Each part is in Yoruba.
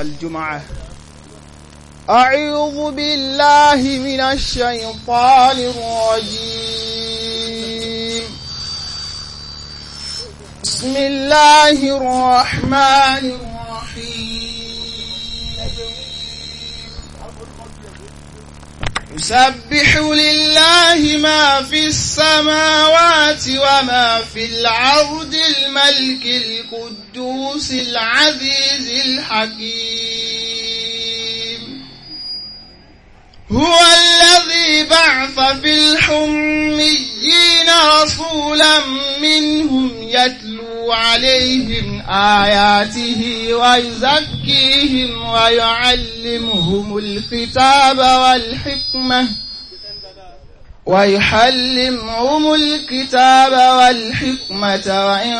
الجمعة أعوذ بالله من الشيطان الرجيم بسم الله الرحمن الرحيم يسبح لله ما في السماوات وما في العرض الملك القدوس العزيز الحكيم هو الذي بعث في الحميين رسولا منهم يتلو عليهم آياته ويزكيهم ويعلمهم الكتاب والحكمة ويحلمهم الكتاب والحكمة وإن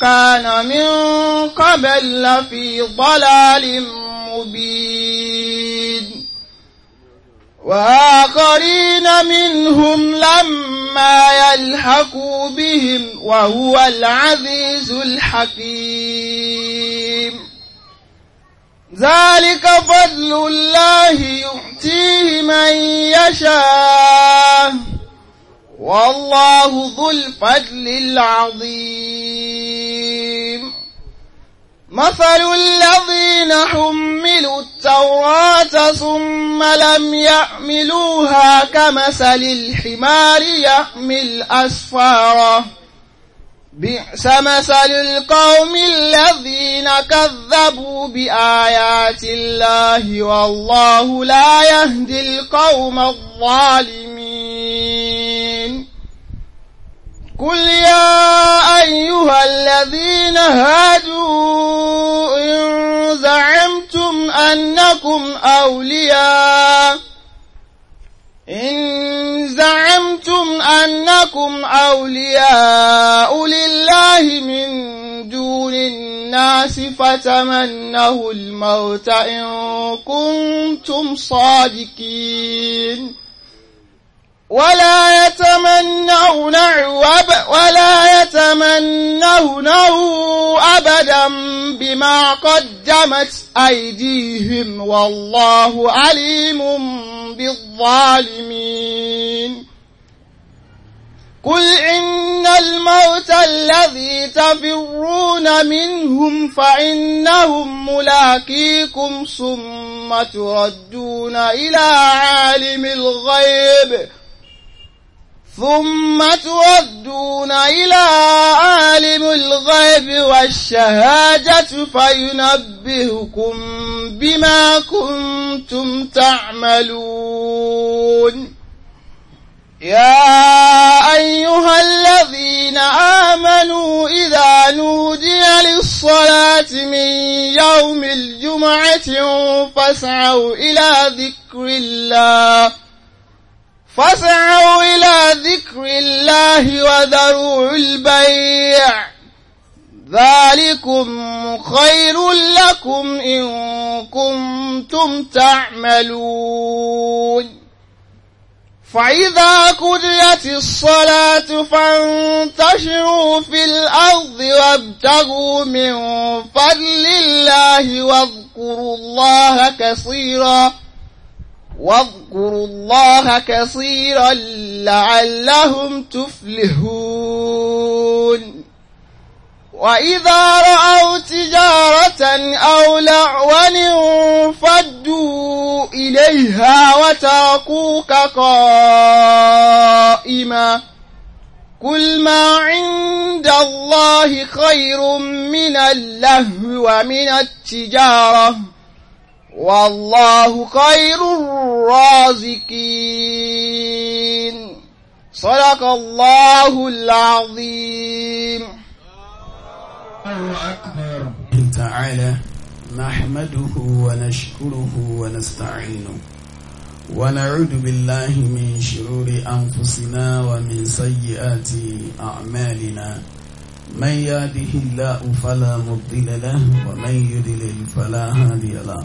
كان من قبل في ضلال مبين وآخرين منهم لما يلحقوا بهم وهو العزيز الحكيم ذلك فضل الله يؤتيه من يشاء والله ذو الفضل العظيم مثل الذين حملوا التوراة ثم لم يحملوها كمثل الحمار يحمل أسفارا بئس مثل القوم الذين كذبوا بآيات الله والله لا يهدي القوم الظالمين قل يا أيها الذين هادوا إن زعمتم أنكم أولياء إن زعمتم أنكم أولياء لله من دون الناس فتمنوا الموت إن كنتم صادقين ولا عوب ولا يتمنون أبدا بما قدمت أيديهم والله عليم بالظالمين قل إن الموت الذي تفرون منهم فإنهم ملاقيكم ثم تردون إلى عالم الغيب ۖ ثم تودون إلى عالم الغيب والشهادة فينبهكم بما كنتم تعملون يا أيها الذين آمنوا إذا نودي للصلاة من يوم الجمعة فاسعوا إلى ذكر الله فاسعوا إلى ذكر الله وذروا البيع ذلكم خير لكم إن كنتم تعملون فإذا قضيت الصلاة فانتشروا في الأرض وابتغوا من فضل الله واذكروا الله كثيراً واذكروا الله كثيرا لعلهم تفلحون وإذا رأوا تجارة أو لعوة فدوا إليها وتركوك قائما قل ما عند الله خير من اللهو ومن التجاره والله خير الرازقين صدق الله العظيم الله أكبر تعالى نحمده ونشكره ونستعينه ونعوذ بالله من شرور أنفسنا ومن سيئات أعمالنا من يهده الله فلا مضل له ومن يضلل فلا هادي له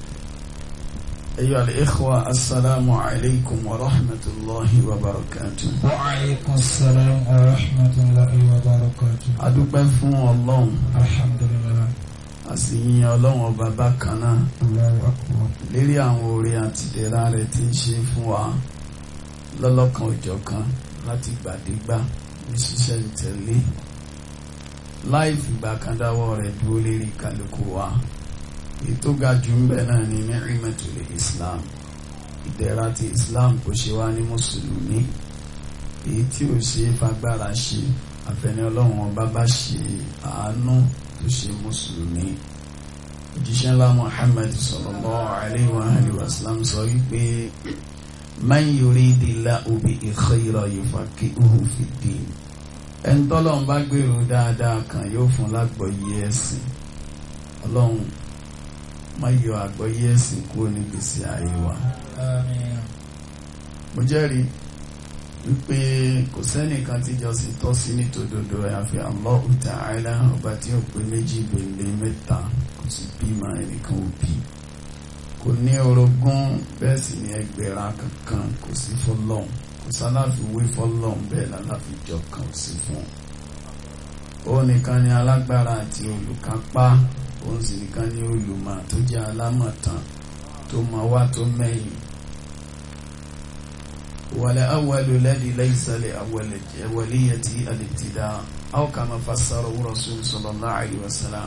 أيها الإخوة السلام عليكم ورحمة الله وبركاته وعليكم السلام ورحمة الله وبركاته أدوبة فون الله الحمد لله àsìyìn ọlọ́run ọba bákan náà lérí àwọn oore àti ìdẹ̀ra rẹ̀ tí ń ṣe fún wa lọ́lọ́kan òjọ̀kan láti gbàdégbà ní ṣíṣe ìtẹ̀lé láì fìgbà kan dáwọ́ rẹ̀ dúró lérí kálukú wa ètò ga jù ń bẹ̀ náà ni ni'matul islam ìdẹ̀ra ti islam kò ṣe wá ní mùsùlùmí èyí tí ò ṣe fagbára ṣe àfẹni ọlọ́run ọba bá ṣe àánú tó ṣe mùsùlùmí òjíṣẹ́ ńlá muhammad sallallahu alaihi wa alihi wa sallam sọ wípé man yuridillahu bihi khayran yufaqihuhu fid-din ẹni tọ́lọ́run bá gbèrò dáadáa kan yóò fún lágbọ̀ọ́yé ẹ̀sìn ọlọ́run má yọ àgbọ́yé ẹ̀sìn kúrò ní gbèsè ayé wa. mo jẹ́rìí wípé kò sẹ́nìkan tí jọ́sìn tọ́ sí ní tòdodo àyàfi Allahu Ta'ala ọba tí ó pé méjì gbèlè mẹ́ta kò sì bímọ ẹnìkan ò bí kò ní orogún bẹ́ẹ̀ sì ní ẹgbẹ̀rún kankan kò sí fọlọ́n kò sáláfiwé fọlọ́n bẹ́ẹ̀ lálàfijọ́ kan ò sí fún un. ó nìkan ni alágbára àti olùkápá òun sì nìkan ní olùmọ̀ tó jẹ́ alámọ̀tàn tó mọ wá tó mẹ́yìn wàlẹ̀ awàlú lẹ́dí lẹ́yìnsẹ́lẹ̀ awàlíyàtì alìtìdá aw kama fassara rasul sallallahu alayhi wa sallam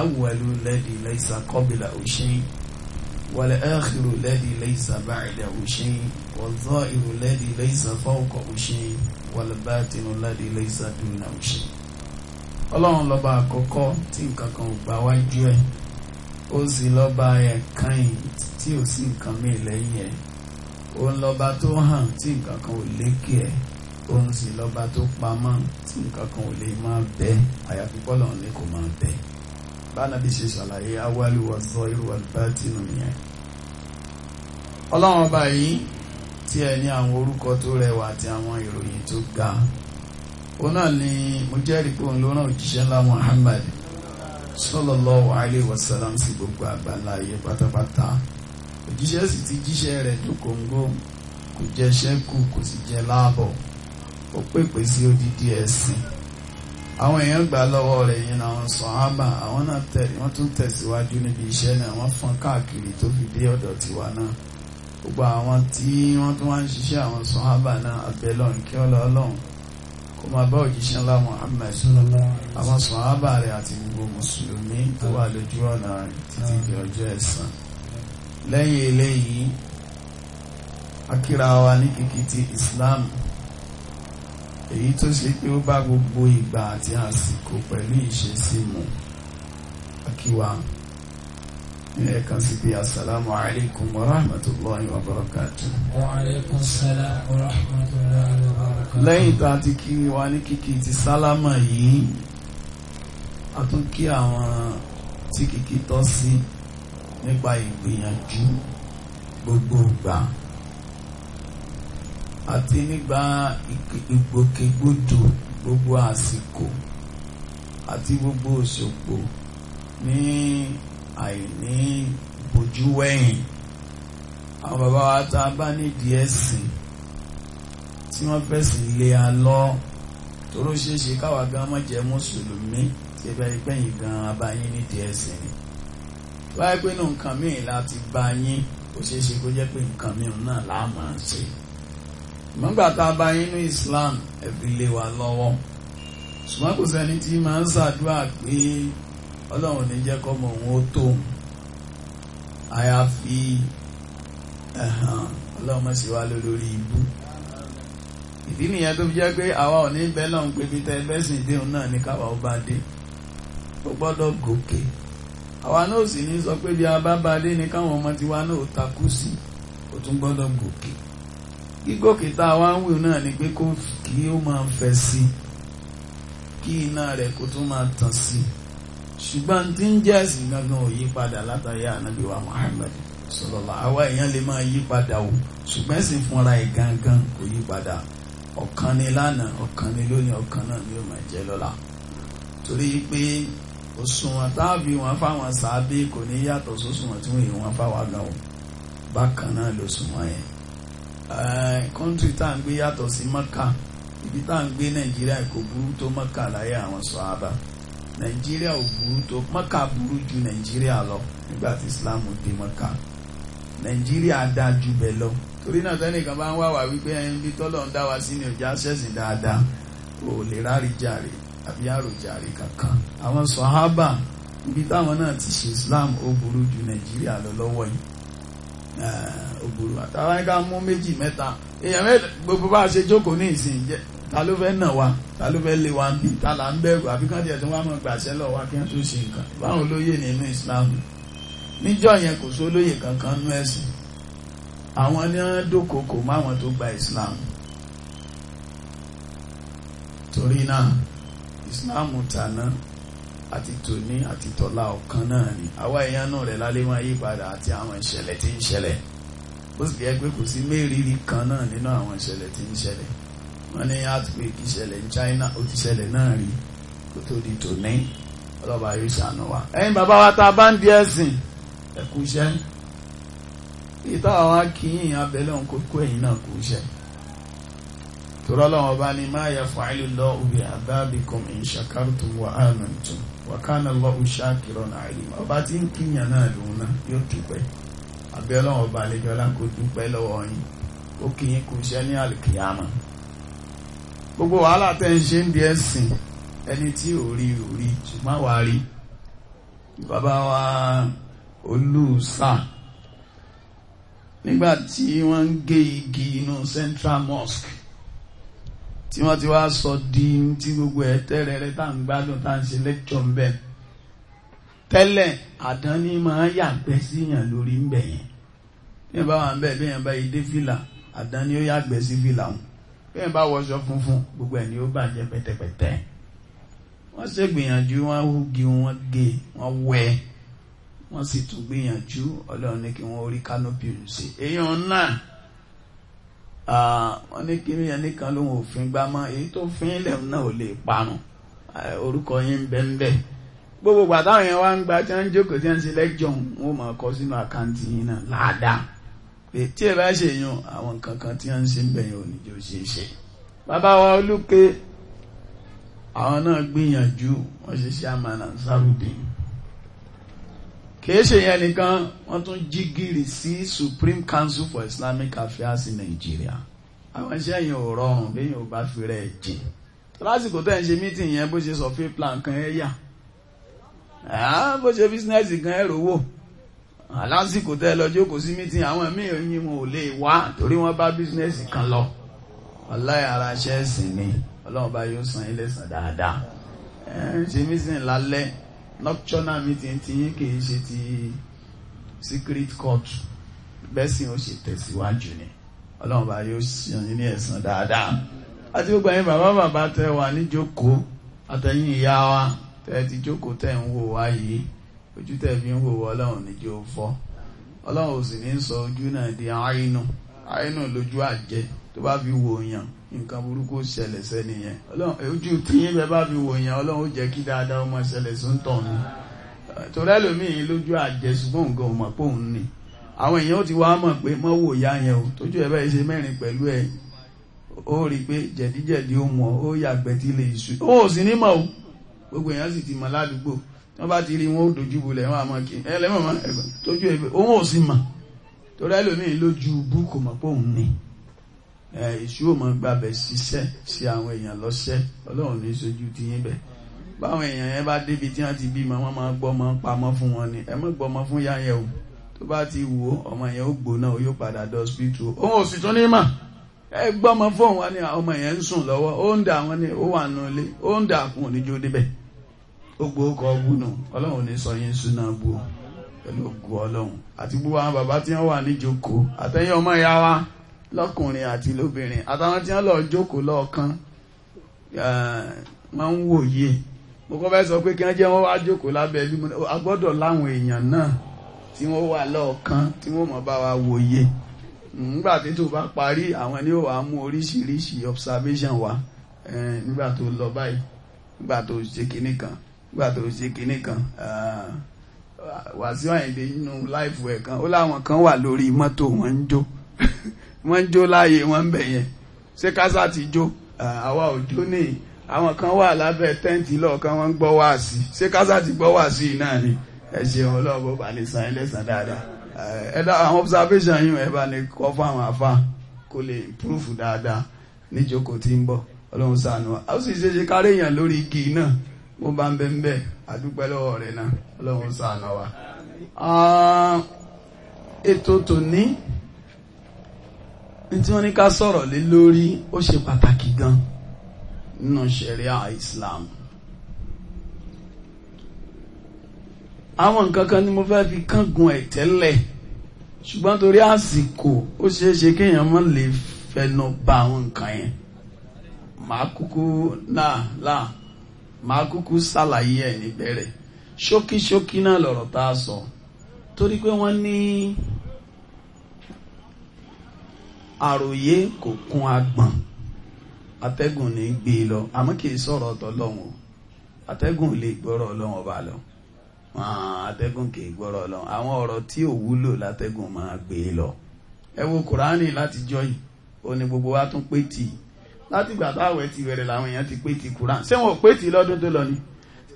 awàlú lẹ́dí lẹ́yìnsẹ́ qabla òṣèyìn wàlẹ̀ áàkìrù lẹ́dí lẹ́yìnsẹ́ ba'da òṣèyìn wàlẹ̀ zọ́ọ̀ìrù lẹ́dí lẹ́yìnsẹ́ fawqa òṣèyìn wàlẹ̀ bátìnù lẹ́dí lẹ́yìnsẹ́ dúnà òṣèyìn ọlọ́run lọ́ba àkọ́kọ́ tí nǹkan kan ò gbà wájú ẹ̀ ó sì lọ́ba ẹ̀kànnì tí ò sí nǹkan míì lẹ́yìn ẹ̀ òun lọ́ba tó hàn tí nǹkan kan ò lékè ẹ̀ òun sì lọ́ba tó pamọ́ tí nǹkan kan ò lè máa bẹ àyàfi bọ́lọ́run ni kò máa bẹ bánàbí ṣe ṣàlàyé awáliwọ̀ sọ irú àlùbátìnù yẹn ọlọ́run ọba yìí tí ẹ ní àwọn orúkọ tó rẹwà àti àwọn ìròyìn tó ga òun ni mo jẹ́rìí pé òun ló rán òjíṣẹ́ ńlá Muhammad sallallahu alaihi wasallam sí gbogbo àgbáláyé pátápátá òjíṣẹ́ sì ti jíṣẹ́ rẹ̀ dókòǹgó kò jẹ́ ṣẹ́kù kò sì jẹ́ láàbọ̀ ó pèpè sí odidi ẹ̀sìn àwọn èèyàn gbà lọ́wọ́ rẹ̀ yìí náà wọ́n sọ ábà àwọn náà tẹ̀lé wọ́n tún tẹ̀síwájú níbi iṣẹ́ náà wọ́n fọ́n káàkiri tó fi dé ọ̀dọ̀ tiwa náà gbogbo àwọn tí wọ́n tún wá ń ṣiṣẹ́ àwọn sọ ábà náà abẹ́lọ́run kí ọlọ́ọ̀lọ́run kó máa bá òjíṣẹ́ ńlá Muhammad àwọn sọ̀hábà rẹ̀ àti gbogbo mùsùlùmí tó wà lójú ọ̀nà títí di ọjọ́ ẹ̀san lẹ́yìn eléyìí akíra wa ní kìkìtì Islam èyí tó ṣe pé ó bá gbogbo ìgbà àti àsìkò pẹ̀lú ìṣesí mu akíwa ẹ̀ẹ̀kan sí pé assalamu alaikum wa rahmatullahi wa barakatuh wa alaikum salam wa rahmatullahi wa barakatuh lẹ́yìn tá a ti kí wa ní kíkí ti sálámà yìí a tún kí àwọn tí kìkì tọ́ sí nípa ìgbìyànjú gbogbo àti nígbà ìgbòkègbodò gbogbo àsìkò àti gbogbo òṣòpò ní àìní bojú wẹ̀yìn àwọn bàbá wa tá a bá nídìí ẹ̀sìn tí wọ́n fẹ́ sí ilé a lọ toró ṣeéṣe káwa gan mọ́ jẹ́ mùsùlùmí tí ẹgbẹ́ ìgbẹ̀yìn gan abáyín nídìí ẹ̀sìn ni báyìí pé nù nǹkan míì láti bá yín kò ṣeéṣe kó jẹ́ pé nǹkan míì náà láàmú ṣe mọ́gbà tá a bá yín ní Islam ẹ̀bí lé wa lọ́wọ́ ṣùgbọ́n kò sẹ́ni tí máa ń ṣàdúrà pé ọlọ́run ní jẹ́ kọ́mọ òun ó tó àyàfi ẹ̀hàn sì wá lórí ibú ìdí nìyẹn tó fi jẹ́ pé àwa ò ní bẹ́ẹ̀ náà ń pè bí tẹ́ bẹ́sìn déun náà ní káwa ó bá dé ó gbọ́dọ̀ gòkè àwa náà sì ní sọ pé bí a bá bá dé ni káwọn ọmọ tiwa náà ó takú sí ó tún gbọ́dọ̀ gòkè gígòkè tá a wá ń wíw náà ni pé kí ó máa fẹ́ sí kí iná rẹ̀ kó tún máa tàn sí i. ṣùgbọ́n tí ń jẹ́ ẹ̀sìn gangan ò yí padà látàrí ànábì wa Muhammad sallallahu àwa èèyàn lè máa yí padà o ṣùgbọ́n ẹ̀sìn fúnra ẹ̀ gangan padà ọ̀kan ni lánàá ọ̀kan ni lónìí ọ̀kan náà ni ó máa jẹ́ lọ́la torí pé òṣùwọ̀n táàbí wọn fáwọn sàábé kò ní yàtọ̀ tí wọ́n yìí wọn fáwọn gan o bákan náà yẹn kọ́ńtì tá à ibi tá à ń gbé nàìjíríà kò burú tó mọ́kà láyé àwọn nigeria ò burú tó maka burú ju nigeria lọ nígbà tí islam dé mọ́kà nàìjíríà ju bẹ́ẹ̀ lọ torí náà tẹ́nìkan bá ń wá wà wípé ẹni bí tọ́lọ̀ ń dá wa sí ni òjá ṣẹ̀sìn dáadáa ò lè rárí jàre àbí àròjàre kankan àwọn sọ̀hábà ibi táwọn náà ti ṣe islam ó burú ju nigeria lọ lọ́wọ́ yìí ó burú àtàwọn ẹ̀ka mú méjì mẹ́ta èèyàn mẹ́ta gbogbo bá a ṣe jókòó ta ló fẹ́ nà wa ta ló fẹ́ lé wa ní ta là ń bẹ̀rù àbí kán tiẹ̀ tó wá mọ̀ gbàṣẹ́ lọ wá kí wọ́n tó ṣe nǹkan báwọn olóyè nínú Islam níjọ́ yẹn kò sólóyè kankan nú ẹ̀sìn àwọn ni wọ́n dókòkò máwọn tó gba Islam torí náà Islam tàná àti tòní àti tọ̀la ọ̀kan náà ni àwa èèyàn náà rẹ̀ lálé máa yí padà àti àwọn ìṣẹ̀lẹ̀ tí ń ṣẹlẹ̀ ó sì jẹ́ pé kò sí mérìírí kan náà nínú àwọn ìṣẹ̀lẹ̀ tí ń ṣẹlẹ̀ wọ́n ní earthquake ìṣẹ̀lẹ̀ ní China ó ti ṣẹlẹ̀ náà rí kó tó di tòní ọlọ́ba ṣàánú wa bàbá wa ta bá ń di ẹ̀sìn ẹ kú ìta àwọn akíyìn abẹ́lẹ̀ òun kò náà kú lọ òbí àdábìkùn ìṣàkárùtù wà áàmìtù wà kánà lọ náà rí ọba tí ń náà lòun náà yóò gbogbo wàhálà tẹ́ ń ṣe ń di ẹ̀sìn ẹni tí ò rí ò rí ṣùgbọ́n wà rí bàbá wa olùsà nígbà tí wọ́n ń gé igi inú central mosque tí wọ́n ti wá sọ di tí gbogbo ẹ̀ tẹ́rẹ̀ẹ́rẹ́ tá ń gbádùn tá ń ṣe lẹ́kṣọ̀ ń bẹ̀ tẹ́lẹ̀ àdán ní máa yàgbẹ́ síyàn lórí ń bẹ̀ yẹn bí wọ́n bá bí wọ́n bá yìí dé fìlà àdán ní ó yàgbẹ́ sí fìlà wọn bẹ́ẹ̀ bá wọṣọ funfun gbogbo ẹ̀ ni ó bàjẹ́ pẹ́tẹ́pẹ́tẹ́ wọ́n ṣe gbìyànjú wọ́n húgi wọ́n gé wọ́n wẹ́ wọ́n sì tún gbìyànjú ọlọ́run ní kí wọ́n rí kánópì ṣe èèyàn náà wọ́n ní kí wọ́n nìkan lóun òfin gbá mọ́ èyí tó fin ilẹ̀ náà ò lè parun orúkọ yín bẹ́ńbẹ́ gbogbo pàtàkùn yẹn wá ń gba tí wọ́n ń jókòó tí wọ́n ń ṣe lẹ́jọ̀ wọn ò máa kọ sínú àkáǹtì yín náà láàdáa pé tí ẹ bá ṣe yun àwọn nǹkan kan tí wọ́n ń ṣe ń bẹ̀yìn oníjó ṣe é ṣe bàbá wa olúke àwọn náà gbìyànjú wọ́n ṣe ṣe àmàlà sárúbì kìí ṣe yẹn nìkan wọ́n tún jí gìrì sí Supreme Council for Islamic Affairs in Nigeria àwọn iṣẹ́ yẹn ò rọrùn béèyàn ò bá fi rẹ̀ jìn lásìkò tẹ́ ń ṣe mítìn yẹn bó ṣe sọ fí plan kan ẹ̀ yà bó ṣe bísínẹ́sì kan ẹ̀ rówó lásìkò tẹ́ lọ jókòó sí mítí àwọn míì yín wọn ò lè wá torí wọ́n bá bísínẹ́sì kan lọ ọláyà ara ṣẹ́ẹ̀sì ni ọlọ́run bá yóò san ilé san dáadáa ṣe mítìn lálẹ́ nocturnal meeting ti yín kì í ṣe ti secret court bẹ́sìn ó ṣe tẹ̀síwájú ni ọlọ́run bá yóò san ilé ẹ̀san dáadáa àti gbogbo ẹ̀yin bàbá bàbá tẹ́ wà níjókòó àtẹ̀yìn ìyá wa tẹ́ ti jókòó tẹ́ ń wò wá yìí ojú tẹ̀ fi ń wò wọ́ ọlọ́run níjẹ́ ó fọ́ ọlọ́run ò sì ní sọ ojú náà di àínú àínú lójú àjẹ́ tó bá fi wò yàn nǹkan burúkú ṣẹlẹ̀ sẹ́ni yẹn ọlọ́run ojú tíyín bẹ́ẹ̀ bá fi wò yàn ọlọ́run ó jẹ́ kí dáadáa ọmọ ṣẹlẹ̀ sí ń ni torí ẹlòmíín lójú àjẹ́ ṣùgbọ́n nǹkan ò mọ̀ pé òun ni àwọn èèyàn ti wá mọ̀ pé mọ́ wò ya yẹn o tójú ẹ̀ bẹ́ẹ̀ ṣe mẹ́rin pẹ̀lú ẹ̀ ó rí i pé jẹ̀díjẹ̀dí ó mọ̀ ó yàgbẹ́ tí lè ṣù ó sì ní mọ̀ o gbogbo èèyàn sì ti mọ̀ ládùúgbò wọ́n bá ti rí wọn ó dojú bulẹ̀ wọn àmọ́ kí ẹlẹ́mọ̀ mọ́ ẹ̀gbọ́n tójú ẹ̀gbẹ́ òun ò sì mọ̀ torí ẹlòmíín lójú bú kò mọ̀ pé òun ni èṣù ò mọ̀ gbàbẹ̀ ṣiṣẹ́ sí àwọn èèyàn lọ́ṣẹ́ ọlọ́run ní sojú ti yín bẹ̀ báwọn èèyàn yẹn bá débi tí wọ́n ti bímọ wọ́n máa gbọ́mọ pamọ́ fún wọn ni ẹ má gbọ́mọ fún yá yẹn o tó bá ti wò ọmọ yẹn ó gbóná ó yóò padà dọ́ spiritu òun ò sì tún ní mà ẹ gbọ́mọ fóun wa ni ọmọ yẹn ń sùn lọ́wọ́ ó ń dà wọn ni ó wà nù ilé ó ń dà kún òníjó débẹ̀ gbogbo ọkọ̀ ọgbùnà ọlọ́run ní sọ yín súná bú pẹ̀lú ògùn ọlọ́run àti gbogbo àwọn bàbá tí wọ́n wà níjókòó àtẹ̀yìn ọmọ ìyá wa lọ́kùnrin àti lóbìnrin àtàwọn tí wọ́n lọ jókòó lọ́ọ̀kan máa ń wòye mo kọ́ fẹ́ sọ pé kí wọ́n jẹ́ wọ́n wá jókòó lábẹ́ ẹbí mo agbọ́dọ̀ láwọn èèyàn náà tí wọ́n wà lọ́ọ̀kan tí wọ́n mọ̀ bá wa wòye nígbà tí tó bá parí àwọn ni ó wàá mú oríṣiríṣi observation wá nígbà tó lọ báyìí nígbà tó ṣe kinní kan gbà tó ṣe kinní kan ah, Wàsíù Àyìndé nínú láìfù ẹ̀ kan ó láwọn kan wà lórí mọ́tò wọ́n ń jó wọ́n ń jó láàyè wọ́n ń bẹ̀ yẹn ṣé kásá ti jó ah, àwa ò jó nìyí àwọn kan wà lábẹ́ tẹ́ǹtì lọ́ọ̀kan wọ́n ń gbọ́ wá sí i ṣé kásá ti gbọ́ wá sí náà ni ẹ ṣeun ọlọ́ọ̀bọ̀ bá ní san ẹlẹ́sàn dáadáa eh, àwọn observation yìí ẹ bá ní kọ́ fáwọn àfa kó lè improve dáadáa níjókòó tí ń bọ̀ ọlọ́run ṣàánú wa sì ṣe ṣe kárí èèyàn lórí igi náà bó bá ń bẹ ń bẹ àdúpẹ́ lọ́wọ́ rẹ̀ náà ọlọ́run ṣàánú wa. ètò tòní ní tí wọ́n ní ká sọ̀rọ̀ lé lórí ó ṣe pàtàkì gan nínú ṣẹ̀ríà Islam. àwọn nǹkan kan ni mo fẹ́ fi kángun ẹ̀ tẹ́lẹ̀ ṣùgbọ́n torí àsìkò ó ṣeé ṣe kéèyàn má lè fẹnu ba àwọn nǹkan yẹn màá kúkú náà láà màá kúkú ṣàlàyé ẹ̀ níbẹ̀rẹ̀ ṣókíṣókí náà lọ̀rọ̀ tá a sọ torí pé wọ́n ní àròyé kò kún agbọ̀n atẹ́gùn ní gbé e lọ àmọ́ kì í sọ̀rọ̀ ọ̀tọ̀ lọ́hùn atẹ́gùn lè gbọ́rọ̀ ọlọ́hùn ọba lọ atẹ́gùn kì í gbọ́rọ̀ ọlọ́hùn àwọn ọ̀rọ̀ tí ò wúlò látẹ́gùn máa gbé e lọ ẹ wo kùránì láti yìí ó ní gbogbo wa tún pé tì láti ìgbà táwẹ̀ ti wẹ̀rẹ̀ làwọn èèyàn ti pé ti kúrán ṣé wọn ò pé ti lọ́dún tó lọ ni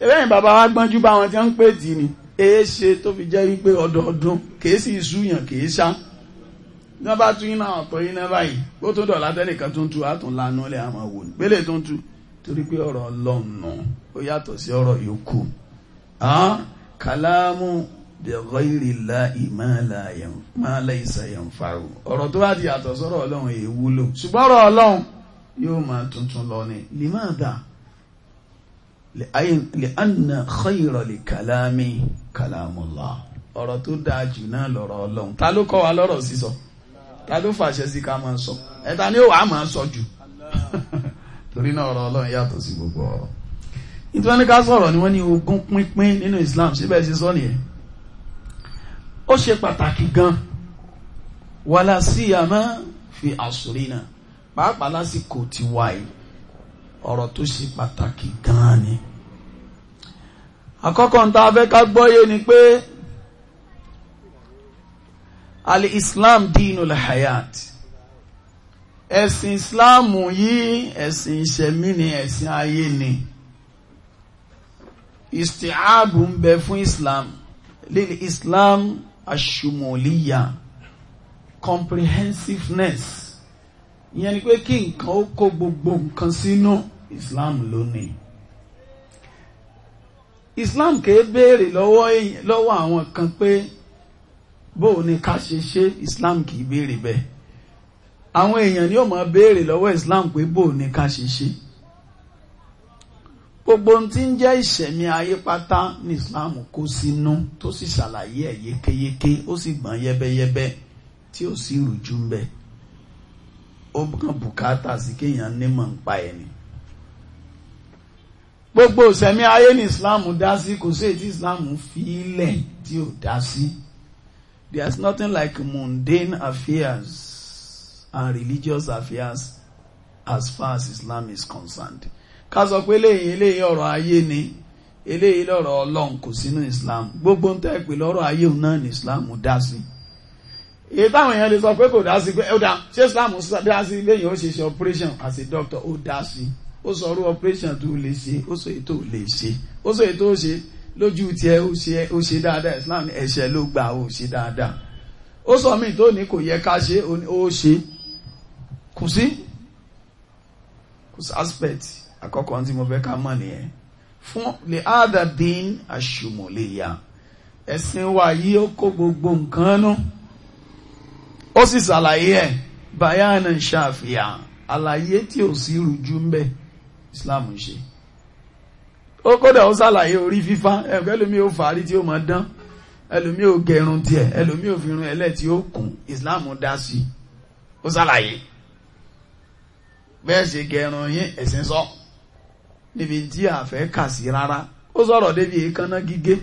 ẹ̀rẹ́yìn bàbá wa gbọ́njú bá wọn tí wọ́n ń pè tì ní èé ṣe tó fi jẹ́ wípé ọdọọdún kìí sì súyàn kìí ṣá ní wọ́n bá tún iná ọ̀tọ̀ iná báyìí ó tún dọ̀lá tẹ́nìkan tó ń tu àtún lanu lẹ́ àmọ́ wò ní pélé tó ń tu torí pé ọ̀rọ̀ ọlọ́ọ̀nà ó yàtọ̀ sí ọ̀rọ̀ yòókù kàlámù bẹ̀rọ ìrìlá ìmáàlà ìsàyẹ̀ǹfà ọ̀rọ̀ tó bá ti yàtọ̀ sọ́rọ̀ ọlọ́run yóò máa tuntun lọ ni limada lè anna khayra lè kàlámi kàlámùlá ọ̀rọ̀ tó dáa jù náà lọ́rọ̀ ọlọ́run ta ló kọ́ wa lọ́rọ̀ sísọ ta ló fàṣẹ sí ká máa sọ ẹ̀ta ni ó wàá máa sọ jù torí náà ọ̀rọ̀ ọlọ́run yàtọ̀ sí gbogbo ọ̀rọ̀ nítorí wọn ní ká sọ̀rọ̀ ni wọ́n ní ogún pínpín nínú Islam síbẹ̀ sí sọ nìyẹn ó ṣe pàtàkì gan wàlá síyàmá fi àṣùrí náà pàápàá lásìkò ti wà yìí ọ̀rọ̀ tó ṣe pàtàkì gan-an ni. àkọ́kọ́ ń ta abẹ́ ká gbọ́yé ni pé ali islam dinul hayat ẹ̀sìn ìsìláàmù yìí ẹ̀sìn ìṣẹ̀mí ni ẹ̀sìn ayé ni isti'abu ń bẹ fún islam lílì islam ashumuliya comprehensiveness ìyẹn ni pé kí nǹkan ó kó gbogbo nǹkan sínú Islam lónìí Islam kìí béèrè lọ́wọ́ àwọn kan pé bóò ni ká ṣe ṣe Islam kìí béèrè bẹ́ẹ̀ àwọn èèyàn ni ó máa béèrè lọ́wọ́ Islam pé bóò ni ká ṣe ṣe gbogbo ohun tí ń jẹ́ ìṣẹ̀mí ayé pátá ní Islam kó sínú tó sì ṣàlàyé ẹ̀ yékéyéké ó sì gbọ́n yẹ́bẹ́yẹ́bẹ́ tí ó sì rújú ń bẹ́ẹ̀ ó kàn bùkátà sí kéèyàn nímọ̀ ń pa ẹni gbogbo ìsẹ̀mí ayé ní islam dá sí kò sí èyí tí islam fi ilẹ̀ tí ò dá sí there is nothing like mundane affairs and religious affairs as far as islam is concerned ká sọ pé eléyìí eléyìí ọ̀rọ̀ ayé ni eléyìí lọ́rọ̀ ọlọ́run kò sínú islam gbogbo ń tẹ́ pé lọ́rọ̀ ayé òun náà ní islam dá sí. Si èyí táwọn èèyàn lè sọ pé kò dá sí pé ó dá ṣé Islam dá sí lẹ́yìn ó ṣe ṣe operation as a doctor ó dá sí ó sọ orú operation tó lè ṣe ó sọ èyí tó lè ṣe ó sọ èyí tó ṣe lójú tiẹ̀ ó ṣe ó ṣe dáadáa Islam ẹ̀ṣẹ̀ ló gbà ó ṣe dáadáa ó sọ mí tó ní kò yẹ ká ṣe ó ṣe kò sí kò sí aspect àkọ́kọ́ tí mo fẹ́ ká mọ̀ nìyẹn fún lè áàdà dín àṣùmọ̀lẹ́yà ẹ̀sìn wa yìí ó kó gbogbo nǹkan náà ó sì ṣàlàyé ẹ̀ bayana ṣàfihàn àlàyé tí ò sí rújú ń bẹ islam ṣe ó kódà ó ṣàlàyé orí fífá ẹ̀kọ́ ẹlòmíì ó fàárí tí ó máa dán ẹlòmíì ó gẹrun tiẹ̀ ẹlòmíì ó fi irun ẹlẹ́ tí ó kùn islam dá sí ó ṣàlàyé bẹ́ẹ̀ ṣe gẹrun yín ẹ̀sìn sọ níbi tí a fẹ́ kà sí rárá ó sọ̀rọ̀ débi èékánná gígé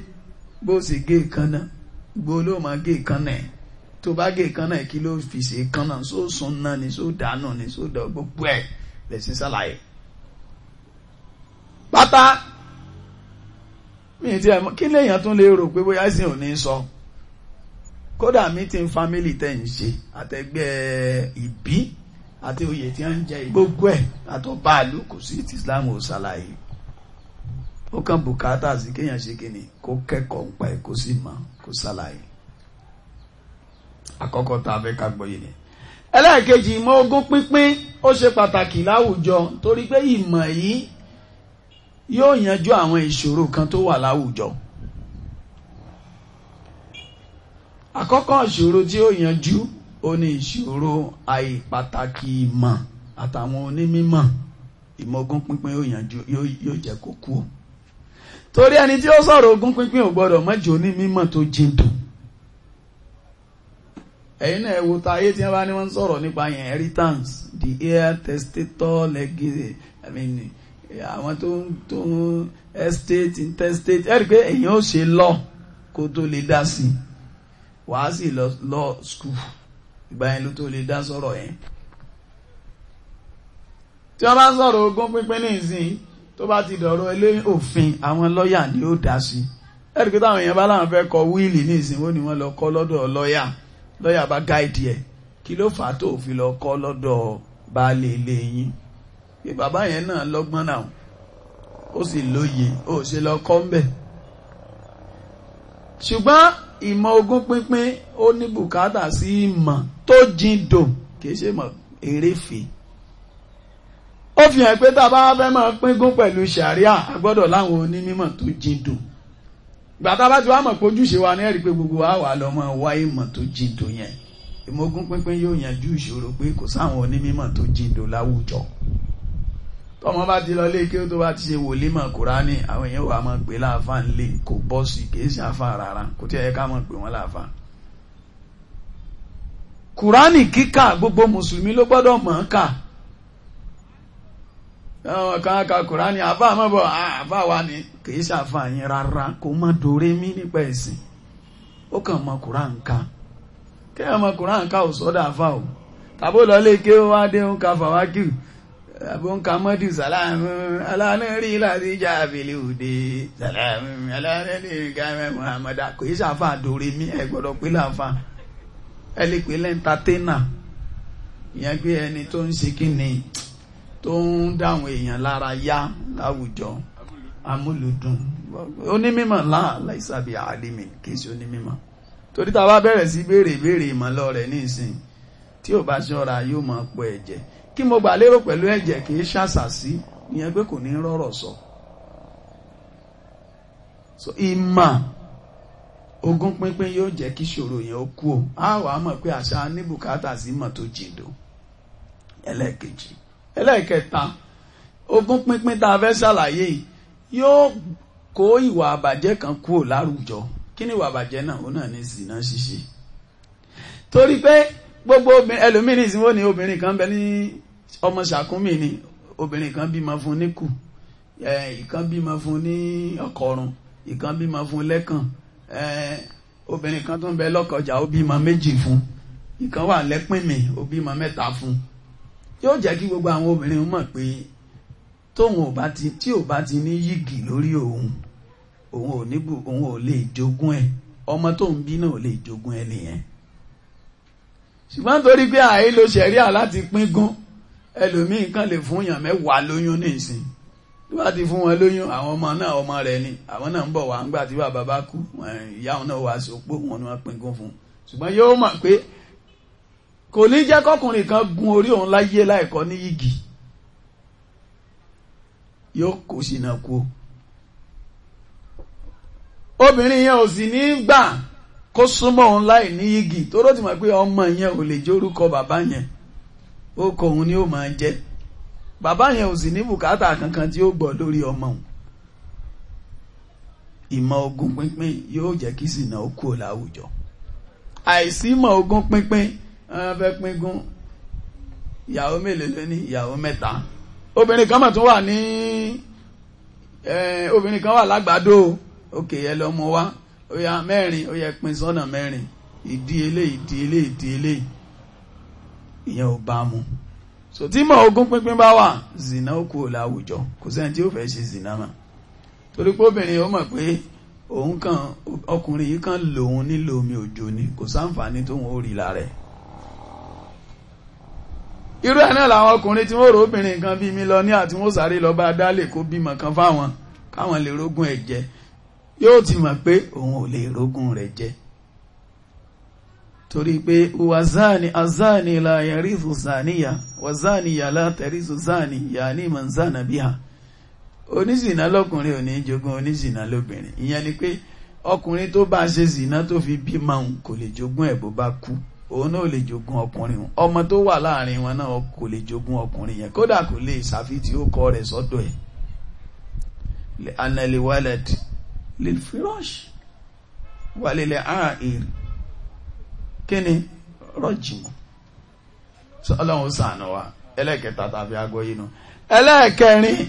bó ṣe gé èékánná gbó ló máa gé èékánná ẹ̀ tó bá gé kánà kí ló fi ṣe kánà só sun náà ni só dànù ni só dọ̀ gbogbo ẹ̀ lẹ́sìn ṣàlàyé. pátá mi ti ẹ̀ mọ́ kí lèèyàn tún lè rò pé bóyá ẹ̀sìn ò ní sọ kódà meeting family tẹ̀ ń ṣe àtẹ̀gbẹ́ ìbí àti oyè tí wọ́n ń jẹ gbogbo ẹ̀ àtọ́bá ìlú kò sí ti Islam ò ṣàlàyé ó kàn bùkátà sí kéèyàn ṣe kíni kó kẹ́kọ̀ọ́ ń pa ẹ̀ kó sì mọ̀ kó ṣàlàyé àkọ́kọ́ tá a fẹ́ ká gbọ́yé ni ẹlẹ́ẹ̀kejì ìmọ̀ ogún pínpín ó ṣe pàtàkì láwùjọ torí pé ìmọ̀ yìí yóò yanjú àwọn ìṣòro kan tó wà láwùjọ àkọ́kọ́ ìṣòro tí ó yanjú ó ní ìṣòro àìpàtàkì ìmọ̀ àtàwọn onímọ̀ ìmọ̀ ogún pínpín yóò yanjú yóò jẹ́ kó kú o torí ẹni tí ó sọ̀rọ̀ ogún pínpín ò gbọ́dọ̀ mọ́jì onímọ̀ tó jìn ẹ̀yin náà wo ta ayé tí wọ́n bá ní wọ́n sọ̀rọ̀ nípa inheritance the heir testator legacy i mean àwọn tó ń tó ń estate intestate ẹ̀rí pé èyàn ò ṣe lọ kó tó lè dá sí i wàá sì lọ lọ school ìgbà yẹn ló tó lè dá sọ̀rọ̀ yẹn. tí wọ́n bá sọ̀rọ̀ ogún pínpín ní ìsìn tó bá ti dọ̀rọ̀ ilé òfin àwọn lọ́ọ̀yà ni ó dá sí i ẹ̀rí pé táwọn èèyàn bá láwọn fẹ́ kọ wíìlì ní ìsìn ó ní wọ́n lọ kọ́ lọ́dọ̀ lọ́ọ̀yà lọ́yà bá gáìdì ẹ̀ kí ló fà á tó fi lọ kọ́ lọ́dọ̀ baálé ilé yín pé bàbá yẹn náà lọ́gbọ́n náà ó sì lóye ó ṣe lọ kọ́ ń bẹ̀. ṣùgbọ́n ìmọ̀ ogún pínpín ó ní bùkátà sí ìmọ̀ tó jìn dò kì í ṣe mọ̀ eréfèé ó fi hàn pé tá a bá fẹ́ máa pín gún pẹ̀lú sàríà a gbọ́dọ̀ láwọn onímọ̀ tó jìn dùn gbàtà bá ti wá mọ̀ pé ojúṣe wa ní ẹ̀rí pé gbogbo wa wà lọ́mọ wá ìmọ̀ tó jíndò yẹn ìmọ̀gún pínpín yóò yanjú ìṣòro pé kò sáwọn onímọ̀ tó jíndò láwùjọ tọmọ bá ti lọ léèké tó bá ti ṣe wòlímọ̀ kùránì àwọn èèyàn wà máa pè láàfà ńlé kò bọ́ sí kìí àfà rárá kò tí ẹ ká máa pè wọ́n láàfà. kùránì kíkà gbogbo mùsùlùmí ló gbọ́dọ̀ mọ̀ ọ́n kà kan ka kùránì àfà mọ́bọ̀ ah, àfà wa ni kìí ṣàfàyìn rárá kò mọ́ dorí mí nípa ẹ̀sìn ó kàn mọ kùránì ká kéèyàn mọ kùránì ká ò sọ́dọ̀ àfà o tàbó lọlé ké wá dé ń ka fàwákì àbó ń ka mọ́dù sàlámù aláàárí láti ìjà àbílẹ̀ òde sàlámù aláàárí gàmẹ́ muhammadu kìí ṣàfà mí pé lè pè ìyẹn pé ẹni tó ń ni. tó ń dáwọn èèyàn lára yá láwùjọ amúlùdùn onímọ̀ láàláìsàbí àlìmì kìí ṣe onímọ̀ torí a bá bẹ̀rẹ̀ sí béèrè béèrè ìmọ̀lọ́ rẹ̀ nísìn tí ò bá ṣọ́ra yóò máa pọ̀ ẹ̀jẹ̀ kí mo gbà lérò pẹ̀lú ẹ̀jẹ̀ kìí ṣàṣàsí ìyẹn pé kò ní rọ́rọ̀ sọ so ìmọ̀ ogún pínpín yóò jẹ́ kí ṣòro yẹn ó kú o a wà á mọ̀ pé àṣà ní bùkátà sí mọ̀ tó jìndó ẹlẹ́ẹ̀kejì ẹlẹ́ẹ̀kẹta ogún pínpín tá a fẹ́ ṣàlàyé yìí yóò kó ìwà àbàjẹ́ kan kúrò láwùjọ kí ni ìwà àbàjẹ́ náà òun náà ní zina ṣíṣe torí pé gbogbo ẹlòmíín ní ìsinmi obìnrin kan bẹ ní ọmọ ṣàkúnmí ni obìnrin kan bímọ fún níkù ìkan bímọ fún ní ọkọrùn ìkan bímọ fún lẹ́kàn obìnrin kan tó ń bẹ lọ́kọjà ó bímọ méjì fún ìkan wà lẹ́pìnmì ó bímọ mẹ́ta fún yóò jẹ́ kí gbogbo àwọn obìnrin mọ̀ pé tóun ò bá ti tí ò bá ti ní yìgì lórí òun òun ò ní òun ò lè jogún ẹ̀ ọmọ tóun bí náà ò lè jogún ẹ̀ nìyẹn ṣùgbọ́n torí pé àyè ló ṣẹ̀ríà láti pín gún ẹlòmíín kan lè fún yàn mẹ́wàá lóyún nísìn tó bá ti fún wọn lóyún àwọn ọmọ náà ọmọ rẹ̀ ni àwọn náà ń bọ̀ wá ń gbà tí bàbá bá kú ìyá òun náà wàá sopó wọn ni wọ́n pín gún fún ṣùgbọ́n yóò mọ̀ pé kò ní jẹ́ kọkùnrin kan gun orí òun láyé láìkọ́ ní igi yóò kó sínú kú obìnrin yẹn ò sì ní gbà kó súnmọ́ òun láì ní igi tó ti mọ̀ pé ọmọ yẹn ò lè jórúkọ bàbá yẹn ó kọ òun ni ó máa jẹ́ bàbá yẹn ò sì ní bùkátà kankan tí ó gbọ́ lórí ọmọ òun ìmọ̀ ogún pínpín yóò jẹ́ kí ṣìnà ó kúrò láwùjọ àìsí ìmọ̀ ogún pínpín wọ́n fẹ́ pínkún ìyàwó mélòó ló ní ìyàwó mẹ́ta obìnrin kan mà tún wà ní obìnrin kan wà lágbàdo òkè yẹ lọ mọ wá ó yá mẹ́rin ó yẹ pín sọ́nà mẹ́rin ìdíyelé ìdíyelé ìdíyelé ìyẹn ò bá mu so tí mọ̀ ogún pínpín bá wà zina ó kú láwùjọ kò sẹ́ni tí ó fẹ́ ṣe zina mà torí pé obìnrin ó mọ̀ pé òun kan ọkùnrin yìí kan lòun nílò omi òjò ni kò sáǹfààní tóun ó rí lára ẹ̀ irú ẹ̀ náà làwọn ọkùnrin tí wọ́n rò obìnrin kan bíi mílíọ̀nìyà tí wọ́n sáré lọ bá dálé kó bímọ kan fáwọn káwọn lè rógùn ẹ̀ jẹ yóò ti mọ̀ pé òun ò lè rógùn rẹ̀ jẹ torí pé wàzáni azáni láyẹ̀ rífù zàníyà wàzáníyà látẹ̀rífù zàní yàní mọ̀zánà bíhà onízìnà lọ́kùnrin ò ní jogún onízìnà lóbìnrin ìyẹn ni pé ọkùnrin tó bá ṣe zìnà tó fi bímọ òun kò lè jogún ẹ̀ bó bá kú òun náà lè jogún ọkùnrin wọn ọmọ tó wà láàrin wọn náà kò lè jogún ọkùnrin yẹn kódà kò lè ṣàfitì ó kọ rẹ̀ sọ́dọ̀ ẹ̀ anẹlẹ walad lil firash wàlẹlẹ ààrẹ kíni rọjìmọ Ọlọ́run ṣàánú wa ẹlẹ́kẹta tàbí agbọ yìí nù ẹlẹ́ẹ̀kẹrin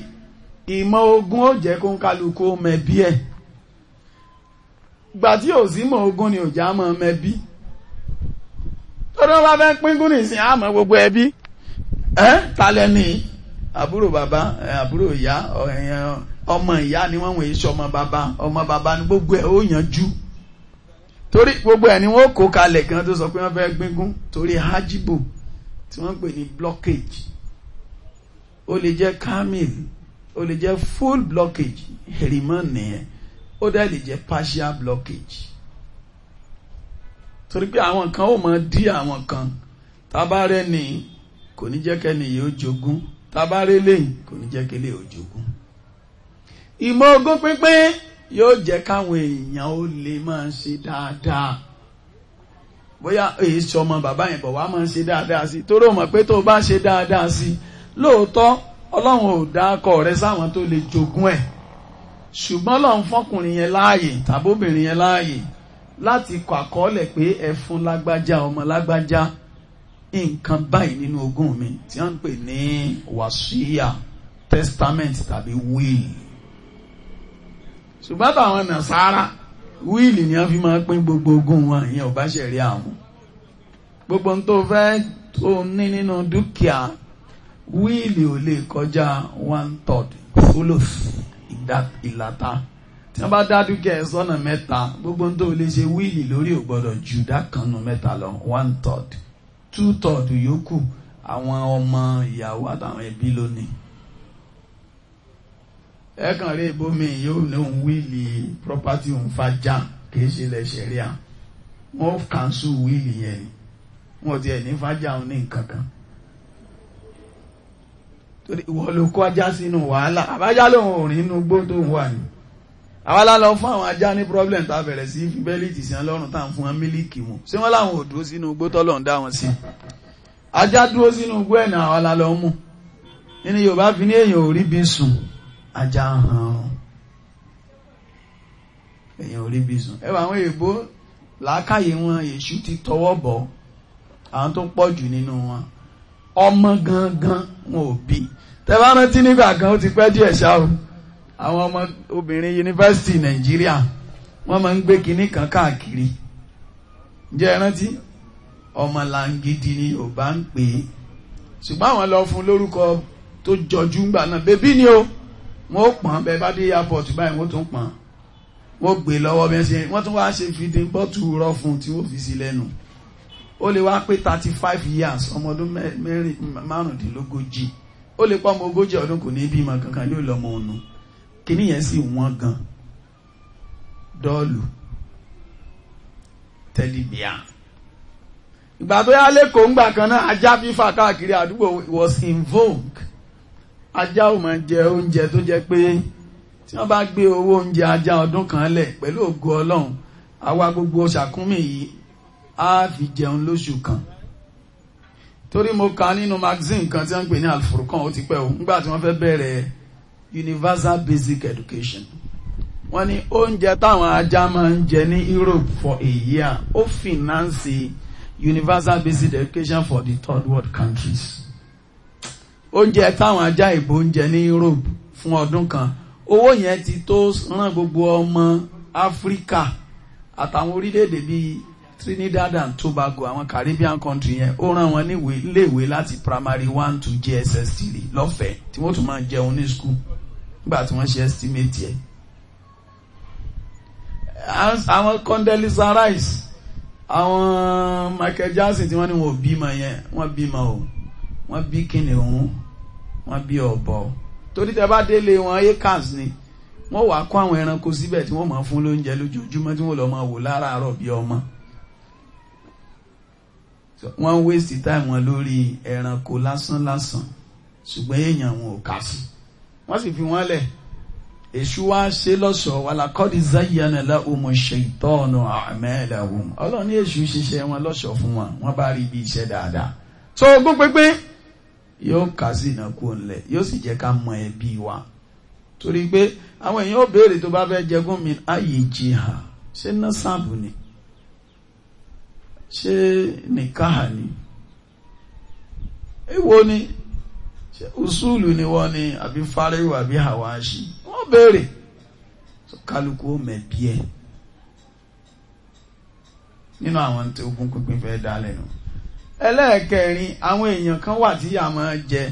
ìmọ̀ ogun ó jẹ́ kó ń kálukú mẹbí ẹ̀ gbàtí ò sí mọ̀ ogun ni ò já mọ̀ mẹbí torí wọn bá fẹ́ pín nìsín àmọ́ gbogbo ẹbí talẹ̀ ni àbúrò bàbá àbúrò ìyá ọmọ ìyá ni wọ́n wọ̀nyí sọ ọmọ bàbá ọmọ bàbá ni gbogbo ẹ̀ ó yanjú torí gbogbo ẹ̀ ni wọ́n kó kalẹ̀ kan tó sọ pé wọ́n fẹ́ gbígún torí hajibo tí wọ́n pè ní blockage ó lè jẹ́ kamil ó lè jẹ́ full blockage heriman nìyẹn ó dẹ̀ lè jẹ́ partial blockage torí pé àwọn kan ó máa dí àwọn kan tábàárẹ̀ ni kò ní jẹ́ kẹ́ni yóò jogún tábàárẹ̀ lẹ́yìn kò ní jẹ́ kẹ́lẹ́ yóò jogún. ìmọ̀ ogún pínpín yóò jẹ́ káwọn èèyàn ó lè máa ṣe dáadáa bóyá èyí sọ ọmọ bàbá yẹn bọ̀ wá máa ń ṣe dáadáa sí i torí ó mọ̀ pé tó o bá ṣe dáadáa sí i lóòótọ́ ọlọ́run ò dá akọ rẹ sáwọn tó lè jogún ẹ̀ ṣùgbọ́n lọ́n fọkùnrin yẹn láàyè tàbóbìnrin yẹn láàyè láti kọ àkọọ́lẹ̀ pé ẹ fún lágbájá ọmọ lágbájá nǹkan báyìí nínú ogún mi tí wọ́n ń pè ní wàsíyà testament tàbí will ṣùgbọ́n táwọn nàṣàrà wíìlì ni wọ́n fi máa pín gbogbo ogún wọn ìyẹn ò bá ṣẹ̀rí àwọn gbogbo ohun tó fẹ́ tó ní nínú dúkìá wíìlì ò lè kọjá one third thuluth ìlàta tí wọ́n bá dádúkẹ́ sọ́nà mẹ́ta gbogbo tó lè ṣe wíìlì lórí ò gbọ́dọ̀ ju dákanu mẹ́ta lọ one third two third yòókù àwọn ọmọ ìyàwó àtàwọn ẹbí lónìí ẹ̀kan rí ibómi yóò ní òun wíìlì property òun fa jam kìí ṣe lẹ̀ ṣẹ̀ríà wọ́n kànṣu wíìlì yẹn ni wọ́n ti ẹ̀ ní fájà òun ní nǹkan kan torí ìwọ ló kọjá sínú wàhálà àbájá lòun ò rí inú gbó tó ń wà ní àwa la lọ fún àwọn ajá ní problem tá a bẹ̀rẹ̀ sí fi bẹ́líìtì sí ọlọ́run tá à ń fún wọn mílíìkì wọn ṣé wọ́n láwọn ò dúró sínú igbó tọ́lọ̀ ń dá wọn sí ajá dúró sínú igbó ẹ̀nà àwa la lọ mú nínú Yorùbá fi ní èèyàn ò rí bí sùn ajá hàn èèyàn ò rí bí sùn ẹwà àwọn èèbó làákàyè wọn èṣù ti tọwọ́ bọ̀ àwọn tó pọ̀ jù nínú wọn ọmọ gangan wọn ò bí tẹ bá rántí nígbà kan ó ti pẹ́ díẹ̀ ṣáà àwọn ọmọ obìnrin yunifásitì nàìjíríà wọ́n máa ń gbé kinní kan káàkiri ǹjẹ́ ẹ rántí ọmọlàngidi ni ò bá ń pè é ṣùgbọ́n àwọn lọ fún lórúkọ tó jọjú ńgbà náà bébí ni o wọ́n ó pọ̀n bẹ́ẹ̀ bá dé airport báyìí wọ́n tún pọ̀n wọ́n gbé e lọ́wọ́ bẹ́ẹ̀ ṣe wọ́n tún wá ṣe fìdín bọ́tù rọ fún tí wọ́n fi sí lẹ́nu ó lè wá pé thirty five years ọmọ ọdún mẹ́rin márùndínlógójì ó lè pọ́ ọmọ ogójì ọdún kò ní bímọ kankan yóò lọ́mọ ọ̀nà Kini yẹn sì wọ́n gan dọ́ọ̀lù tẹ́líbíà ìgbà tó yá lẹ́kọ̀ọ́ ńgbà kan náà ajá fífà káàkiri àdúgbò was in vogue ajá ò máa jẹ oúnjẹ tó jẹ pé tí wọ́n bá gbé owó oúnjẹ ajá ọdún kan lẹ̀ pẹ̀lú ògo ọlọ́run àwa gbogbo ṣàkúnmí yìí á fi jẹun lóṣù kan torí mo kà nínú magazine kan tí wọ́n ń pè ní alfurkan ó ti pẹ́ o ńgbà tí wọ́n fẹ́ bẹ̀rẹ̀ universal basic education wọ́n ní oúnjẹ táwọn ajá máa ń jẹ ní Europe for a year ó finance universal basic education for the third world countries oúnjẹ táwọn ajá ìbò ń jẹ ní Europe fún ọdún kan owó yẹn ti tó rán gbogbo ọmọ Áfíríkà àtàwọn orílẹ̀-èdè bíi Trinidad and Tobago àwọn Caribbean country yẹn ó rán wọn níléèwé láti primary one to JSS three lọ́fẹ̀ẹ́ tí wọ́n tún máa jẹun ní school nígbà tí wọ́n ṣe estimate yẹ àwọn Condoleezza Rice àwọn Michael Jackson tí wọ́n ní wọn ò bímọ yẹn wọ́n bímọ o wọ́n bí kìnìún wọ́n bí ọ̀bọ torí tẹ bá délé wọn acres ni wọ́n wàá kó àwọn ẹranko síbẹ̀ tí wọ́n máa fún lóúnjẹ lójoojúmọ́ tí wọ́n lọ máa wò láràárọ̀ bí ọmọ wọ́n ń waste time wọn lórí ẹranko lásán lásán ṣùgbọ́n èèyàn wọn ò kà sí i wọ́n sì fi wọ́n lẹ̀ èṣù wa ṣe lọ́ṣọ̀ọ́ wà lákọ́dí zayyana láhùmù ṣètọ́ọ̀nù àmẹ́lẹ̀hùn ọlọ́run ní èṣù ṣiṣẹ́ wọn lọ́ṣọ̀ọ́ fún wọn wọ́n bá rí ibi iṣẹ́ dáadáa so ogún pépé yóò kà sí ìnákú ńlẹ̀ yóò sì jẹ́ ká mọ ẹbí wa torí pé àwọn èèyàn ò béèrè tó bá fẹ́ jẹgún mi ayé jì hàn ṣé nọ́sàbù ni ṣé nìkáhà ni èwo ni usulu ni wọ́n ni àbí fáríwò àbí hawaasi wọ́n béèrè kálukú ó mẹ̀bí ẹ̀ nínú àwọn tí ogún pínpín fẹ́ dá lẹ́nu ẹlẹ́ẹ̀kẹrin àwọn èèyàn kan wà tí yà máa jẹ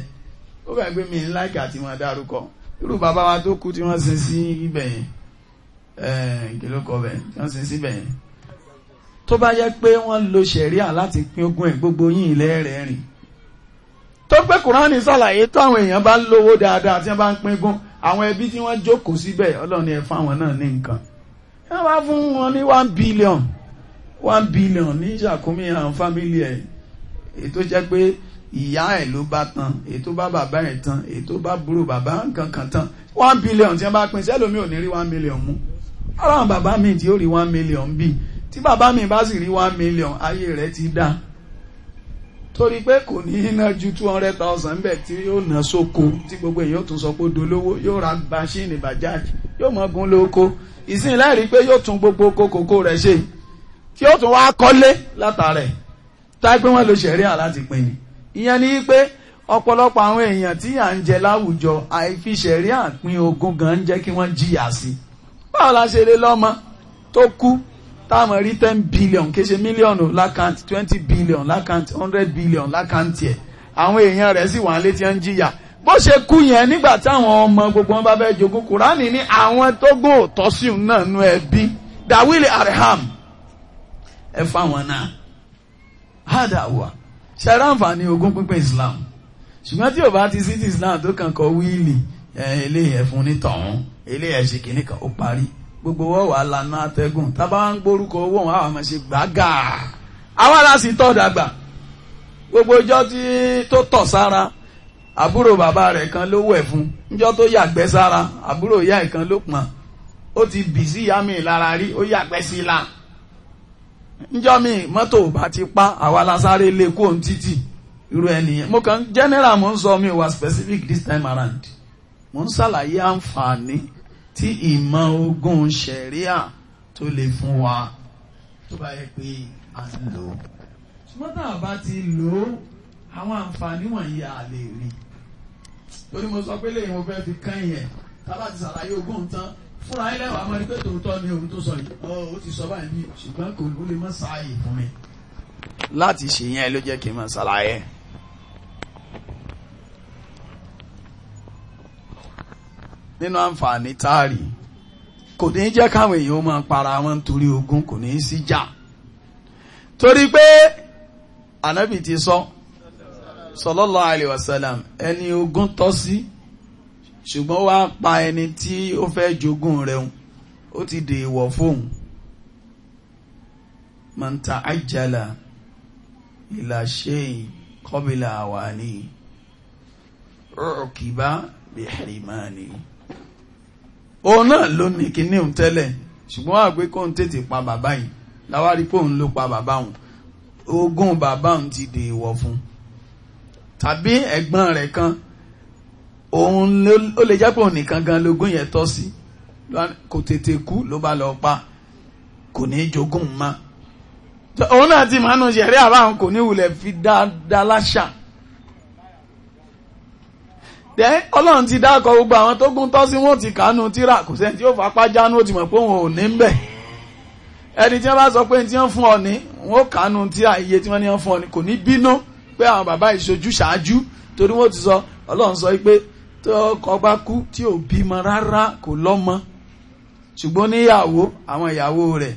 ó bẹ̀ gbé mi láìka àti máa dárúkọ irú bàbá wa tó kú tí wọ́n sin sí ibẹ̀ yẹn ìkìlókọ bẹ̀ tí wọ́n sin síbẹ̀ yẹn tó bá jẹ́ pé wọ́n lo ṣẹ̀ríà láti pín ogún ẹ̀ gbogbo yìí lẹ́rẹ̀ẹ́rìn tó pé kùránì ṣàlàyé tó àwọn èèyàn bá lówó dáadáa tí wọ́n bá ń pín gún àwọn ẹbí tí wọ́n jókòó síbẹ̀ ọlọ́run ẹ fáwọn náà ní nǹkan ẹ wá fún wọn ní one billion one billion ní ìṣàkómi àwọn fámìlì ẹ̀ ètò jẹ́ pé ìyá ẹ̀ ló bá tán ètò bá bàbá ẹ̀ tán ètò bá búrò bàbá nǹkan kan one billion tí wọ́n bá pín sẹ́lómi ò ní rí one million mú ọlọ́run bàbá mi tí ó rí one million bí tí bàbá mi bá sì rí one million ayé rẹ̀ ti dá torí pé kò ní iná ju two hundred thousand bẹ́ẹ̀ tí yóò ná sóko tí gbogbo èèyàn tún sọ pé dolówó yóò ra maṣíìnì bajaj yóò mọ gun lóko ìsìn láìrí pé yóò tún gbogbo kókókó rẹ̀ ṣe tí yóò tún wá kọ́lé látàrẹ̀ táì pé lo ṣẹ̀ríà láti pín ni ìyẹn ni pé ọ̀pọ̀lọpọ̀ àwọn èèyàn tí à ń jẹ láwùjọ àìfi ṣẹ̀ríà pín ogún gan jẹ́ kí wọ́n jìyà sí báwo la ṣe lè lọ́mọ tó kú táàmù rí ten billion kì í ṣe mílíọ̀nù lákàntì twenty billion lákàntì hundred billion lákàntì ẹ̀ àwọn èèyàn rẹ̀ sì wà létí ẹ̀ ń jìyà bó ṣe kú yẹn nígbà táwọn ọmọ gbogbo wọn bá fẹ́ jogún kùránì ní àwọn tó gbò tọ́sùn náà nú ẹbí dawili arham ẹ fáwọn náà hádàwà ṣẹ̀rá àǹfààní ogún pínpín islam ṣùgbọ́n tí ò bá ti sí ti islam tó kàn kọ wíìlì eléyìí ẹ fún nítọ̀hún eléyìí ẹ ṣe kìíní kan ó parí gbogbo wọ́n wà lànà àtẹ̀gùn tábà ń gbórúkọ owó wọn àwọn ọmọọṣẹ́ gbàgà àwa la sì dàgbà gbogbo ọjọ́ tí tó tọ̀ sára àbúrò bàbá rẹ kan ló wẹ̀ fún níjọ́ tó yàgbẹ́ sára àbúrò ìyá ẹ̀ kan ló pọ̀n ó ti bì sí ìyá mi lára rí ó yàgbẹ́ sí i la níjọ́ mi mọ́tò bá ti pa àwa la sáré lé kóhun títì irú ẹnìyẹn mo kàn general mo ń sọ mi wà specific this time around mo ń ṣàlàyé àǹfààní tí ìmọ̀ ogun ṣẹ̀ríà tó lè fún wa tó bá yẹ pé à ń lò ó. ṣùgbọ́n tá a bá ti lò ó àwọn àǹfààní wọ̀nyí a lè rí torí mo sọ pé lẹ́yìn mo fẹ́ fi kán yẹn tábà ti ṣàlàyé ogún tán fúnra ilé wa máa rí pé tòótọ́ ni òun tó sọ yìí ó ti sọ báyìí ṣùgbọ́n kò lè má ṣàyè fún mi. láti ṣèyẹn ló jẹ́ kí n máa ṣàlàyé. nínú àǹfààní táàrí kò ní jẹ́ káwọn èèyàn máa para wọn torí ogun kò ní sí jà torí pé ànábì ti sọ sallallahu alaihi wasallam ẹni ogun tọ́ sí ṣùgbọ́n wá pa ẹni tí ó fẹ́ jogún rẹ̀ ó ti dèèwọ̀ fóun man ta'ajjala ila shay'in qabla awani u'kiba òun náà ló ní kíní òun tẹ́lẹ̀ ṣùgbọ́n àgbé kóun tètè pa bàbá yìí láwárí pé òun ló pa bàbá òun ogún bàbá òun ti dè wọ̀ fún tàbí ẹ̀gbọ́n rẹ̀ kan òun ó lè jẹ́ pé nìkan gan lógún yẹn tọ́ sí kò tètè kú ló bá lọ pa kò ní jogún mọ́ òun náà ti máa ń ṣẹ̀rí àbáhùn kò ní wulẹ̀ fi dáadáa láṣà dẹ́ ọlọ́run ti dákọ̀ gbogbo àwọn tó gún tọ́sí wọn ti kánú tíra kò sẹ́ni tí ó fapá jánu ó ti mọ̀ pé òun ò ní bẹ̀ ẹni tí wọ́n bá sọ pé tí wọ́n fún ọ ní wọn ó kánú tíra iye tí wọ́n ní wọ́n fún ọ ní kò ní bínú pé àwọn bàbá ìṣojú ṣáájú torí wọ́n ti sọ ọlọ́run sọ pé tọkọ bá kú tí ò bímọ rárá kò lọ́mọ ṣùgbọ́n níyàwó àwọn ìyàwó rẹ̀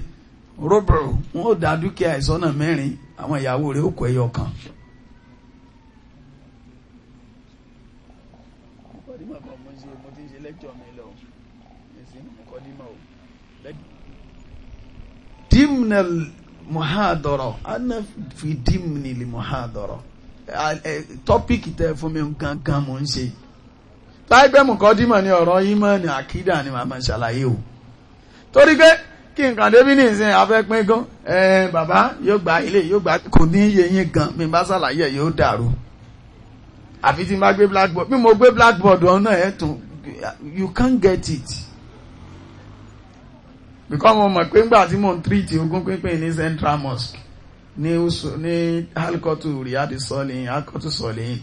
rọ́bọ̀rù wọn ò dá dúkìá ìsọ́nà mẹ́rin àwọn ìyàwó rẹ̀ ó kọ ẹyọ kan dimna muhadọrọ ana fi dimni li muhadọrọ tọ́píkì tẹ fún mi gangan mò ń ṣe láìpẹ́ mú kọ́ dímọ̀ ní ọ̀rọ̀ ìmọ̀ọ́nì àkídà ni màmá ṣàlàyé o torí pé kí nǹkan débi ní ìsìn afẹ́pín gan bàbá yóò gba ilé yóò gba kò ní iye yín gan mi bá ṣàlàyé yóò dàrú àfi tí n bá gbé blackboard bí mo gbé blackboard ọ̀hún ẹ̀ tún you can't get it because mo mọ̀ pé ńgbà tí mo ń tírìtì ogún pínpín ní central mosque ní ní alikotu riyadi sọlẹ́yìn alikotu sọlẹ́yìn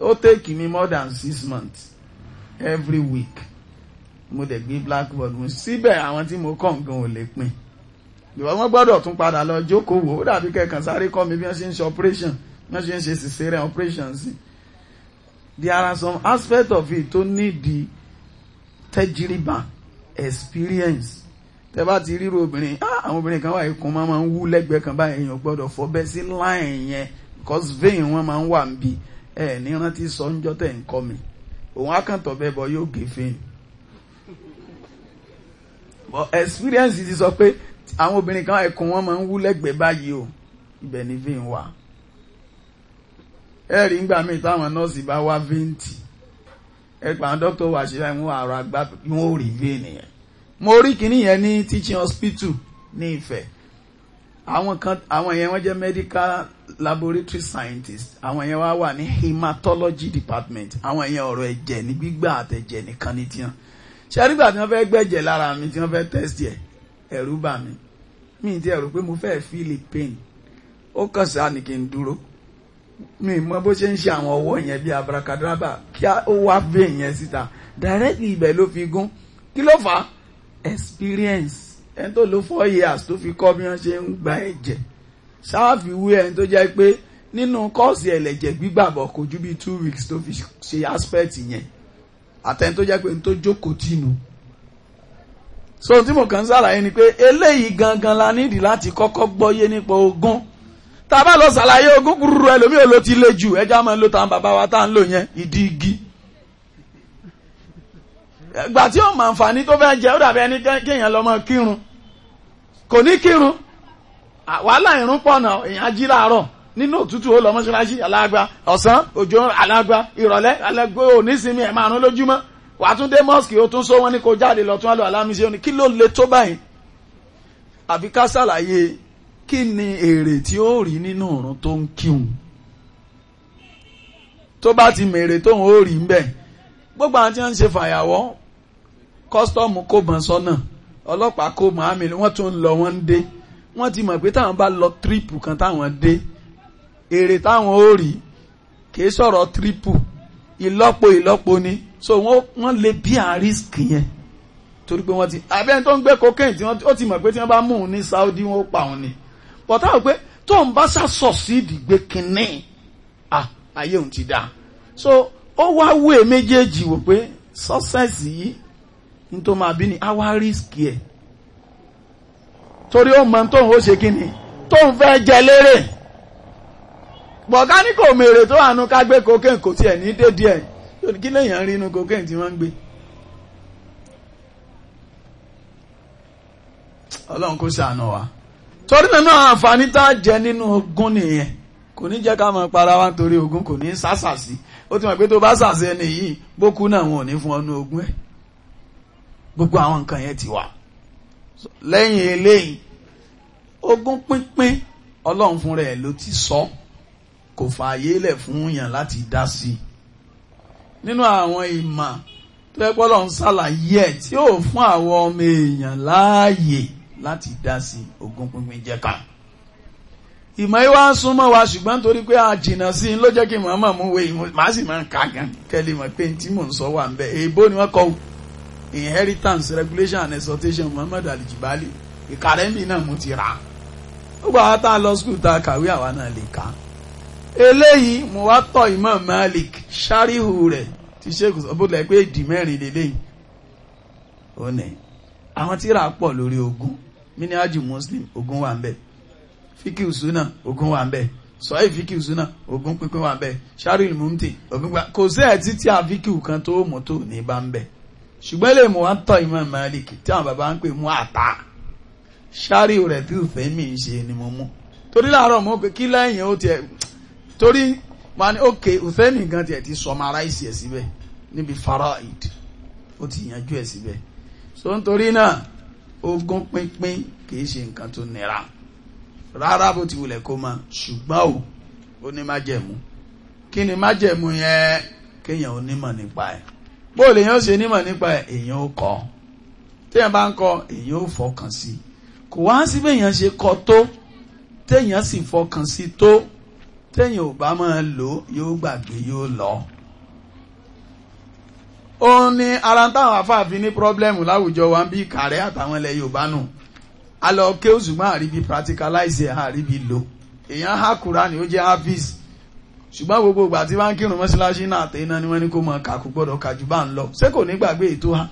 ó take me more than six months every week mo dẹ̀ gbé blackboard mo síbẹ̀ àwọn tí mo kàn gan ò lè pin ìwọ wọn gbọ́dọ̀ tún padà lọ jókòó wò ó dàbí kẹkàn sáré kọ́ mi bí wọ́n ṣe ń ṣe operation bí wọ́n ṣe ń ṣe cesarean operation sí there are some aspects of it tó need the tejiriba experience tẹ bá ti ríro obìnrin ah, àwọn obìnrin kan wà ikùn máa máa ń wú lẹ́gbẹ̀ẹ́ kan báyìí èèyàn gbọ́dọ̀ fọbẹ́ sí láìn yẹn cos vein wọn máa ń wà níbi ẹ ní rántí sọ́njọ́ tẹ̀ ń kọ́ mi òun akàntọ̀ bẹ́ẹ̀ bọ yóò gé vein. but experience ti sọ pé àwọn obìnrin kan ikùn wọn máa ń wú lẹ́gbẹ̀ẹ́ báyìí o ibẹ̀ ni vein wà. ẹ rí ngbà míì táwọn nọ́ọ̀sì bá wá vein tì ẹ pa àwọn dókítà wà ṣe àrà gbá wọn ò rí vein yẹn mo rí kinní yẹn ní teaching hospital ní Ifẹ̀ àwọn kan àwọn yẹn wọ́n jẹ́ medical laboratory scientist àwọn yẹn wá wà ní hematology department àwọn yẹn ọ̀rọ̀ ẹ̀jẹ̀ ní gbígbà àtẹ̀jẹ̀ nìkan ní tiwọn ṣé nígbà tí wọ́n fẹ́ gbẹ̀jẹ̀ lára mi tí wọ́n fẹ́ test yẹ ẹ̀rù bà mí mi ti ẹ̀rù pé mo fẹ́ feel pain ó kàn sáà ní kí n dúró mi mọ bó ṣe ń ṣe àwọn ọwọ́ yẹn bíi abracadabra kí ó wá vein yẹn síta directly ibẹ̀ ló fi gún kí ló fà á experience ẹni tó lò four years tó fi kọ́ bí wọ́n ṣe ń gba ẹ̀jẹ̀ ṣáàfiwé ẹni tó jẹ́ pé nínú kọ́ọ̀sì ẹlẹ́jẹ̀ gbígbàbọ̀ kò ju bíi two weeks tó fi ṣe aspect yẹn àtẹni tó jẹ́ pé ní tó jókòó tìǹù so tí mo kàn ń ṣàlàyé ni pé eléyìí gangan la nídìí láti kọ́kọ́ gbọ́yé nípa ogún tá a bá lọ ṣàlàyé ogún kúrúrú ẹlòmíì ò ló ti le jù ẹjọ́ máa ń lo tàwọn bàbá wa tá à ń lò yẹn ìdí igi gbà tí ó mọ àǹfààní tó fẹ́ jẹ ó dàbí ẹni kéèyàn lọ́mọ kírun kò ní kírun wàhálà ìrún pọ̀nà èèyàn jí láàárọ̀ nínú òtútù ó lọ mọ́ṣáláṣí alágbá ọ̀sán òjò alágbá ìrọ̀lẹ́ alágbó onísìnmi ẹ̀ márùn lójúmọ́ wà tún dé mọ́ọ̀sì ó tún sọ wọ́n ní kó jáde lọ tún á lọ alámísí ó ní kí ló le tó báyìí àfi ká ṣàlàyé kí ni èrè tí ó rí nínú ọ̀run tó ń kíhun tó bá ti mèrè tóun ó rí ń bẹ̀ gbogbo àwọn tí wọ́n ń ṣe fàyàwọ́ kọ́sítọ́ọ̀mù kò mọ̀ sọ́nà ọlọ́pàá kò mọ̀ àmì wọ́n tún ń lọ wọ́n ń dé wọ́n ti mọ̀ pé táwọn bá lọ tírípù kan táwọn dé èrè táwọn ó rí kìí sọ̀rọ̀ tírípù ìlọ́po ìlọ́po ni so wọ́n lè bí à risk yẹn torí pé wọ́n ti abẹ́ni tó ń gbé cocaine tí wọ́n ti mọ̀ pé tí wọ́n bá mú un ní Saudi wọn ó pa òun ni but táwọn pé tó ń bá sàsọ̀ sí ìdìgbé kínní ah ayé òun ti dá so ó wá wé méjèèjì wò pé success yìí ní tó máa bí ní àwa rísìkì ẹ̀ torí ó mọ tóun ó ṣe kí ni tóun fẹ́ jẹ lérè bọ̀gá ní kò mèrè tó àánú ká gbé cocaine kò tiẹ̀ ní dédé ẹ̀ kí lèèyàn rí inú cocaine tí wọ́n ń gbé. ọlọ́run kó ṣàánú wa torí nínú àǹfààní tá a jẹ nínú ogún nìyẹn kò ní jẹ́ ká máa para wa nítorí ogún kò ní sásàsì ó ti mọ̀ pé tó bá sàṣẹ ẹni yìí bó náà wọn ò ní fún ọ ní ogún ẹ̀ gbogbo àwọn nǹkan yẹn ti wà lẹ́yìn eléyìí ogún pínpín ọlọ́run fún rẹ̀ ló ti sọ kò fààyè lẹ̀ fún yàn láti dá sí i nínú àwọn ìmọ̀ tó yẹ pé ọlọ́run ṣàlàyé ẹ̀ tí ó fún àwọn ọmọ èèyàn láàyè láti dá sí i ogún pínpín jẹ́ ká ìmọ̀ yìí wá ń súnmọ́ wa ṣùgbọ́n torí pé a jìnnà sí i ló jẹ́ kí màmá mú wẹ̀ màá sì máa ń ka gan kẹ́lẹ́ mọ̀ pé tí mò ń sọ wà ń bẹ̀ èèbó ni wọ́n kọ́ wù inheritance regulation and exhortation muhammad alijibali ìkàrẹ́mì náà mo ti rà ó gbà wá tá a lọ skul tá a kàwé àwa náà lè kà eléyìí mo wá tọ imam malik sharihu rẹ̀ ti sheikh sọbúlẹ̀ pé ìdí mẹ́rin lélẹ́yìn ó ní àwọn tíra pọ̀ lórí ogun miniaji muslim ogun wà ń bẹ fíkì usuna ogun wà ń bẹ sọ́yì fíkì usuna ogun pínpín wà ń bẹ mumti ogun pínpín kò sí ẹ̀ títí àfíkì kan tó mọ̀ tó ní bá ń ṣùgbọ́n lè mú wọn tọ́ Imam Malik tí àwọn bàbá ń pè mú àtà ṣáàrì rẹ̀ tí ìfẹ́ mi ń ṣe ni mo mú torí láàárọ̀ mo pé kí lẹ́yìn ó tiẹ̀ torí wọn ni ókè ìfẹ́ mi gan tiẹ̀ ti summarize ẹ̀ síbẹ̀ níbi faraid ó ti yanjú ẹ̀ síbẹ̀ so nítorí náà ogún pínpín kì í ṣe nǹkan tó nira rárá bó ti wulẹ̀ kó mọ ṣùgbọ́n o ó ní májẹ̀mú kí ni májẹ̀mú yẹn kéèyàn onímọ̀ nípa ẹ̀ bó lèyàn ṣe nímọ̀ nípa ẹ̀ èyàn ó kọ́ téèyàn bá ń kọ́ èyàn ó fọkàn sí kò wá sí béèyàn ṣe kọ́ tó téèyàn sì fọkàn sí tó téèyàn ò bá máa lò yóò gbàgbé yóò lọ. ó ní ara táwọn afáàfin ní pírọ́blẹ́mù láwùjọ wa ń kàrẹ́ àtàwọn ilẹ̀ Yorùbá nù a lọ kéwù ṣùgbọ́n àríbi practicalize ẹ̀ àríbi lò èèyàn hákùrá ni ó jẹ́ harvest ṣùgbọ́n gbogbo ìgbà tí bá ń kírun mọ́ṣáláṣí náà àtẹ iná ni wọ́n ní kó mọ kàkú gbọ́dọ̀ kàjú bá ń lọ ṣé kò ní gbàgbé ètò ha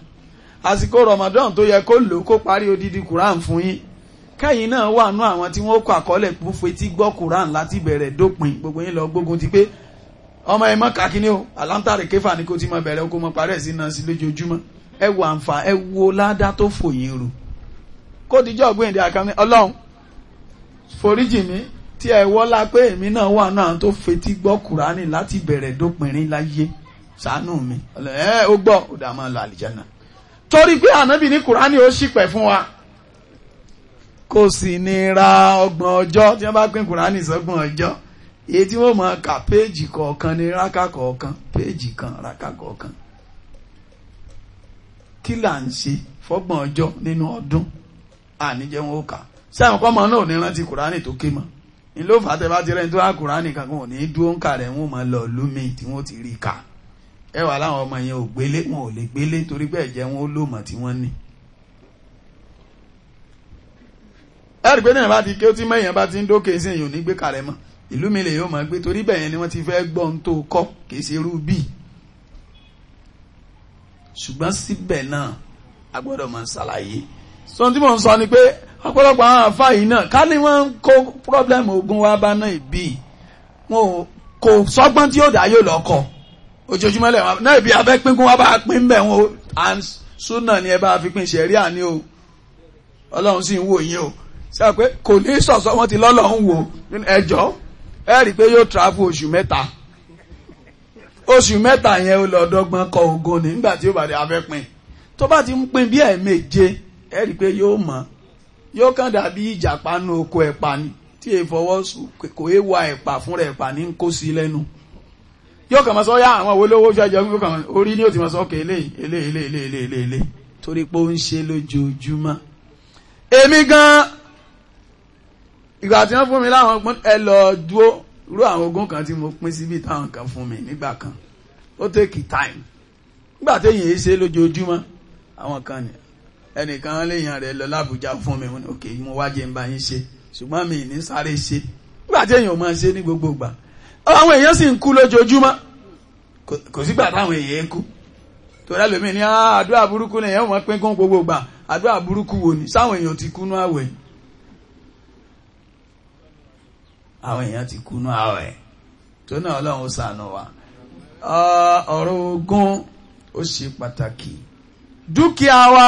àsìkò Ramadan tó yẹ kó lò kó parí odidi Quran fún yín kẹ́yìn náà wà nú àwọn tí wọ́n kọ àkọọ́lẹ̀ fúfe tí gbọ́ Quran láti bẹ̀rẹ̀ dópin gbogbo yín lọ gbógun ti pé ọmọ ẹ mọ kàkíní o àlántàrí kéfà ni kó ti mọ bẹ̀rẹ̀ kó mọ parẹ́ sí náà sí lójoojúmọ́ ẹ wo àǹfà ẹ wo ládá tó fòyìn rò kó dijọ́ gbẹ̀ǹdẹ̀ àkàmì Ọlọ́run foríjì mi tí ẹ wọ́lá pé èmi náà wà náà tó fetí gbọ́ kùránì láti bẹ̀rẹ̀ dópinrin láyé ṣàánú mi ẹ ó gbọ́ ó dá máa lọ àlìjánà torí pé ànábì ní kùránì ó ṣìpẹ̀ fún wa kò sì ní ra ọgbọ̀n ọjọ́ tí wọ́n bá pín kùránì sọ́gbọ̀n ọjọ́ èyí tí wọ́n máa kà péèjì kọ̀ọ̀kan ní rákà kọ̀ọ̀kan péèjì kan rákà kọ̀ọ̀kan kí là ń ṣe fọ́gbọ̀n ọjọ́ nínú ọdún àníjẹ́ wọn ó kà sáwọn kọ́mọ náà ò ní rántí kùránì tó ké mọ́ ní ló fà tẹ́bá ti rẹ́ tó àkùrá nìkan kan ò ní dúró ń kà rẹ̀ wọ́n máa lọ lómi tí wọ́n ti rí kà ẹ wà láwọn ọmọ yẹn ò gbélé wọn ò lè gbélé torí pé ẹ̀jẹ̀ wọn ó lòmọ̀ tí wọ́n ní. ẹ rí i pé náà bá ti ké tí mẹ́yìn bá ti ń dókè sí èèyàn ò ní gbé kà rẹ̀ mọ́ ìlú mi lè yóò máa gbé torí bẹ́ẹ̀ ni wọ́n ti fẹ́ gbọ́ ohun tó kọ́ kì í ṣe irú bíi ṣùgbọ́n síbẹ̀ náà a gbọ́dọ̀ máa ọ̀pọ̀lọpọ̀ àwọn àfa yìí náà ká ní wọ́n ń kó problem ogun wa bá náà ìbí wọn ò kò sọ́gbọ́n tí yóò dá yóò lọ́kọ̀ ojoojúmọ́ lẹ̀ wọn náà ìbí abẹ́ pínkún wa bá pín bẹ̀ wọn and sunna ni ẹ bá fi pín ṣẹ̀rí àní o ọlọ́run sì ń wò yín o sọ pé kò ní sọ̀sọ́ wọn ti lọ́lọ́run wò ẹjọ́ ẹ rí i pé yóò travel oṣù mẹ́ta oṣù mẹ́ta yẹn ó lọ dọ́gbọ́n kọ ogun nígbà tí ó bá dé tó bá ti ń pín bí ẹ̀ẹ̀méje ẹ rí i pé yóò mọ̀ yóò kàn dàbí ìjàpá nu oko ẹ̀pà ni tí èyí fọwọ́ sùn kò é wa ẹ̀pà fúnra ẹ̀pà ní kó sí lẹ́nu yóò kàn máa sọ yá àwọn owó lówó fẹ́ jẹ yóò kàn orí ni yóò ti máa sọ ọkẹ eléyìí eléyìí eléyìí eléyìí eléyìí torí pé ó ń ṣe lójoojúmọ́ èmi gan ìgbà tí wọ́n fún mi láwọn ọgbọ́n ẹ lọ dúró rú àwọn ogún kan tí mo pín síbi táwọn kan fún mi nígbà kan ó take time nígbà téèyàn ṣe lójoojúmọ́ àwọn kan ni ẹnìkan léèyàn rẹ̀ lọ lábújá fún mi wọn òkè mo wá jẹ́ ń bá yín ṣe ṣùgbọ́n mi ní sáré ṣe nígbà tí èèyàn máa ṣe ní gbogbo ìgbà àwọn èèyàn sì ń kú lójoojúmọ́ kò sígbà táwọn èèyàn ń kú torí ẹlòmí ní ah, àdúrà burúkú ni èèyàn wọn pín kún gbogbo ìgbà àdúrà burúkú wo ni sáwọn èèyàn ti kú nú àwẹ̀ àwọn èèyàn ti kú nú àwẹ̀ tó náà ọlọ́run ṣàánú wa ah, ọ̀rọ̀ ogún ó ṣe pàtàkì dúkìá wa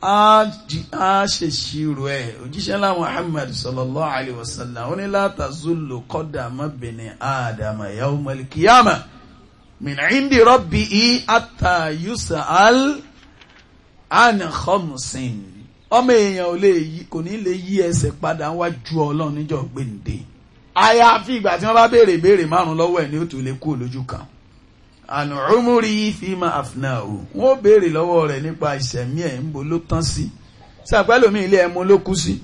a ṣèṣirò ẹ̀ òjíṣẹ́ lá Muhammad sallallahu alayhi wa sallam ó ní la tazullu qadama bini Adama yawmal qiyamah min indi rabbihi hatta yus'al an khamsin ọmọ èèyàn ò lè yí kò ní lè yí ẹsẹ̀ padà wájú Ọlọ́run níjọ́ gbèǹde àyàfi ìgbà tí wọ́n bá béèrè béèrè márùn-ún lọ́wọ́ ẹ̀ ní ó lè kú lójú kan àná ọmọrí fi máa àfìnà o wọ́n béèrè lọ́wọ́ rẹ̀ nípa ìṣẹ̀mí ẹ̀ ń bo ló tán sí sàpẹ́lòmí ilé ẹmu ló kú sí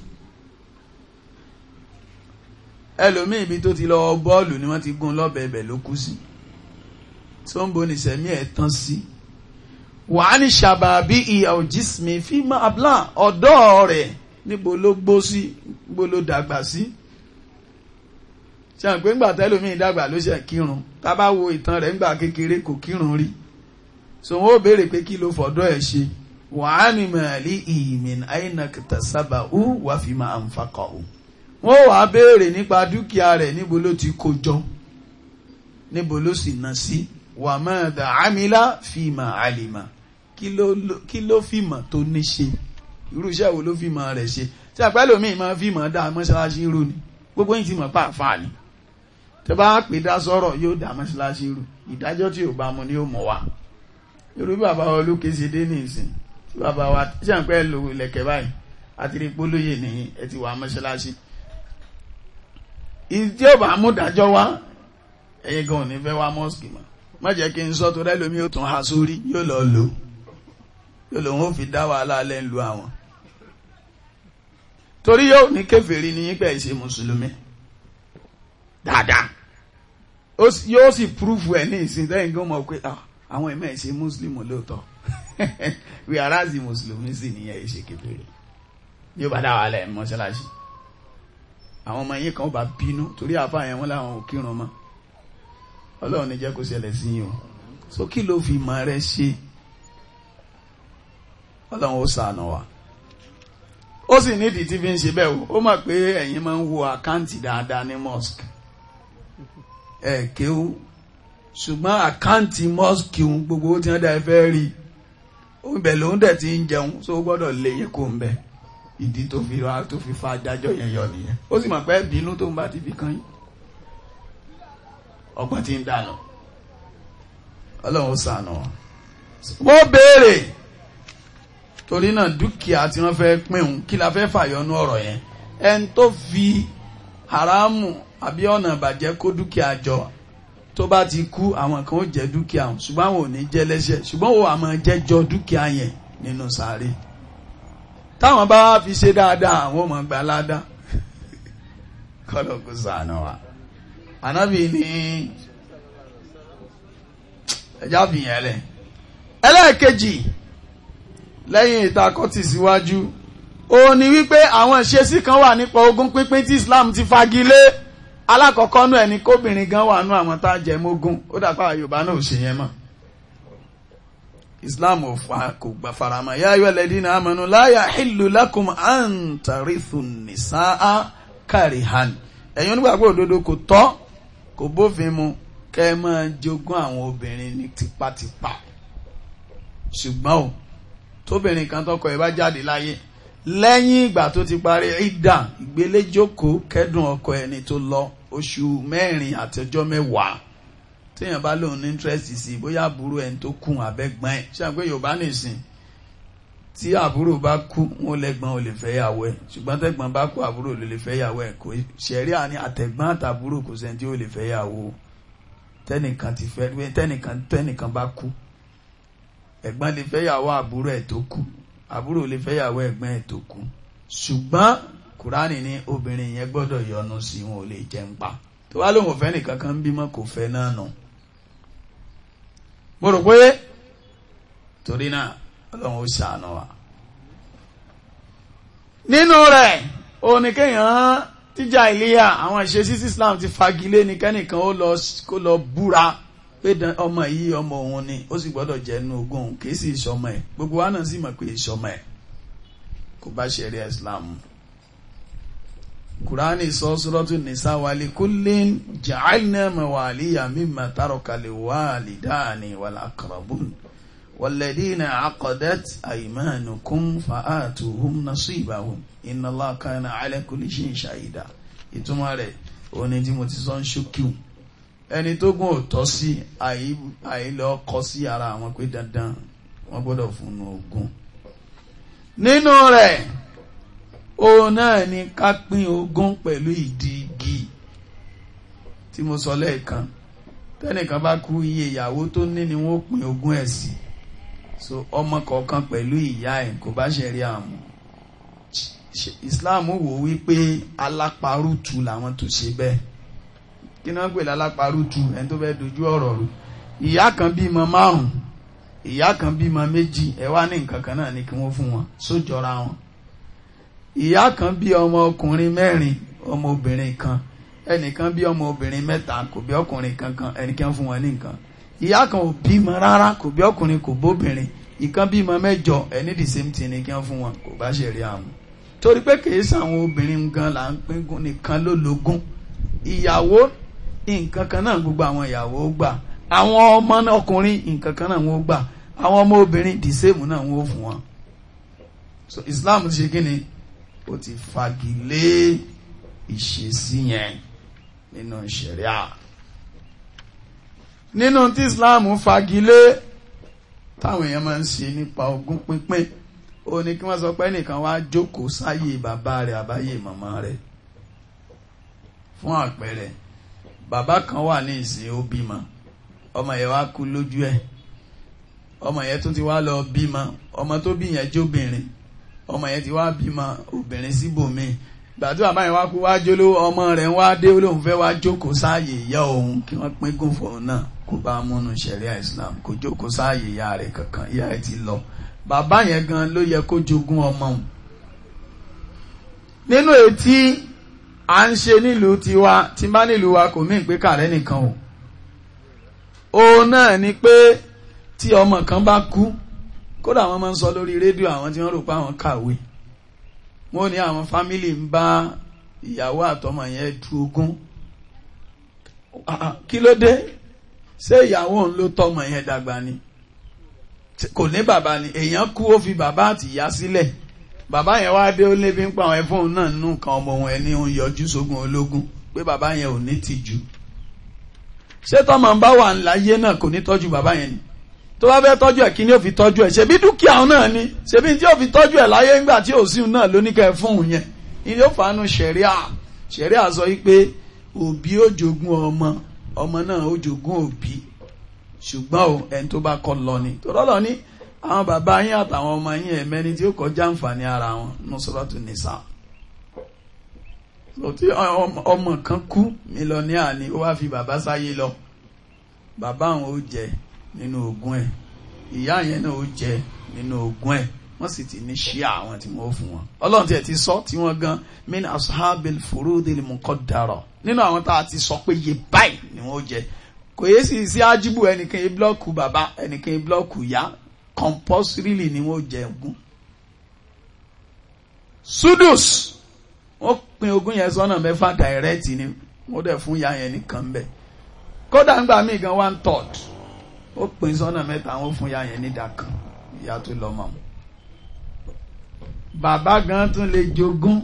ẹlòmí ibi tó ti lọ bọ́ọ̀lù ni wọ́n ti gún lọ́bẹ̀ ẹbẹ̀ ló kú sí tó ń bo ní ìṣẹ̀mí ẹ̀ tán sí wàá ní ṣàbàbí ìyà òjísìmí fi máa àbúlà ọ̀dọ́ rẹ̀ níbo ló gbó sí níbo ló dàgbà sí. Si ṣe àpé ńgbà tẹ́lómìn dàgbà ló ṣe kírun tá bá wo ìtàn rẹ̀ ńgbà kékeré kò kírun rí so wọn ó béèrè pé kí ló fọ̀dọ́ ẹ̀ ṣe wàá ní màálí ìmìn àìnàkìtà sábà ó wàá fi máa ń fakọ̀ ó wọn ó wàá béèrè nípa dúkìá rẹ̀ níbo ló ti kó jọ níbo ló sì ná sí wàá máa dà ámìlá fìmà àlìmà kí ló fìmà tó ní ṣe irú iṣẹ́ wo ló fìmà rẹ̀ ṣe ṣe àpẹẹlòmíì máa fìmà dá mọ́ṣáláṣí rú ni gbogbo yìí ti mọ̀ pàáfàá ni tẹ́ bá pè dá sọ̀rọ̀ yóò dá mọ́ṣáláṣí rú ìdájọ́ tí ò bá mu ni ó mọ̀ wá irú bàbá wa olókèsè dé ní ìsìn tí bàbá wa ṣàǹpẹ́ lo ilẹ̀kẹ̀ báyìí àti rí polóyè ní ẹ ti wà mọ́ṣáláṣí ìdí ò bá mú dájọ́ wá ẹ̀yin gan ò ní fẹ́ wá mọ́sìkì mọ́ má jẹ́ kí n sọ tó rẹ́ lómi ó tún ha sórí yóò lọ lò yóò lòun ó fi dá wàhálà alẹ́ ń lu àwọn torí yóò ní kèfèrí ní yín pé ìṣe mùsùlùmí dáadáa yóò sì prove ẹ̀ ní ìsìn tẹ́yìn kí wọ́n mọ̀ pé ah, àwọn ẹ̀mẹ́ ìṣe muslim lóòótọ́ wí aráàzì mùsùlùmí sì nìyẹn ìṣe kékeré yóò bá dáwà lẹ̀ mọ́ṣáláṣí àwọn ọmọ yín kan bá bínú torí àfa yẹn wọn láwọn ò kírun mọ́ ọlọ́run ní jẹ́ kó ṣẹlẹ̀ sí yín o so kí ló fi mọ rẹ ṣe ọlọ́run ó sànà wa ó sì nídìí tí fi ń ṣe bẹ́ẹ̀ o ó mọ̀ pé ẹ̀yin máa ń wo àkáǹtì dáadáa ní mosque ẹ̀ẹ́kéwú ṣùgbọ́n àkáǹtì mọ́sùkì ń gbogbo tí wọ́n dá ẹ fẹ́ rí òun bẹ̀ lòun dẹ̀ ti ń jẹun só gbọ́dọ̀ lé yẹ kó ń bẹ ìdí tó fi ra tó fi fa adájọ́ yẹn yọ nìyẹn ó sì mọ̀ pé bínú tó ń bá ti fi kan yín ọgbọ́n ti ń dànù ọlọ́run ó sànù wọ́n béèrè torí náà dúkìá tí wọ́n fẹ́ pín un kí la fẹ́ fàyọnú ọ̀rọ̀ yẹn ẹni tó fi haramu àbí ọ̀nà ìbàjẹ́ kó dúkìá jọ tó bá ti kú àwọn kan ó jẹ dúkìá ọ̀hún ṣùgbọ́n àwọn ò ní jẹ lẹ́sẹ̀ ṣùgbọ́n ó àmọ́ jẹ́jọ dúkìá yẹn nínú sàárè táwọn bá fi ṣe dáadáa àwọn ò mọ̀ gbà ládàá kọ́lọ̀ kó sànà wa ànábì ní ẹjá fìyàn ẹlẹ́ ẹlẹ́ẹ̀kejì lẹ́yìn ìtakọ́tì síwájú ó ní wípé àwọn ìṣesí kan wà nípa ogún pínpín tí Islam ti fagilé alákọ̀ọ́kọ́ nú ẹni kóbìnrin gan wà nú àwọn tá a jẹ mógún ó dàpọ̀ yorùbá náà ò ṣe yẹn mọ́ islam ò fa kò gbà faramọ́ ya ayyuhal ladina amanu la yahillu lakum an tarithu nisaa karihan ẹ̀yin onígbàgbọ́ òdodo kò tọ́ kò bófin mu kẹ́ ẹ máa jogún àwọn obìnrin ní tipátipá ṣùgbọ́n o tóbìnrin kan tọkọ ẹ̀ bá jáde láyé lẹ́yìn ìgbà tó ti parí ìdà ìgbéléjókòó kẹ́dùn ọkọ ẹni tó lọ oṣù mẹ́rin àtọjọ́ mẹ́wàá téèyàn bá lóun ní interest sí i bóyá àbúrò ẹni tó kùn abẹ́gbọ́n ẹ̀ ṣáà pé yorùbá nìsín tí àbúrò bá kú wọn lẹ́gbọ́n ò lè fẹ́ yàwó ẹ̀ ṣùgbọ́n tẹ́gbọ́n bá kú àbúrò ló lè fẹ́ yàwó ẹ̀ kò ṣẹ̀rí àní àtẹ̀gbọ́n àtàbúrò kò sẹ́ni tí ó lè fẹ́ yàwó tẹ́nìkan ti fẹ́ tẹ́nìkan tẹ́nìkan bá kú ẹ̀gbọ́n lè fẹ́ yàwó àbúrò ẹ̀ tó kú àbúrò lè fẹ́yàwó ẹ̀gbọ́n ẹ̀ tó kú ṣùgbọ́n kùránì ni obìnrin yẹn gbọ́dọ̀ yọnu sí wọn ò lè jẹun pa tó wá lóun ò fẹ́ nìkan kan bímọ kò fẹ́ náà nù. mo rò pé torí náà ọlọ́run ó ṣàánú wa. nínú rẹ̀ oníkéèyàn tíjà ìléyà àwọn ìṣesí Islam ti fagilé nìkẹ́nìkan ó lọ búra pé ọmọ yìí ọmọ òun ni ó sì gbọ́dọ̀ jẹ́ inú ogún òun kì í sì ìṣọmọ ẹ̀ gbogbo wa náà sì mọ̀ pé ìṣọmọ ẹ̀ kò bá ṣẹ̀rí Islam kùránì sọ sọ́rọ́tún nìsá wàlí kullin ja'alna mawaliya mimma taraka liwalidani wal aqrabun walladina aqadat aymanukum fa'atuhum nasibahum inna Allaha kana ala kulli shay'in shahida ìtumọ̀ rẹ̀ òun ni tí mo ti sọ ń ṣókìwù ẹni tó gùn ò tọ́ sí àìlọ́ kọ́ sí ara àwọn pé dandan wọ́n gbọ́dọ̀ fún ogún nínú rẹ̀ òun náà ni ká pín ogún pẹ̀lú ìdí igi tí mo sọ lẹ́ẹ̀kan tẹ́nìkan bá kú iye ìyàwó tó ní ni wọ́n pín ogún ẹ̀ sí so ọmọ kọ̀ọ̀kan pẹ̀lú ìyá ẹ̀ kò bá ṣe rí àmọ́ Islam wò wípé alápárùtù làwọn tó ṣe bẹ́ẹ̀ kí náà ń pè lálápárùtù ẹni tó fẹ́ dojú ọ̀rọ̀ rú ìyá kan bímọ márùn ìyá kan bímọ méjì ẹ wá ní nǹkan kan náà ni kí wọ́n fún wọn sójọra wọn ìyá kan bí ọmọ ọkùnrin mẹ́rin ọmọ obìnrin kan ẹnìkan bí ọmọ obìnrin mẹ́ta kò bí ọkùnrin kankan ẹnìkan fún wọn ní nǹkan ìyá kan ò bímọ rárá kò bí ọkùnrin kò bóbìnrin ìkan bímọ mẹ́jọ ẹni the same thing ni kí wọ́n fún wọn kò bá ṣe rí àwọn torí pé kì í sàwọn obìnrin gan là ń pín nìkan ló lógún ìyàwó nǹkan kan náà gbogbo àwọn ìyàwó ó gbà àwọn ọmọ ọkùnrin nǹkan kan náà wọ́n gbà àwọn ọmọ obìnrin the same náà wọ́n fún wọn so Islam ti ṣe kí ni ó ti fagilé ìṣesí yẹn nínú ṣẹ̀ríà nínú tí Islam fagilé táwọn èèyàn máa ń ṣe nípa ogún pínpín ó ní kí wọ́n sọ pé ẹnìkan wá jókòó sáyé bàbá rẹ̀ àbáyé màmá rẹ̀ fún àpẹẹrẹ Baba kan wà ní ìsìn ó bímọ ọmọ yẹn wá kú lójú ẹ̀ ọmọ yẹn tún ti wá lọ bímọ ọmọ tó bí yẹn jóbìnrin ọmọ yẹn ti wá bímọ obìnrin síbòmíì gbàtí bàbá yẹn wá kú wá jóló ọmọ rẹ̀ ń wá dé olóhùn fẹ́ wá jókòó sáàyè ìyá òun kí wọ́n pín gùn fún òun náà kó bá múnú ṣẹ̀ríà Islam kó jókòó sáàyè ìyá rẹ̀ kankan ìyá rẹ̀ ti lọ bàbá yẹn gan ló yẹ kó jogún ọmọ nínú etí à ń ṣe nílùú tiwa tí bá nílùú wa kò mí pé kàrẹ́ nìkan o òun náà ni pé tí ọmọ kan bá kú kódà wọ́n máa ń sọ lórí rédíò àwọn tí wọ́n rò pé àwọn kàwé wọ́n ní àwọn fámìlì ń bá ìyàwó àtọmọ yẹn du ogún kí ló dé ṣé ìyàwó òun ló tọmọ yẹn dàgbà ni kò ní bàbá ni èèyàn kú ó fi bàbá àtìyá sílẹ̀. Si bàbá yẹn wá dé ó lébi ń pa àwọn ẹfọ́n náà nù kan ọmọ wọn ẹni ń yọjú sógun ológun pé bàbá yẹn ò ní tìjú ṣé tọ́mọ ń bá wà láyé náà kò ní tọ́jú bàbá yẹn ni tó bá fẹ́ tọ́jú ẹ̀ kí ni ó fi tọ́jú ẹ̀ ṣebí dúkìá náà ni ṣebí tí ó fi tọ́jú ẹ̀ láyé ńgbà tí ò síun náà lóníkẹ́ fún un yẹn ni yóò fàánù ṣẹ̀ríà ṣẹ̀ríà sọ wípé òbí ó jogún ọmọ ọmọ náà ó jogún òbí ṣùgbọ́n ẹni tó bá kọ lọ ni tó rọ́lọ́ ni àwọn bàbá yín àtàwọn ọmọ yín ẹ̀mẹ́ni tí ó kọjá àǹfààní ara wọn ní sọ́dọ̀tún nìsà tí ọmọ kan kú mílíọ̀nìà ni ó wá fi bàbá sáyé lọ bàbá àwọn ó jẹ nínú ogún ẹ̀ ìyá yẹn náà ó jẹ nínú ogún ẹ̀ wọ́n sì ti ní ṣíà àwọn tí wọ́n fún wọn ọlọ́run tiẹ̀ ti sọ tí wọ́n gan min ashabil furudil muqaddara nínú àwọn tá a ti sọ pé yé báyìí ni wọ́n jẹ kò yé sì sí ájúbù ẹnìkan yé blọ́ọ̀kù bàbá ẹnìkan yé blọ́ọ̀kù ìyá compulsorily ni wọ́n jẹ ogún sudus wọ́n pín ogún yẹn sọ́nà mẹ́fà direct ni wọ́n dẹ̀ fún ya yẹn nìkan bẹ́ẹ̀ kódà ńgbà míì gan one third ó pín sọ́nà mẹ́ta wọ́n fún ya yẹn nídà kan ìyá tó lọ mọ́ bàbá gan tún lè jogún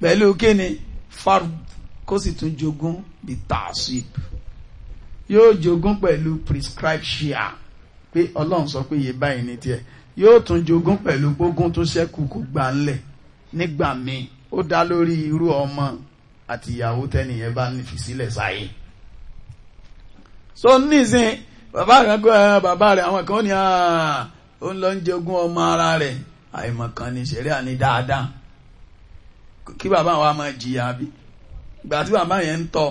pẹ̀lú kíni farb kó sì tún jogún bí taasib yóò jogún pẹ̀lú prescribed share pé ọlọ́run sọ pé iye báyìí ní tiẹ̀ yóò tún jogún pẹ̀lú gbógun tó ṣẹ́kù kó gbà ńlẹ̀ nígbà míì ó dá lórí irú ọmọ àti ìyàwó tẹ́nìyẹn bá fi sílẹ̀ sáyé so nísìn bàbá kan kó ẹran bàbá rẹ̀ àwọn kan ní ó ń lọ ń jogún ọmọ ara rẹ̀ àìmọ̀ kan ní ṣeré àní dáadáa kí bàbá wa máa jìyà bí ìgbà bàbá yẹn ń tọ́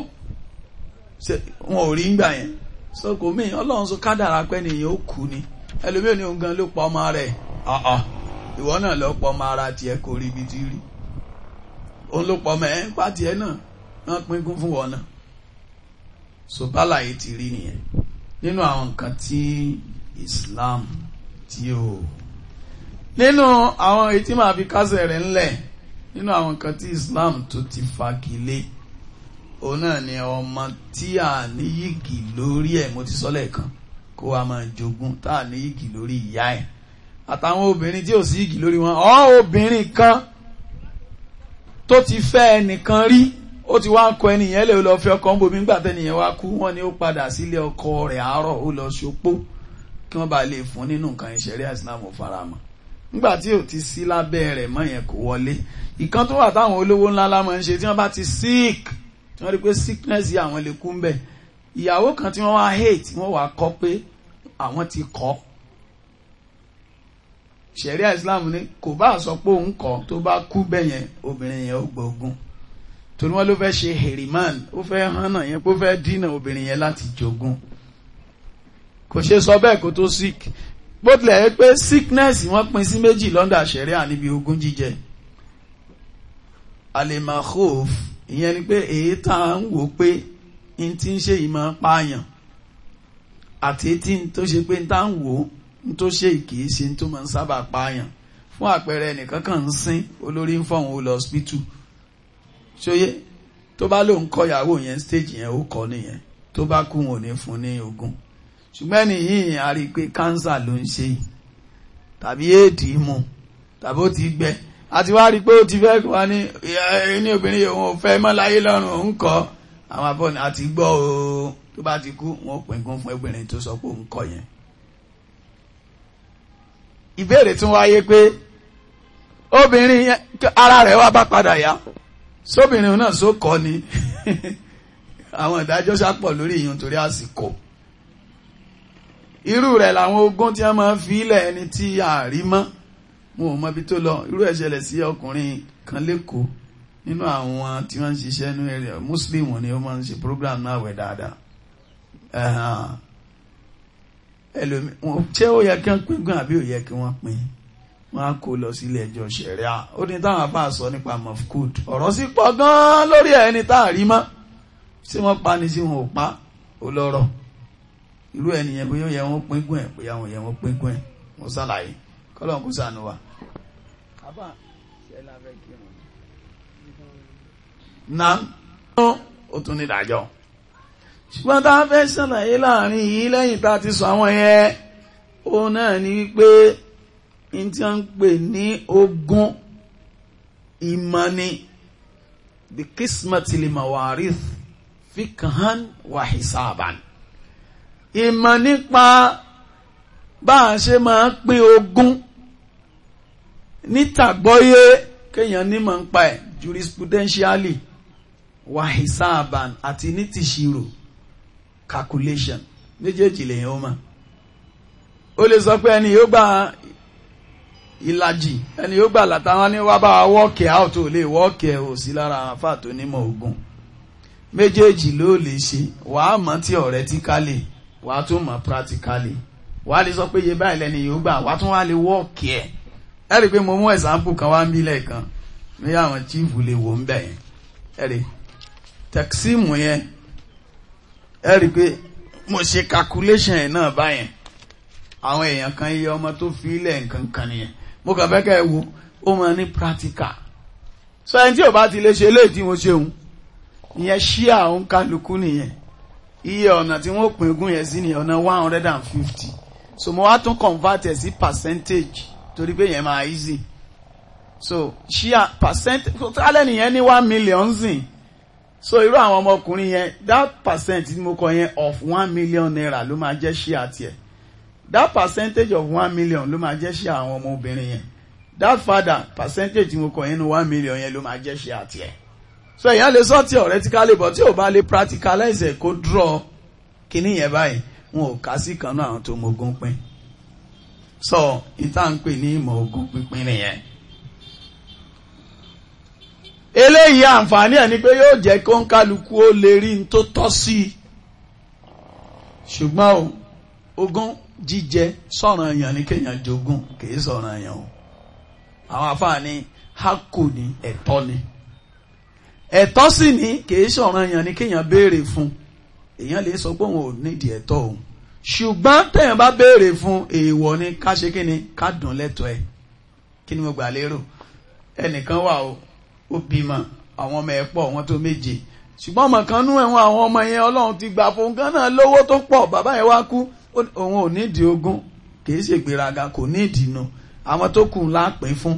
wọn ò rí ń gbà yẹn sọkò kò ọlọrun sọ so pé pẹ́ nìyẹn ó kú ni ẹlòmíràn ní òun gan ló pa ọmọ rẹ̀ ọ̀ọ́ ìwọ náà lọ pọ ọmọ ara tiẹ̀ kò rí ibi tí rí òun ló pọ ọmọ ẹ̀ ń pa tiẹ̀ náà wọ́n pínkún fún wọn náà so bálàyé ti rí nìyẹn nínú àwọn nǹkan tí Islam ti o nínú àwọn èyí tí màá fi kásẹ̀ rẹ̀ ńlẹ̀ nínú àwọn nǹkan tí Islam tó ti fagilé òun náà ni ọmọ tí a ní yìgì lórí ẹ̀ mo ti sọ lẹ́ẹ̀kan kó wa máa jogún tá a ní yìgì lórí ìyá ẹ̀ àtàwọn obìnrin tí ò sí yìgì lórí wọn ọ́ obìnrin kan tó ti fẹ́ ẹnìkan rí ó ti wá ń kọ ẹnìyẹn lè lọ fi ọkọ ń bomi tẹnìyẹn wá kú wọn ni ó padà sílé ọkọ rẹ̀ àárọ̀ ó lọ ṣopó kí wọ́n bá lè fún nínú nǹkan ìṣẹ̀rí àìsílámù faramọ́ nígbà tí ò ti sí lábẹ́ rẹ̀ mọ́ yẹn kò wọlé ìkan tó wà táwọn olówó ńlá lámọ̀ ń ṣe tí wọ́n bá ti sick tí wọ́n rí pé sickness yìí àwọn lè kú ń bẹ̀ ìyàwó kan tí wọ́n wá hate wọ́n wá kọ́ pé àwọn ti kọ́ ṣẹ̀ríà Islam ní kò bá sọ pé òun kọ́ tó bá kú bẹ̀yẹn obìnrin yẹn ó gbógun torí wọ́n ló fẹ́ ṣe heriman ó fẹ́ hànà yẹn pé ó fẹ́ dínà obìnrin yẹn láti jogún kò ṣe sọ bẹ́ẹ̀ kó tó sick bó tilẹ̀ yẹ pé sickness wọ́n pín sí méjì lọ́ndà ṣẹ̀ríà níbi ogún jíjẹ alimahof ìyẹn ni pé èyí tá à ń wò pé n tí ń ṣe ìmọ̀ pààyàn àti tí n tó ṣe pé n tá à ń wò n tó ṣe kì í ṣe n tó máa ń sábà pààyàn fún àpẹẹrẹ ẹnìkan kan ń sin olórí ń fọ̀hún lọ hospital ṣóyé tó bá lóun kọ ìyàwó yẹn stage yẹn ó kọ nìyẹn tó bá kú wọn ò ní fún ní ogún ṣùgbọ́n ẹni yìí pé cancer ló ń ṣe tàbí éèdì mu tàbí ó ti gbẹ àti wá rí pé ó ti fẹ́ wá ní ní obìnrin òun ò fẹ́ mọ́ láyé lọ́rùn òun kọ́ àwọn abọ́ni àti gbọ́ o tó bá ti kú wọn pín gún fún obìnrin tó sọ pé òun kọ́ yẹn. ìbéèrè tún wáyé pé obìnrin ara rẹ̀ wá bá padà yá sóbìnrin náà só kọ́ ni àwọn ìdájọ́ sápọ̀ lórí ìyún torí àsìkò irú rẹ̀ làwọn ogún tí wọ́n máa ń fi ilẹ̀ ẹni tí a rí mọ́ mo ò mọbi tó lọ irú ẹ̀ ṣẹlẹ̀ sí ọkùnrin kan lẹ́kọ̀ọ́ nínú àwọn tí wọ́n ń ṣiṣẹ́ ní area muslim ni ó máa ń ṣe program náà wẹ̀ dáadáa ẹlòmíràn ṣé ó yẹ kí wọ́n pín gan àbí ó yẹ kí wọ́n pín wọ́n á kó lọ sílé ẹjọ́ ṣẹ̀ríà ó ní táwọn afá sọ nípa mofkud ọ̀rọ̀ sì pọ̀ gan lórí ẹni tá a rí mọ́ ṣé wọ́n pa ni sí wọn ò pa ó lọ́rọ̀ irú ẹnìyẹn bóyá ó yẹ wọ́n pín gùn ẹ̀ bóyá wọn yẹ wọ́n pín gùn ẹ̀ wọ́n ṣàlàyé ọlọ́run kò ṣàánú wa. na ó tún ní ìdájọ́ ṣùgbọ́n tá a fẹ́ ṣàlàyé láàrin yìí lẹ́yìn tá a ti sọ àwọn yẹn ó náà ní wípé n tí wọ́n ń pè ní ogún ìmọ̀ ni bí kismati lè mọ̀ wàrith ìmọ̀ nípa bá a ṣe máa pín ogún nítàgbọ́yé kéèyàn nímọ̀ ń pa ẹ̀ jurisprudentially wahisaban àti ní calculation méjèèjì lèyàn ó mọ̀ ó lè sọ pé ẹni yóò gbà ìlàjì ẹni yóò gbà látàwọn ní wá bá wọ́ọ̀kì out ò lè wọ́ọ̀kì ẹ̀ ò sí lára àwọn afá tó nímọ̀ ogun méjèèjì ló lè ṣe wàá mọ̀ theoretically wàá tún mọ̀ practically wàá lè sọ pé iye báyìí lẹ́ni yóò gbà wàá tún wá lè wọ́ọ̀kì ẹ̀ ẹ rí i pé mo mú ẹ̀sánpù kan wá ń bí lẹ́ẹ̀kan ní àwọn chiefu lè wò ń bẹ̀ yẹn ẹ rí yẹn ẹ pé mo ṣe calculation yẹn náà báyẹn àwọn èèyàn kan iye ọmọ tó fi ilẹ̀ nǹkan kan nìyẹn mo kàn fẹ́ kẹ́ ẹ wo ó máa ní practical so ẹni tí ò bá ti lè ṣe eléyìí tí mo ṣe òun ìyẹn ṣí àwọn kálukú nìyẹn iye ọ̀nà tí wọ́n pín ogún yẹn sí ni ọ̀nà one hundred and fifty so mo wá tún convert ẹ̀ sí percentage torí pé yẹn máa easy so ṣíà percent alẹ́ nìyẹn ní one million zin so irú àwọn ọmọkùnrin yẹn that percent tí mo kọ yẹn of one million naira ló máa jẹ́ ṣíà tiẹ̀ that percentage of one million ló máa jẹ́ ṣíà àwọn ọmọ obìnrin yẹn that father percentage tí mo kọ yẹn ní one million yẹn ló máa jẹ́ ṣíà tiẹ̀ so èèyàn lè sọ theoretically but tí ò bá lè practicalize ẹ̀ kó draw kíní yẹn báyìí wọn ò kà sí kan náà àwọn tó mọ ogún pín. sọ ìtànpè ní ìmọ̀ ogun pínpín nìyẹn eléyìí àǹfààní ẹ̀ ni pé yóò jẹ́ kó ń kálukú ó lè rí n tó tọ́ ṣùgbọ́n o ogún jíjẹ sọ̀rọ̀ èèyàn ní kéèyàn kìí sọ̀ràn èèyàn o àwọn àfààní ẹ̀tọ́ ni ẹ̀tọ́ sì kìí fún èèyàn lè sọ pé òun ṣùgbọ́n tẹ̀yàn bá béèrè fún èèwọ̀ ni ká ṣe kí ni ká dùn lẹ́tọ̀ọ́ ẹ̀ kí ni mo gbà lérò ẹnìkan wà o ó bímọ àwọn ọmọ ẹ̀ pọ̀ wọ́n tó méje ṣùgbọ́n ọmọ kan nú ẹ̀wọ̀n àwọn ọmọ yẹn ọlọ́run ti gbà fún gánà lówó tó pọ̀ bàbá yẹn wá kú òun ò nídìí ogún kì í ṣègbéraga kò nídìí nu àwọn tó kù ńlá pè fún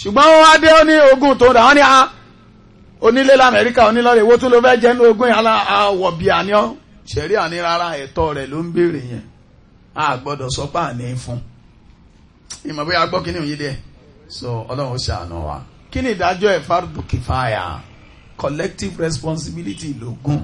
ṣùgbọ́n wọn wá dé ní ogún tó dà wọ́n ní a ah, onílé lamẹ́ríkà onílọ́rẹ̀ èwo tó ló fẹ́ jẹ́ ní ogún yàrá àwọ̀bíà ni ọ́ ṣẹ̀rí àní rárá ẹ̀tọ́ rẹ̀ ló ń béèrè yẹn a gbọ́dọ̀ sọ pé àní fún ìmọ̀ bóyá gbọ́ kí ni díẹ̀ so ọlọ́run ó ṣàánú wa kí ni ìdájọ́ ẹ̀ fardu kìfàyà collective responsibility lógún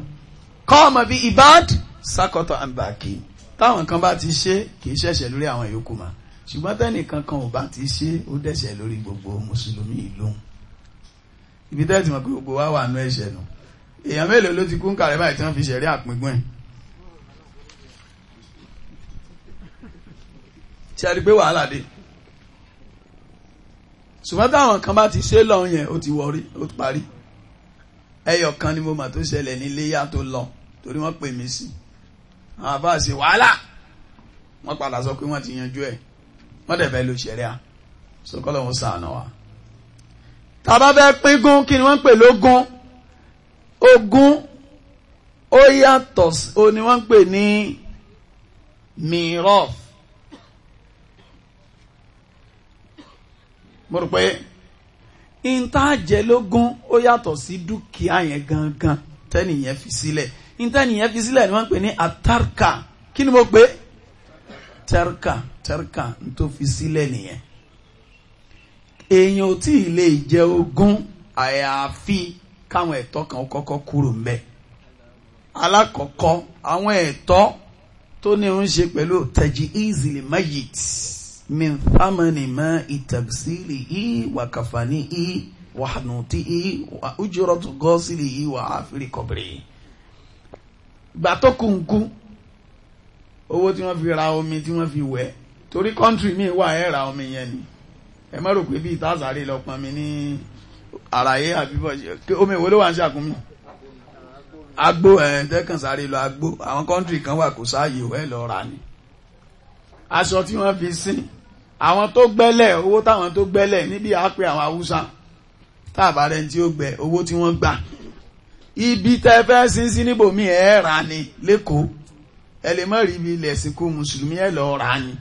kọ́ ọmọ bíi ibad sakọtọ̀ àǹbàkì táwọn kan bá ti ṣe kì í ṣẹ̀ṣẹ̀ lórí àwọn yòókù mà ṣùgbọ́n tẹ́nìkan kan ò bá ti ṣe ó dẹ̀ṣẹ̀ lórí gbogbo mùsùlùmí ìlú ibi tẹ́tì mọ̀ pé gbogbo wa wà nú ẹ̀ṣẹ̀ nù èèyàn mélòó ló ti kú ń kàrẹ́ báyìí tí wọ́n fi ṣẹ̀rí àpíngbọ́n ẹ̀ ṣe àdí pé wàhálà dé ṣùgbọ́n táwọn kan bá ti ṣe lọ́hùn yẹn ó ti wọrí ó ti parí ẹyọ kan ni mo mà tó ṣẹlẹ̀ ní iléyà tó lọ torí wọ́n pè mí sí àwọn àbá ṣe wàhálà wọ́n padà sọ pé wọ́n ti yanjú ẹ̀ wọ́n dẹ̀ fẹ́ lo ṣẹ̀ríà sọkọ́lọ́ wọn sàánà wa. tàbá fẹ́ pín gún kí ni wọ́n ń pè lógún ogún ó yàtọ̀ ó ní wọ́n ń pè ní mìíràn mo rò pé ìntàjẹlógún ó yàtọ̀ sí dúkìá yẹn gangan tẹ́nìyẹn fi sílẹ̀ fi sílẹ̀ ni wọ́n pè ní atarka kí ni mo pè tẹ́rka tẹ́rka tó fi sílẹ̀ nìyẹn èèyàn tí ì jẹ ogún àyàfi káwọn ẹ̀tọ́ kan kọ́kọ́ kúrò ń àwọn ẹ̀tọ́ tó ní ń ṣe pẹ̀lú tẹ̀jì من ثمن ma'i tagsilihi wa kafanihi wa hanutihi wa ujratu ghasilihi wa afiri qabrihi gbàtọ́ kùnkùn owó tí wọ́n fi ra omi tí wọ́n fi wẹ̀ torí kọ́ńtì mi wà ẹ́ ra omi yẹn ni ẹ má rò pé bí ìtazàrí lọ pọn mi ní àràyé àbíbọ̀ omi wo ló wà ń ṣàkúnmí agbó ẹ̀ tẹ́kàn sáré lọ agbó àwọn kọ́ńtì kan wà kò sáàyè ẹ̀ lọ rà ni aṣọ tí wọ́n fi sìn àwọn tó gbẹ́lẹ̀ owó táwọn tó gbẹ́lẹ̀ níbi àpè àwọn haúsá táàbà rẹ̀ tí ó gbẹ owó tí wọ́n gbà ibi tẹ́ fẹ́ sin níbòmí ẹ̀ rà ni lẹ́kọ̀ọ́ ẹ lè mọ̀ rí ibi ilẹ̀ ìsìnkú mùsùlùmí ẹ̀ lọ rà ni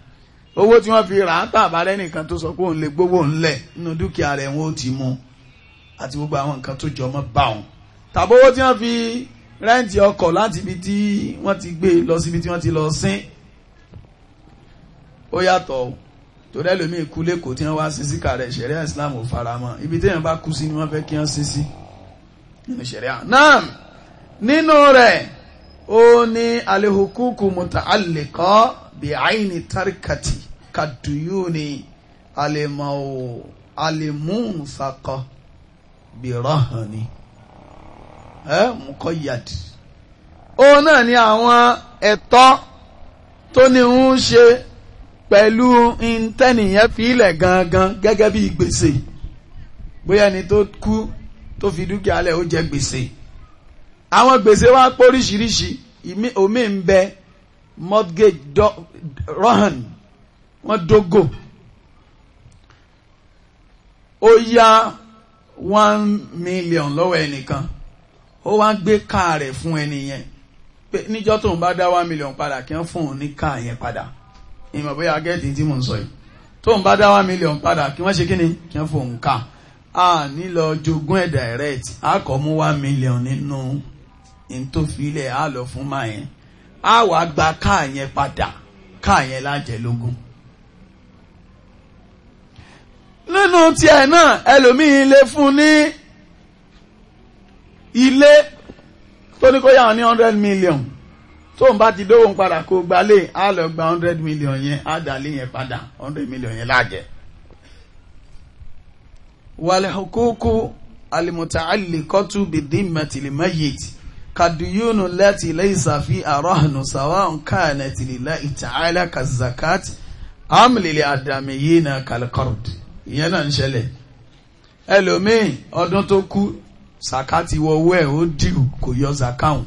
owó tí wọ́n fi rà á tàbá rẹ́nìkan tó sọ pé òun lè gbówó ńlẹ̀ nínú dúkìá rẹ̀ wọn ó ti mú àti gbogbo àwọn nǹkan tó jọmọ́ bá òun tàbí owó tí wọ́n fi rẹ́ǹtì ọkọ̀ láti ibi tí wọ́n ti gbé lọ síbi tí wọ́n ti lọ sin ó yàtọ̀ o torí ẹlòmí ikú lẹ́kọ̀ọ́ tí wọ́n wá sí sí kàrẹ̀ islam ò faramọ́ ibi tí wọ́n bá kú sí ni wọ́n fẹ́ kí wọ́n sí sí nínú ṣẹ̀ríà náà nínú rẹ̀ ó ní alihukuku mutaalliqa bí àìní tarikati kaduyuni alimau alimunsakọ bí rọ́hàní ẹ mukọ́yàd ó náà ní àwọn ẹ̀tọ́ tó ní ń ṣe pẹ̀lú ntẹ́nìyàn fílẹ̀ gangan gẹ́gẹ́ bí gbèsè bóyá ẹni tó kú tó fi dúkìá lẹ̀ ó jẹ gbèsè àwọn gbèsè wa póríṣiríṣi omi ń bẹ mortgage rohan wọ́n dógò ó yá one million lọ́wọ́ ẹnìkan ó wá gbé káà rẹ̀ fún ẹnìyẹn pé níjọ́ tóun bá dá one million padà kí wọ́n fún òun ní káà yẹn padà ìmọ̀ bóyá gẹ́ẹ̀tì tí mò ń sọ yìí tó ń bá dá wá mílíọ̀nù padà kí wọ́n ṣe kí ni kí wọ́n fòun ká a nílọ jogún ẹ̀ direct a kọ́ mú wá mílíọ̀nù nínú ìtòfilẹ̀ a lọ fún máa yẹn a wàá gba káà yẹn padà káà yẹn lájẹ lógún nínú tiẹ̀ náà ẹlòmíín lè fún ní ilé tó ní kó yà wọn ní hundred million tóun bá ti dóhùn padà kó gbalé á lọ gba hundred million yẹn a dàlé yẹn padà hundred million yẹn lájẹ. wàlẹ̀ hukuku alimuta alikọ́tù bìdí mẹtìlímẹ́yìtì kaduyunu lati laisa fi arahnu sawa'un kanat lillahi ta'ala kazakat am lil adamiyina kal qard ìyẹn náà ń ṣẹlẹ̀ ẹlòmíì ọdún tó kú sàkátì wọwọ́ ẹ̀ ó dìrù kò yọ sàkáhùn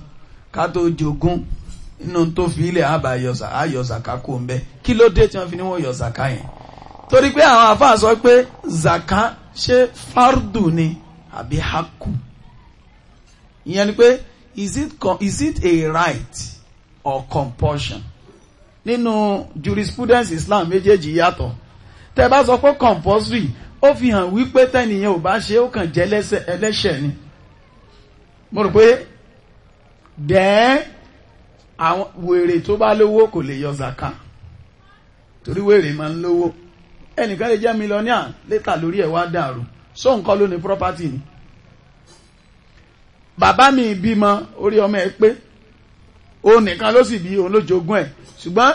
ká tó jogún nínú tó fi ilẹ̀ àbá ayọ̀sàká kò ń bẹ́ kí ló dé tí wọ́n fi ní wọ́n yọ̀sàká yẹn torí pé àwọn àfáà sọ pé zaka ṣe fardu ni àbí haku ìyẹn ni pé is it, is it a right or compulsion nínú jurisprudence Islam méjèèjì yàtọ̀ tẹ́ bá sọ pé compulsory ó fi hàn wípé tẹ́nìyàn ò bá ṣe ó kàn jẹ́ ẹlẹ́ṣẹ̀ ni mo rò pé dẹ́ẹ́ àwọn wèrè tó bá lówó kò lè yọ zaka torí wèrè máa ń lówó ẹnìkan lè jẹ́ mílíọ̀nìà létà lórí ẹ̀ wá dàrú so nǹkan ló ní property ni bàbá mi bímọ orí ọmọ ẹ pé òun nìkan ló sì bí òun ló jogún ẹ̀ ṣùgbọ́n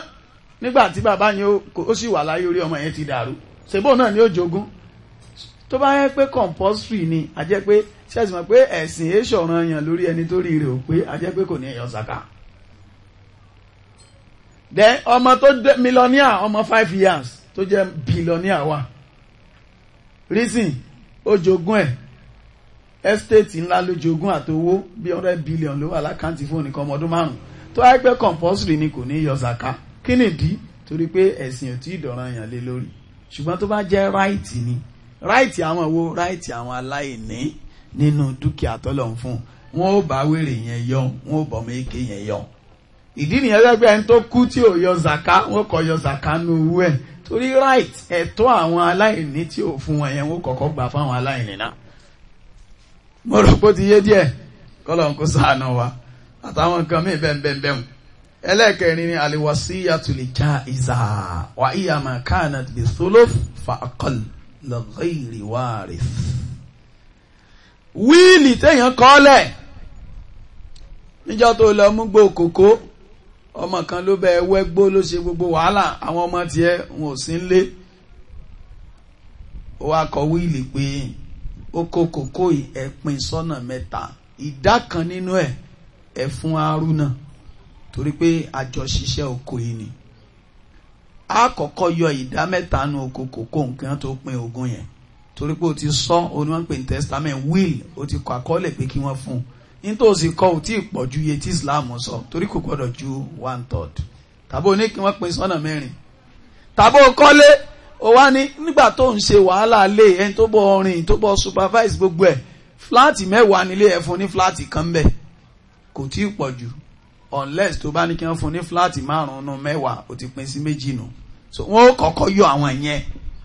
nígbà tí bàbá yẹn ó sì wà láyé orí ọmọ yẹn ti dàrú ṣèbó náà ni ó jogún tó bá yẹ pé compulsory ni a jẹ́ pé ṣẹ́sìmọ̀ pé ẹ̀sìn èé ṣọ̀ranyàn lórí ẹni tó rí rẹ̀ ò pé a kò ní ẹ̀yọ́ zaka then ọmọ tó jẹ́ millionaire ọmọ five years tó jẹ́ billionaire wà reason ó jogún estate ńlá ló jogún àtowó bí hundred billion ló wà lákàntì fóònù kan ọmọ ọdún márùn tó wáyé pé compulsory ni kò ní yọ zaka kí nìdí torí pé ẹ̀sìn ò tí ì dọ̀ràn yàn lé lórí ṣùgbọ́n tó bá jẹ́ right ni right àwọn wo right àwọn aláìní nínú dúkìá tọ́lọ̀ ń fún wọn ó bá wèrè yẹn yọ wọn ó bọ̀ ọmọ èké yẹn yọ ìdí nìyẹn wẹ́pẹ́ ẹni tó kú tí ò yọ zaka wọ́n kọ́ yọ zaka nù owó ẹ̀ torí right ẹ̀tọ́ àwọn aláìní tí ò fún wọn yẹn wọ́n kọ́kọ́ gbà fáwọn aláìní náà mo rò pé ó ti yé díẹ̀ kọ́lọ̀ kó sàánà wa àtàwọn nǹkan míì bẹ́ẹ̀nbẹ́ẹ̀nbẹ́ẹ̀n ẹlẹ́ẹ̀kẹrin ni al-wasiyatu li jaiza wa iya ma kanat bi thuluth fa aqall li wíìlì téèyàn kọ́lẹ̀ níjọ́ tó lọ mú gbó kòkó ọmọ kan ló bẹ wẹ́gbó ló ṣe gbogbo wàhálà àwọn ọmọ tiẹ̀ wọn ò sí nlé ó wá kọ wíìlì pé ó kó kòkó yìí ẹ pín sọ́nà ìdá kan nínú ẹ̀ ẹ fún Haruna torí pé àjọṣiṣẹ́ oko yìí ni a kọ́kọ́ yọ ìdá mẹ́ta nu oko kòkó nǹkan tó pín ogún yẹn torí pé o ti sọ oníwọ̀n pè testament will o ti kọ àkọọ́lẹ̀ pé kí wọ́n fún un nítòsí kọ́ ò tí ì pọ̀ ju iye tí Islam sọ torí kò gbọ́dọ̀ ju one third tàbí o ní kí wọ́n pín sọ́nà mẹ́rin tàbí o kọ́lé o wá ní nígbà tó ń ṣe wàhálà lé ẹni tó bọ́ ọrìn tó bọ́ supervise gbogbo ẹ̀ fúláàtì mẹ́wàá nílé ẹ̀ fún ní fúláàtì kan bẹ̀ kò tí ì pọ̀ unless tó bá ní kí wọ́n fún ní fúláàtì márùn-ún mẹ́wàá o ti pín sí méjì nù so wọ́n ó kọ́kọ́ yọ àwọn yẹn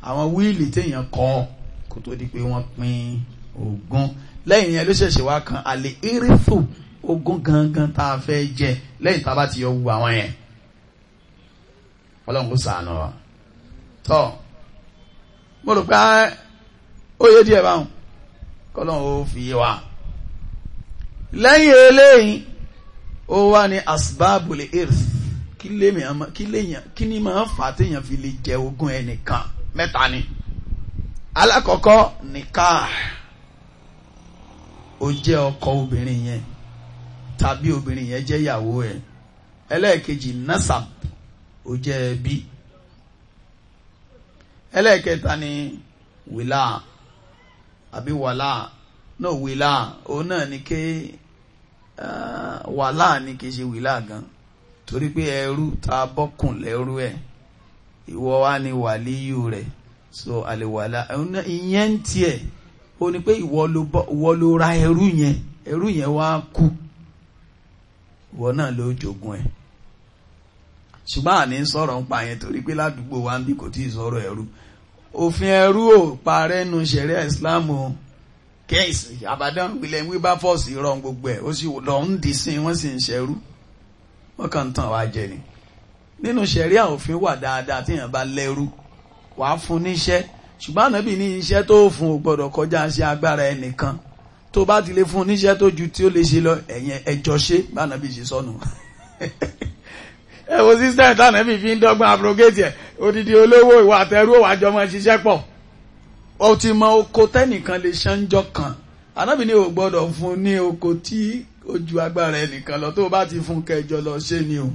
àwọn wíìlì téèyàn kọ́ kó tó di pé wọ́n pín ogún lẹ́yìn yẹn ló ṣẹ̀ṣẹ̀ wá kan àlè eréfò ogún gangan tá a fẹ́ jẹ lẹ́yìn tá a bá ti yọ wu àwọn yẹn ọlọ́run kò sàánú wa tọ́ mo rò pé ó yé díẹ̀ báwọn kọ́lọ́run ó fi yé wa lẹ́yìn eléyìí ó wá ní asbábùlì earth kí ni máa fà á téèyàn fi lè jẹ ogún ẹnìkan mẹ́ta ni alákọ̀ọ́kọ́ nìkan. o jẹ́ ọkọ obìnrin yẹn tàbí obìnrin yẹn jẹ́ ìyàwó ẹ̀ ẹlẹ́ẹ̀kejì o ó jẹ́ ẹbí ẹlẹ́ẹ̀kẹta ni wìlà àbí wàlà náà wìlà òun náà ni ké eh, wàlà ni kì í ṣe wìlà gan torí pé ẹrú ta bọ́kùn lẹ́rú ẹ̀ ìwọ wa ni wàlíyù rẹ̀ so wàlà ìyẹn ń tiẹ̀ ó ní pé ìwọ ló ra ẹrú yẹn ẹrú yẹn wá kú ìwọ náà ló jogún ẹ̀ ṣùgbọ́n àní sọ̀rọ̀ ń pa yẹn torí pé ládùúgbò wa ń bí kò tí ì sọ̀rọ̀ ẹrú òfin ẹrú ò parẹ́ nu ṣẹ̀ríà ìsìláàmù kẹ́ẹ̀sì àbádán ìpìlẹ̀ wí bá fọ́ọ̀sì rọrùn gbogbo ẹ̀ ó sì lọ ń dì sí wọ́n sì ń ṣẹrú wọ́n kàn ń tàn wá jẹ ni nínú ṣẹ̀ríà òfin wà dáadáa tíyàn bá lẹ́rú wàá fún níṣẹ́ ṣùgbọ́n ànábì ní iṣẹ́ tó fún o gbọ́dọ̀ kọjá ṣe agbára ẹnìkan tó bá ti lè fún níṣẹ́ tó ju tí ó lè ṣe lọ ẹ̀yẹn ẹjọ́ ṣe bá ànábì ṣe sọnù ẹ wo system tànábì fi ń dọ́gbọ́n abrogate ẹ̀ odidi olówó ìwà àtẹrú òwà jọmọ ṣiṣẹ́ pọ̀ ó ti mọ oko tẹ́nìkan lè ṣánjọ́ kan ànábì ní o gbọ́dọ̀ fún ní oko tí ó ju agbára ẹnìkan lọ tó bá ti fún kẹjọ lọ ṣe ni o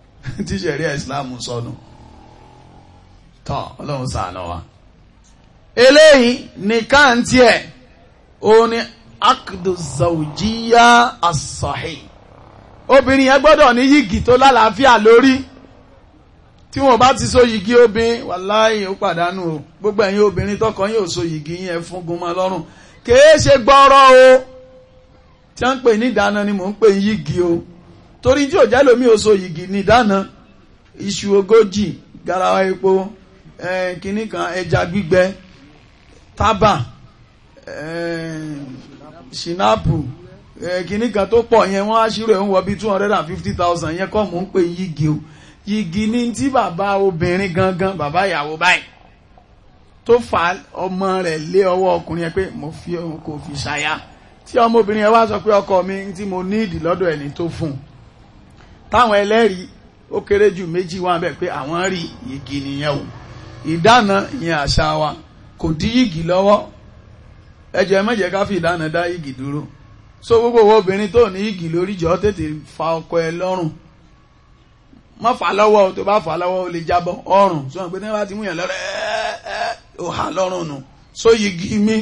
tíṣẹ̀rí Islam sọnù tọ́ ọlọ́run ṣàánú wa. eléyìí nìkan tiẹ̀ òun ni akdu zawjiya as-sahih obìnrin yẹn gbọ́dọ̀ ní yìgì tó lálàáfíà lórí tí wọ́n bá ti so yìgì obìnrin ó pàdánù o gbogbo ẹ̀yin obìnrin tọkọ yín ò so yìgì yẹn fún gunmọ́ lọ́rùn kèé ṣe gbọ́rọ̀ o tí wọ́n ń pè ní ìdáná ni mò ń pè ní yigi o torí tí òjá lomi ò so yìgì ní ìdáná iṣu ogójì garawa epo eh, kan ẹja gbígbẹ taba ṣìnápù eh, eh, kini kan tó pọ̀ yẹn wọ́n á ṣírò ẹ̀ ń wọ bí two hundred and fifty thousand yẹn kọ́ mò ń pè yígi o yígi ní tí baba obìnrin gangan bàbá ìyàwó báyìí tó fa ọmọ rẹ̀ lé ọwọ́ ọkùnrin yẹn pé mo fi òun kò fi ṣaya tí ọmọ obìnrin yẹn wá sọ pé ọkọ mi tí mo ní ìdí lọ́dọ̀ ẹni tó fún un táwọn ẹlẹ́rìí ó kéré jù méjì wá bẹ̀ pé àwọn rí yígi nìyẹn o ìdáná yẹn àṣà wa kò dí yìgì lọ́wọ́ ẹ jẹ́ má jẹ́ ká fi ìdáná dá yìgì dúró so gbogbo owó obìnrin tó ní yìgì lórí jọ tètè fa ọkọ ẹ lọ́rùn má fà lọ́wọ́ tó bá fà lọ́wọ́ ó lè jábọ́ ọrùn sọ pé nígbà tí mú yàn lọ́rẹ́ ẹ́ ò hà lọ́rùn nù so yìgì mi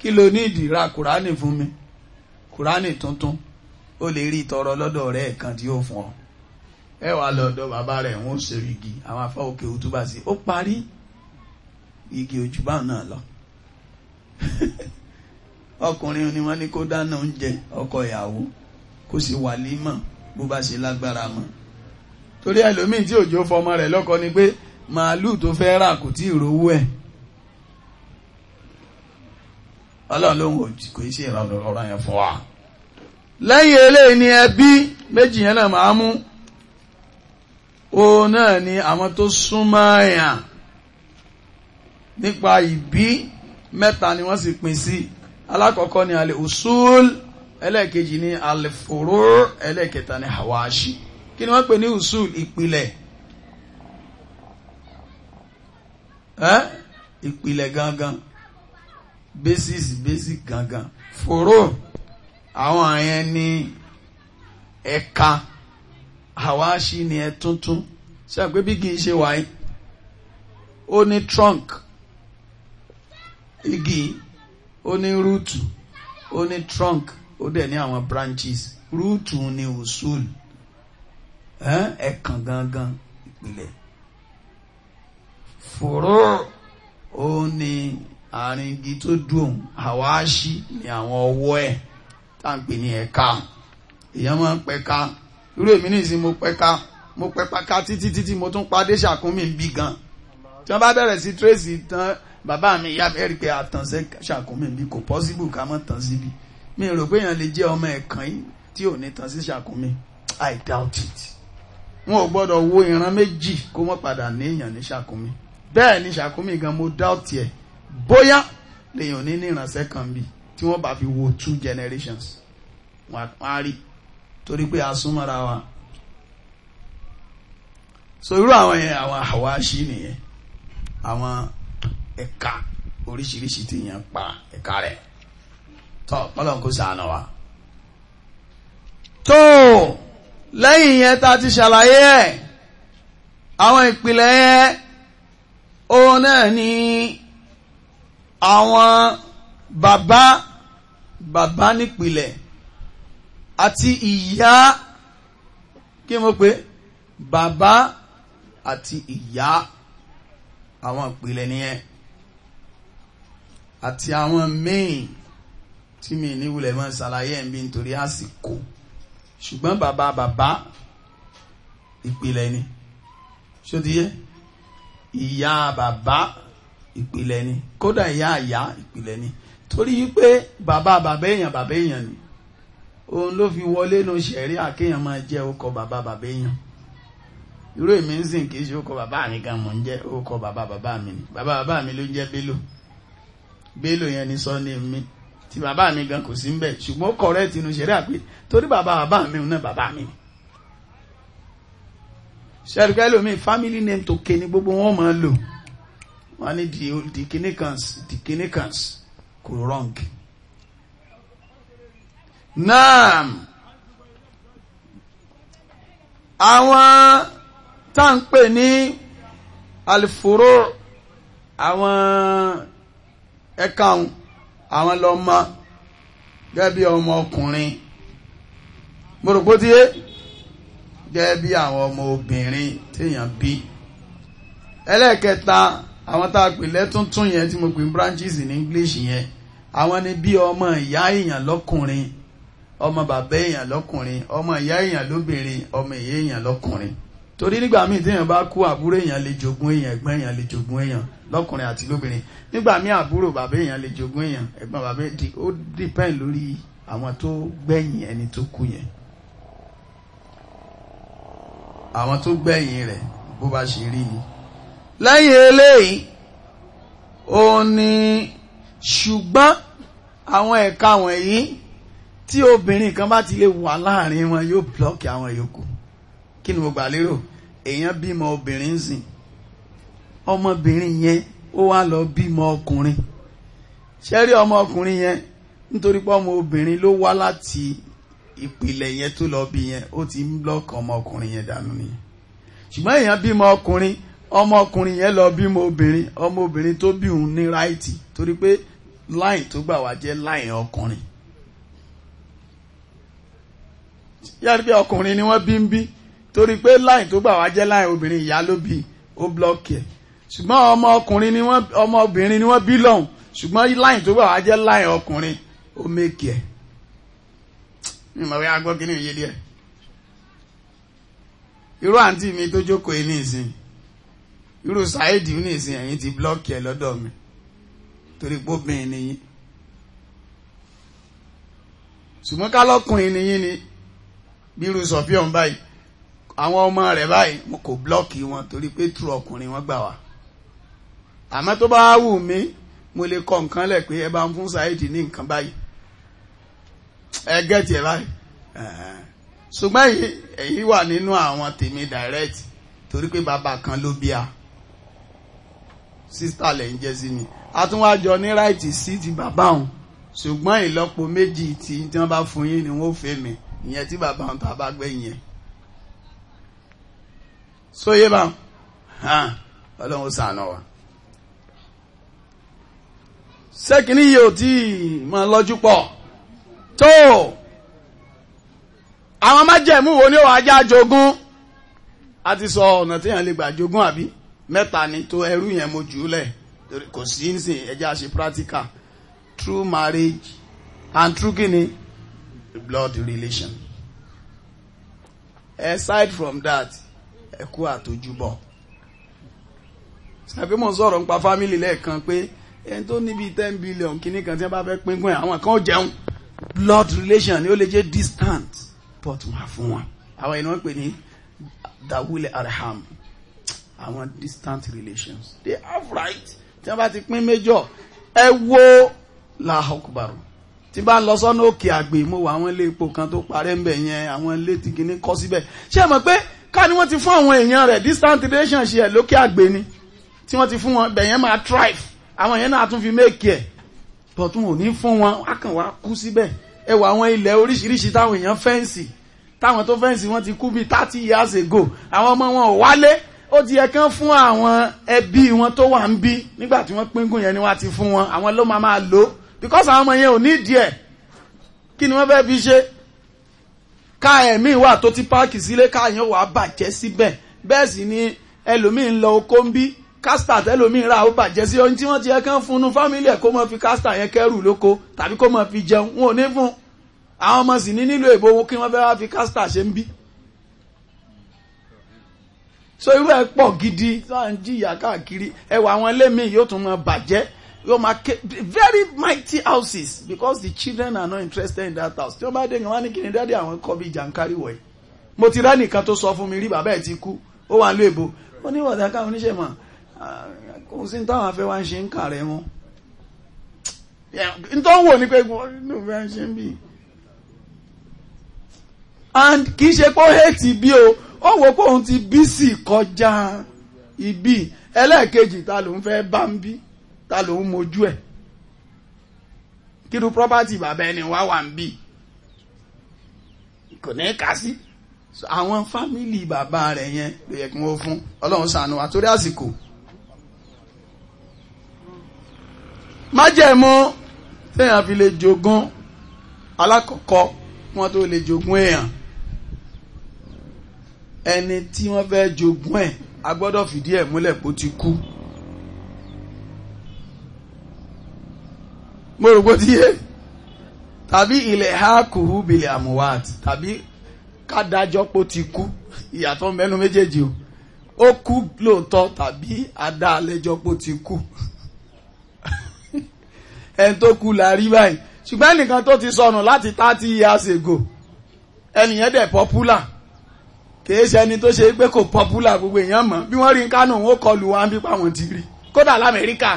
kí ló ní ìdìra kùránì fún mi kùránì tuntun ó lè rí ìtọrọ lọ́dọ̀ rẹ̀ kan tí ó fún ọ ẹ wà lọ́dọ̀ bàbá rẹ̀ wọ́n ṣe yìgì àwọn afọ́ òkè òtúbà ó parí igi ojú náà lọ ọkùnrin ni wọ́n ní kó dáná oúnjẹ ọkọ ìyàwó kó sì wàlímà bó bá ṣe lágbára mọ́ torí ẹlòmíín tí òjò fọmọ rẹ lọkọ ni pé màálùú tó fẹ́ rà kò tí ì rówó ẹ̀ ọlọ́run lóhun kò sí ìrànlọ́rọ̀ yẹn fún wa lẹ́yìn eléyìí ni ẹbí méjì yẹn náà máa mú òun náà ni àwọn tó súnmọ́ ẹ̀yàn nípa ìbí mẹ́ta ni wọ́n sì pin sí alákọ̀ọ́kọ́ ni alẹ́ usul ẹlẹ́ẹ̀kejì ni alẹ́fòró ẹlẹ́ẹ̀kẹta ni hawashi kí ni wọ́n pè ní usul ìpìlẹ̀ ìpìlẹ̀ gangan basis basic gangan fòró àwọn àyẹn ni ẹ̀ka hawashi ni ẹ̀ tuntun ṣe àgbébí kì í ṣe wáyé ó ní trunk igi oni ní rúùtù ó trunk ó dẹ̀ ní àwọn branches rúùtù ní usul ẹ̀kan gangan ìpìlẹ̀ fòró ó ní àárín igi tó dùn àwáṣí ní àwọn ọwọ́ ẹ̀ táǹpì ní ẹ̀ka èèyàn máa ń pẹ̀ka irú èmi nìsín mo pẹ̀ka mo pẹ̀ka títí títí mo tún padé ṣàkúnmí bí gan tí wọ́n bá bẹ̀rẹ̀ sí tírèsì tán bàbá mi ìyá mi rí pé àtànṣe ṣàkómi bí kò possible ká mọ́ tàn síbi mi rò pé èèyàn lè jẹ́ ọmọ ẹ̀kan yìí tí ò ní tàn sí ṣàkómi i doubt it wọn ò gbọ́dọ̀ wo ìran méjì kó wọ́n padà ní èèyàn ní ṣàkómi bẹ́ẹ̀ ni ṣàkómi gan mo doubt ẹ̀ bóyá lèèyàn ní ní ìrànṣẹ́ kan bí tí wọ́n bá fi wo two generations wọn á rí torí pé a súnmọ́ra wa so irú àwọn yẹn àwọn àwa ṣí nìyẹn àwọn ẹ̀ka oríṣiríṣi ti yàn pa ẹ̀ka rẹ̀ tọ́ ọlọ́run kó ṣàánú wa. tó lẹ́yìn yẹn tá a ti ṣàlàyé ẹ̀ àwọn ìpìlẹ̀ yẹn òun náà ni àwọn bàbá bàbá nípìlẹ̀ àti ìyá kí mo pè bàbá àti ìyá àwọn ìpìlẹ̀ nìyẹn àti àwọn míì tí mi níwulẹ̀ mọ́ ṣàlàyé ẹ̀mí nítorí àsìkò ṣùgbọ́n bàbá bàbá ìpìlẹ̀ ni ṣódiyé ìyá bàbá ìpìlẹ̀ ni kódà ìyá àyá ìpìlẹ̀ ni torí pé bàbá bàbá èèyàn bàbá èèyàn ni òun ló fi wọlé nu ṣẹ̀rí àkéèyàn máa jẹ́ orúkọ bàbá bàbá èèyàn irú èmi ń sìn kì í ṣe orúkọ bàbá mi gan mò ń jẹ́ orúkọ bàbá bàbá mi ni bàbá bàbá mi ló ń jẹ́ Bello Bello yẹn ni sọ ní mi ti bàbá mi gan kò sí ń bẹ̀ ṣùgbọ́n ó correct inú ṣẹ̀rí àpè torí bàbá bàbá mi náà bàbá mi ni ṣẹ́rùkẹ́ lómi family name tó ké ní gbogbo wọn máa lò wọ́n ní the kinnikans the kinnikans kò wrong náà àwọn táǹpẹ̀ ní alifuro àwọn ẹ káwọn àwọn lọ́mọ gẹ́gẹ́ bí ọmọ ọkùnrin mo rò pé tiye gẹ́gẹ́ bí àwọn ọmọ obìnrin téèyàn bí ẹlẹ́ẹ̀kẹta àwọn tá a pè lẹ́túntún yẹn tí mo pè branches in English yẹn àwọn ni bí ọmọ ìyá èèyàn lọ́kùnrin ọmọ bàbá èèyàn lọ́kùnrin ọmọ ìyá èèyàn lóbìnrin ọmọ ìyá èèyàn lọ́kùnrin torí nígbà míì téèyàn bá kú àbúrò èèyàn lè jogún èèyàn ẹ̀gbọ́n èèyàn lè jogún èèyàn lọ́kùnrin àti lóbìnrin nígbà míì àbúrò bàbá èèyàn lè jogún èèyàn ẹ̀gbọ́n bàbá di ó depend lórí àwọn tó gbẹ̀yìn ẹni tó kú yẹn àwọn tó gbẹ̀yìn rẹ̀ bó bá ṣe rí ni lẹ́yìn eléyìí ó ní ṣùgbọ́n àwọn ẹ̀ka wọ̀nyí tí obìnrin kan bá ti lè wà láàrin wọn yóò blọ́ọ̀kì àwọn yòókù kí ni mo gbà lérò èèyàn bímọ obìnrin sìn ọmọbìnrin yẹn ó wá lọ bímọ ọkùnrin ṣẹ́rí ọmọ ọkùnrin yẹn nítorí pé ọmọ obìnrin ló wá láti ìpìlẹ̀ yẹn tó lọ bí yẹn ó ti ń blọ́ọ̀kì ọmọ ọkùnrin yẹn dànù nìyẹn ṣùgbọ́n èèyàn bímọ ọkùnrin ọmọ ọkùnrin yẹn lọ bímọ obìnrin ọmọ obìnrin tó bí òun ní ráìtì torí pé láì tó gbà wá jẹ́ láì ọkùnrin yàrá bí ọkùnrin ni wọ́n bí ń bí torí pé láì tó gbà wá jẹ́ láì obìnrin ìyá ló bí ó blọ́ọ̀kì ẹ̀ ṣùgbọ́n ọmọ ọkùnrin ni wọ́n ọmọ obìnrin ni wọ́n bí lọ́hùn ṣùgbọ́n láì tó wà wá jẹ́ láì ọkùnrin ó mékì ẹ̀ ní ìmọ̀wé agbọ́ kí ni ìyé díẹ̀ irú àǹtí mi tó jókòó yìí nìsín irú Saheed nìsín ẹ̀yìn ti blọ́ọ̀kì ẹ̀ lọ́dọ̀ mi torí gbóbìnrin nìyí ṣùgbọ́n kálọ́kùnrin nìyí ni bí irú sọ̀fíọ̀n báyìí àwọn ọmọ rẹ̀ báyìí mo kò blọ́ọ̀kì wọn torí pé tùrọ̀ ọkùnrin wọn gbà wá àmọ́ tó bá wù mí mo lè kọ nǹkan lẹ̀ pé ẹ bá ń fún Saheed ní nǹkan báyìí ẹ gẹ́tì ẹ báyìí ṣùgbọ́n èyí wà nínú àwọn tèmi direct torí pé bàbá kan ló bí a sísítà lẹ̀ ń jẹ́ sí mi àtúnwájọ ní ráìtì sí ti bàbá òun ṣùgbọ́n ìlọ́po méjì tí wọ́n bá fún yín ni wọ́n fẹ́ mi ìyẹn tí bàbá òun tá a bá sóyè bá ọlọ́run ṣàánú wa sẹ́kìní yìí ò tí mọ̀ lọ́jú pọ̀ tó àwọn májẹ̀mú wo ni ó wàá já jogún a ti sọ ọ̀nà tí yẹn lè gbà jogún àbí mẹ́ta ni tó ẹrú yẹn mo jù ú lẹ̀ kò sí nísìn ẹja ṣe practical true marriage and true kini blood relation aside from that ẹ kú àtọjúbọ ṣàfihàn sọ̀rọ̀ nípa family lẹ́ẹ̀kan pé ẹni tó níbi ten billion kìíní kan tí wọ́n bá fẹ́ pín àwọn kan ó jẹun blood relation ni ó lè jẹ́ distant but wọ́n á fún wọn àwọn ènìyàn pè ní dawule arham àwọn distant relations they have right tí wọ́n bá ti pín méjọ ẹ wo làhọkùbàrò tí bá lọ sọ́nà òkè àgbè mo wà àwọn ilé epo kan tó parẹ́ ńbẹ̀ yẹn àwọn ilé tí kìíní kọ́ síbẹ̀ ṣé ẹ mọ̀ pé ká ní wọ́n ti fún àwọn èèyàn rẹ̀ distant relations yẹ lókè àgbè ni tí wọ́n ti fún wọn bẹ̀yẹn máa thrive àwọn yẹn náà tún fi méèkì ẹ̀ pọ̀tún ò ní fún wọn akànwá kú síbẹ̀ ẹ wà àwọn ilẹ̀ oríṣiríṣi táwọn èèyàn fẹ́ǹsì táwọn tó fẹ́ǹsì wọn ti kú bíi thirty years ago àwọn ọmọ wọn ò wálé ó ti yẹ kán fún àwọn ẹbí wọn tó wà ń bí nígbà tí wọ́n pínkún yẹn ni wọ́n ti fún wọn àwọn ló máa máa lò because àwọn ọmọ yẹn ò ní díẹ̀ kí ni wọ́n fẹ́ fi ṣe ká ẹ̀mí wà tó ti páàkì sílé ká yẹn wà bàjẹ́ síbẹ̀ bẹ́ẹ̀ sì ni ẹlòmíín lọ okó ń bí kásítà tẹ́lómìn ra ó bàjẹ́ sí ohun tí wọ́n ti ẹ̀ kán fún un fámìlì ẹ̀ kó mọ́ fi kásítà yẹn kẹ́rù lóko tàbí kó mọ́ fi jẹun wọn ò ní fún un àwọn ọmọ sì ní nílò èbó wọn kí wọ́n fẹ́ wá fi kásítà ṣe ń bí. so irú ẹ̀ pọ̀ gidi sáà ń jìyà káàkiri ẹwà àwọn ẹlẹ́mìí yóò tún mọ́ bàjẹ́ yóò máa ké very mighty houses because the children are not interested in that house tí wọ́n bá dé wọn á ní kí ni dáadé àwọn kọ́ bí jàǹkárí wọ̀nyí mo ti rẹ́ nìkan tó sọ fún mi rí bàbá ẹ̀ ti kú ó wà ń lo èbó ó ní wọ̀dà káwọn oníṣẹ́ mọ̀ kò sí táwọn afẹ́ wá ń ṣe ń kà rẹ mọ́ nítorí wò ní pé ló fẹ́ ń ṣe ń bì and kì í ṣe pé ó hẹ́ẹ̀tì bí o ó wò pé òun ti bí sì kọjá ibi ẹlẹ́ẹ̀kejì ta ló ń fẹ́ bá ń bí ta ló ń mojú ẹ̀ kírú property bàbá ẹni wá wà ń bì kò ní kà sí àwọn fámìlì bàbá rẹ̀ yẹn ló yẹ kí wọ́n fún ọlọ́run ṣàánú wa àsìkò májẹ̀mú téèyàn fi lè jogún alákọ̀ọ́kọ́ wọn tó lè jogún èèyàn ẹni tí wọ́n fẹ́ jogún ẹ̀ a gbọ́dọ̀ fìdí ẹ̀ múlẹ̀ kó ti kú. mo rò pé ti yé tàbí ilẹ̀ ha kùhù bìlẹ̀ àmúwàt tàbí kádájọ́ pé ó ti kú ìyàtọ̀ mẹ́nu méjèèjì o ó kú lóòótọ́ tàbí adá alẹ́jọ́ pé ó ti kú ẹni tó kú la rí báyìí ṣùgbọ́n ẹnìkan tó ti sọnù láti thirty years ago ẹnìyẹn dẹ̀ popular kìí ṣe ẹni tó ṣe pé kò popular gbogbo èèyàn mọ̀ bí wọ́n rí kánò wọn kọlù wọn bí pàwọn ti rí kódà lamẹ́ríkà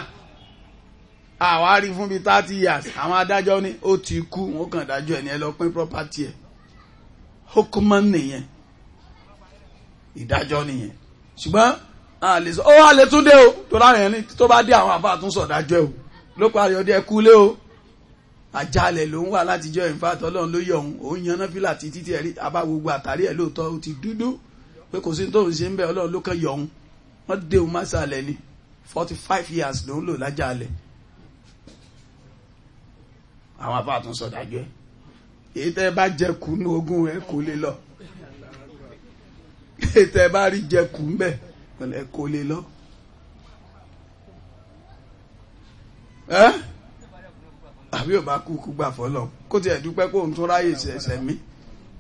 àwa rí fún bíi thirty years àwọn adájọ́ ní ó ti kú wọn kàn dájọ́ ẹni ẹ lọ pín property ẹ̀ hukuman nìyẹn ìdájọ́ nìyẹn ṣùgbọ́n a lè sọ ó wà lè tún dé o tó láwọn yẹn tó bá dé àwọn àbá àtúnṣọ̀dájọ́ ẹ̀ o ló parí ọdẹ ẹkú lé o àjálẹ̀ ló ń wà látijọ́ ìfàt ọlọ́run ló yọ òun òun yan náfìlà títí tí ẹ̀rí abá gbogbo àtàrí ẹ̀ lóòótọ́ ó ti dúdú pé kò sí tóun ṣe ń bẹ ọlọ́run ló kàn yọ òun wọ́n dé òun másàlẹ̀ ni forty five years ló ń lò lájálẹ̀ àwọn afá tún sọ dájọ́ ẹ̀ èyí tẹ́ bá jẹ kùnú ogún ẹ kò lè lọ èyí tẹ́ bá rí jẹ kùn bẹ́ẹ̀ ẹ kò lè lọ. àbí ò bá kúkú gbà fọlọ kó tiẹ̀ dúpẹ́ kó òun tún ráyè sí ẹsẹ̀ mi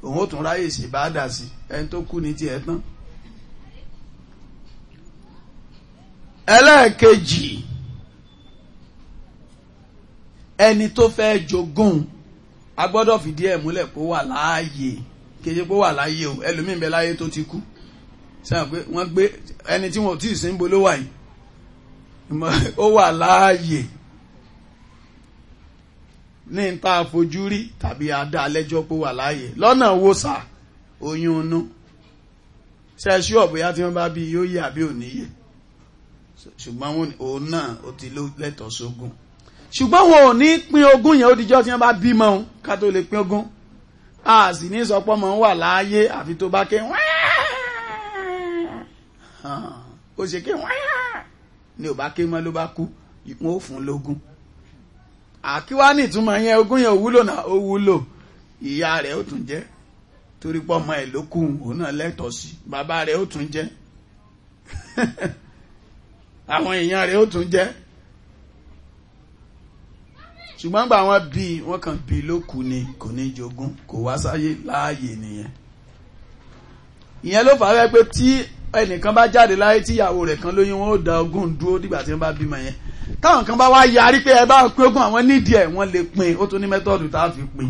òun ó tún ráyè sí bá dà sí ẹni tó kú ní tiẹ̀ tán. ẹlẹ́ẹ̀kejì ẹni tó fẹ́ jogún a gbọ́dọ̀ fìdí ẹ̀ múlẹ̀ kó wà láàyè kéje kó wà láàyè o ẹlòmíín bẹ láàyè tó ti kú sẹ́wọ̀n pé wọ́n gbé ẹni tí wọ́n ò tí ì bolówà yìí ó wà láàyè ní ta fojú rí tàbí adá lẹ́jọ́ pé wà láàyè lọ́nà wo sà oyún inú ṣe ṣú ọ̀bọ̀yá tí wọ́n bá bí yóò yẹ àbí òní yẹ ṣùgbọ́n wọn òun náà ó ti lẹ́tọ̀ọ́ sógún ṣùgbọ́n wọn ò ní pín ogún yẹn ó dijọ́ tí wọ́n bá bímọ òun ká tó lè pín ogún a sì ní sọ pọ́mọ wà láàyè àfi tó bá ké ó ṣe ké ní ò bá ké mọ́ ló bá kú wọn ó fún lógún àkíwá ní ìtumọ̀ yẹn ogún yẹn òwúlò náà ó wúlò ìyá rẹ̀ ó tún jẹ́ torí pọ́ ọmọ ẹ̀ ló kù òun náà lẹ́tọ̀ọ́ sí bàbá rẹ̀ ó tún jẹ́ àwọn èèyàn rẹ̀ ó tún jẹ́ ṣùgbọ́n gbà wọ́n bí wọ́n kàn bí ló kù ni kò ní jogún kò wá sáyé láàyè nìyẹn ìyẹn ló fà á wẹ́ pé tí ẹnìkan bá jáde láyé tíyàwó rẹ̀ kan lóyún wọn ó da ogún dúró dìgbà tí wọ́n bá bímọ yẹn táwọn kan bá wá yarí pé ẹ bá pín ogún àwọn nídìí ẹ̀ wọ́n lè pín ó tún ní mẹ́tọ́ọ̀dù tá a fi pín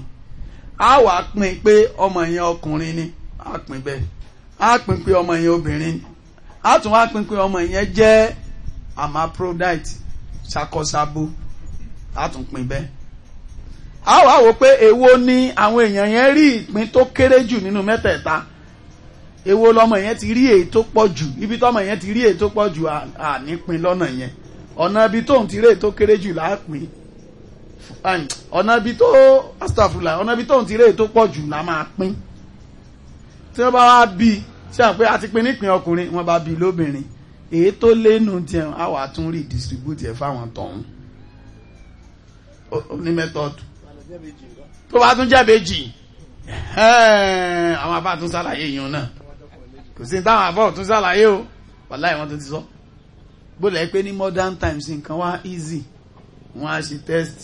á wà á pín pé ọmọ yẹn ọkùnrin ni á pín bẹ́ẹ̀ á pín pé ọmọ yẹn obìnrin ni á tún wá pín pé ọmọ yẹn jẹ́ hermaphrodite ṣàkọsabo á tún pín bẹ́ẹ̀ á wà á wò pé èwo ni àwọn èèyàn yẹn rí ìpín tó kéré jù nínú mẹ́tẹ̀ẹ̀ta èwo lọmọ yẹn ti rí èyí tó pọ̀ jù ibi tọmọ yẹn ti rí èyí tó pọ̀ jù à nípin lọ́nà yẹn ọ̀nà ibi tó ń tiré tó kéré jù là á pín ọ̀nà ibi tó astafula ọ̀nà ibi tó ń tiré tó pọ̀ jù là máa pín tí wọ́n bá wá bí i ṣe à ń pé àti pín nípìn ọkùnrin wọ́n bá bí i lóbìnrin èyí tó lẹ́nu tiẹ̀ á wà tún rí distribute ẹ̀ fáwọn tọ̀hún ní method tó bá tún jẹ́ bèjì àwọn abá tún ṣàlàyé yìí náà kò sí táwọn abọ́ tún ṣàlàyé o wàláì wọ́n tún ti sọ. So bólẹ̀ pé ní modern times nǹkan wá easy wọ́n á ṣe test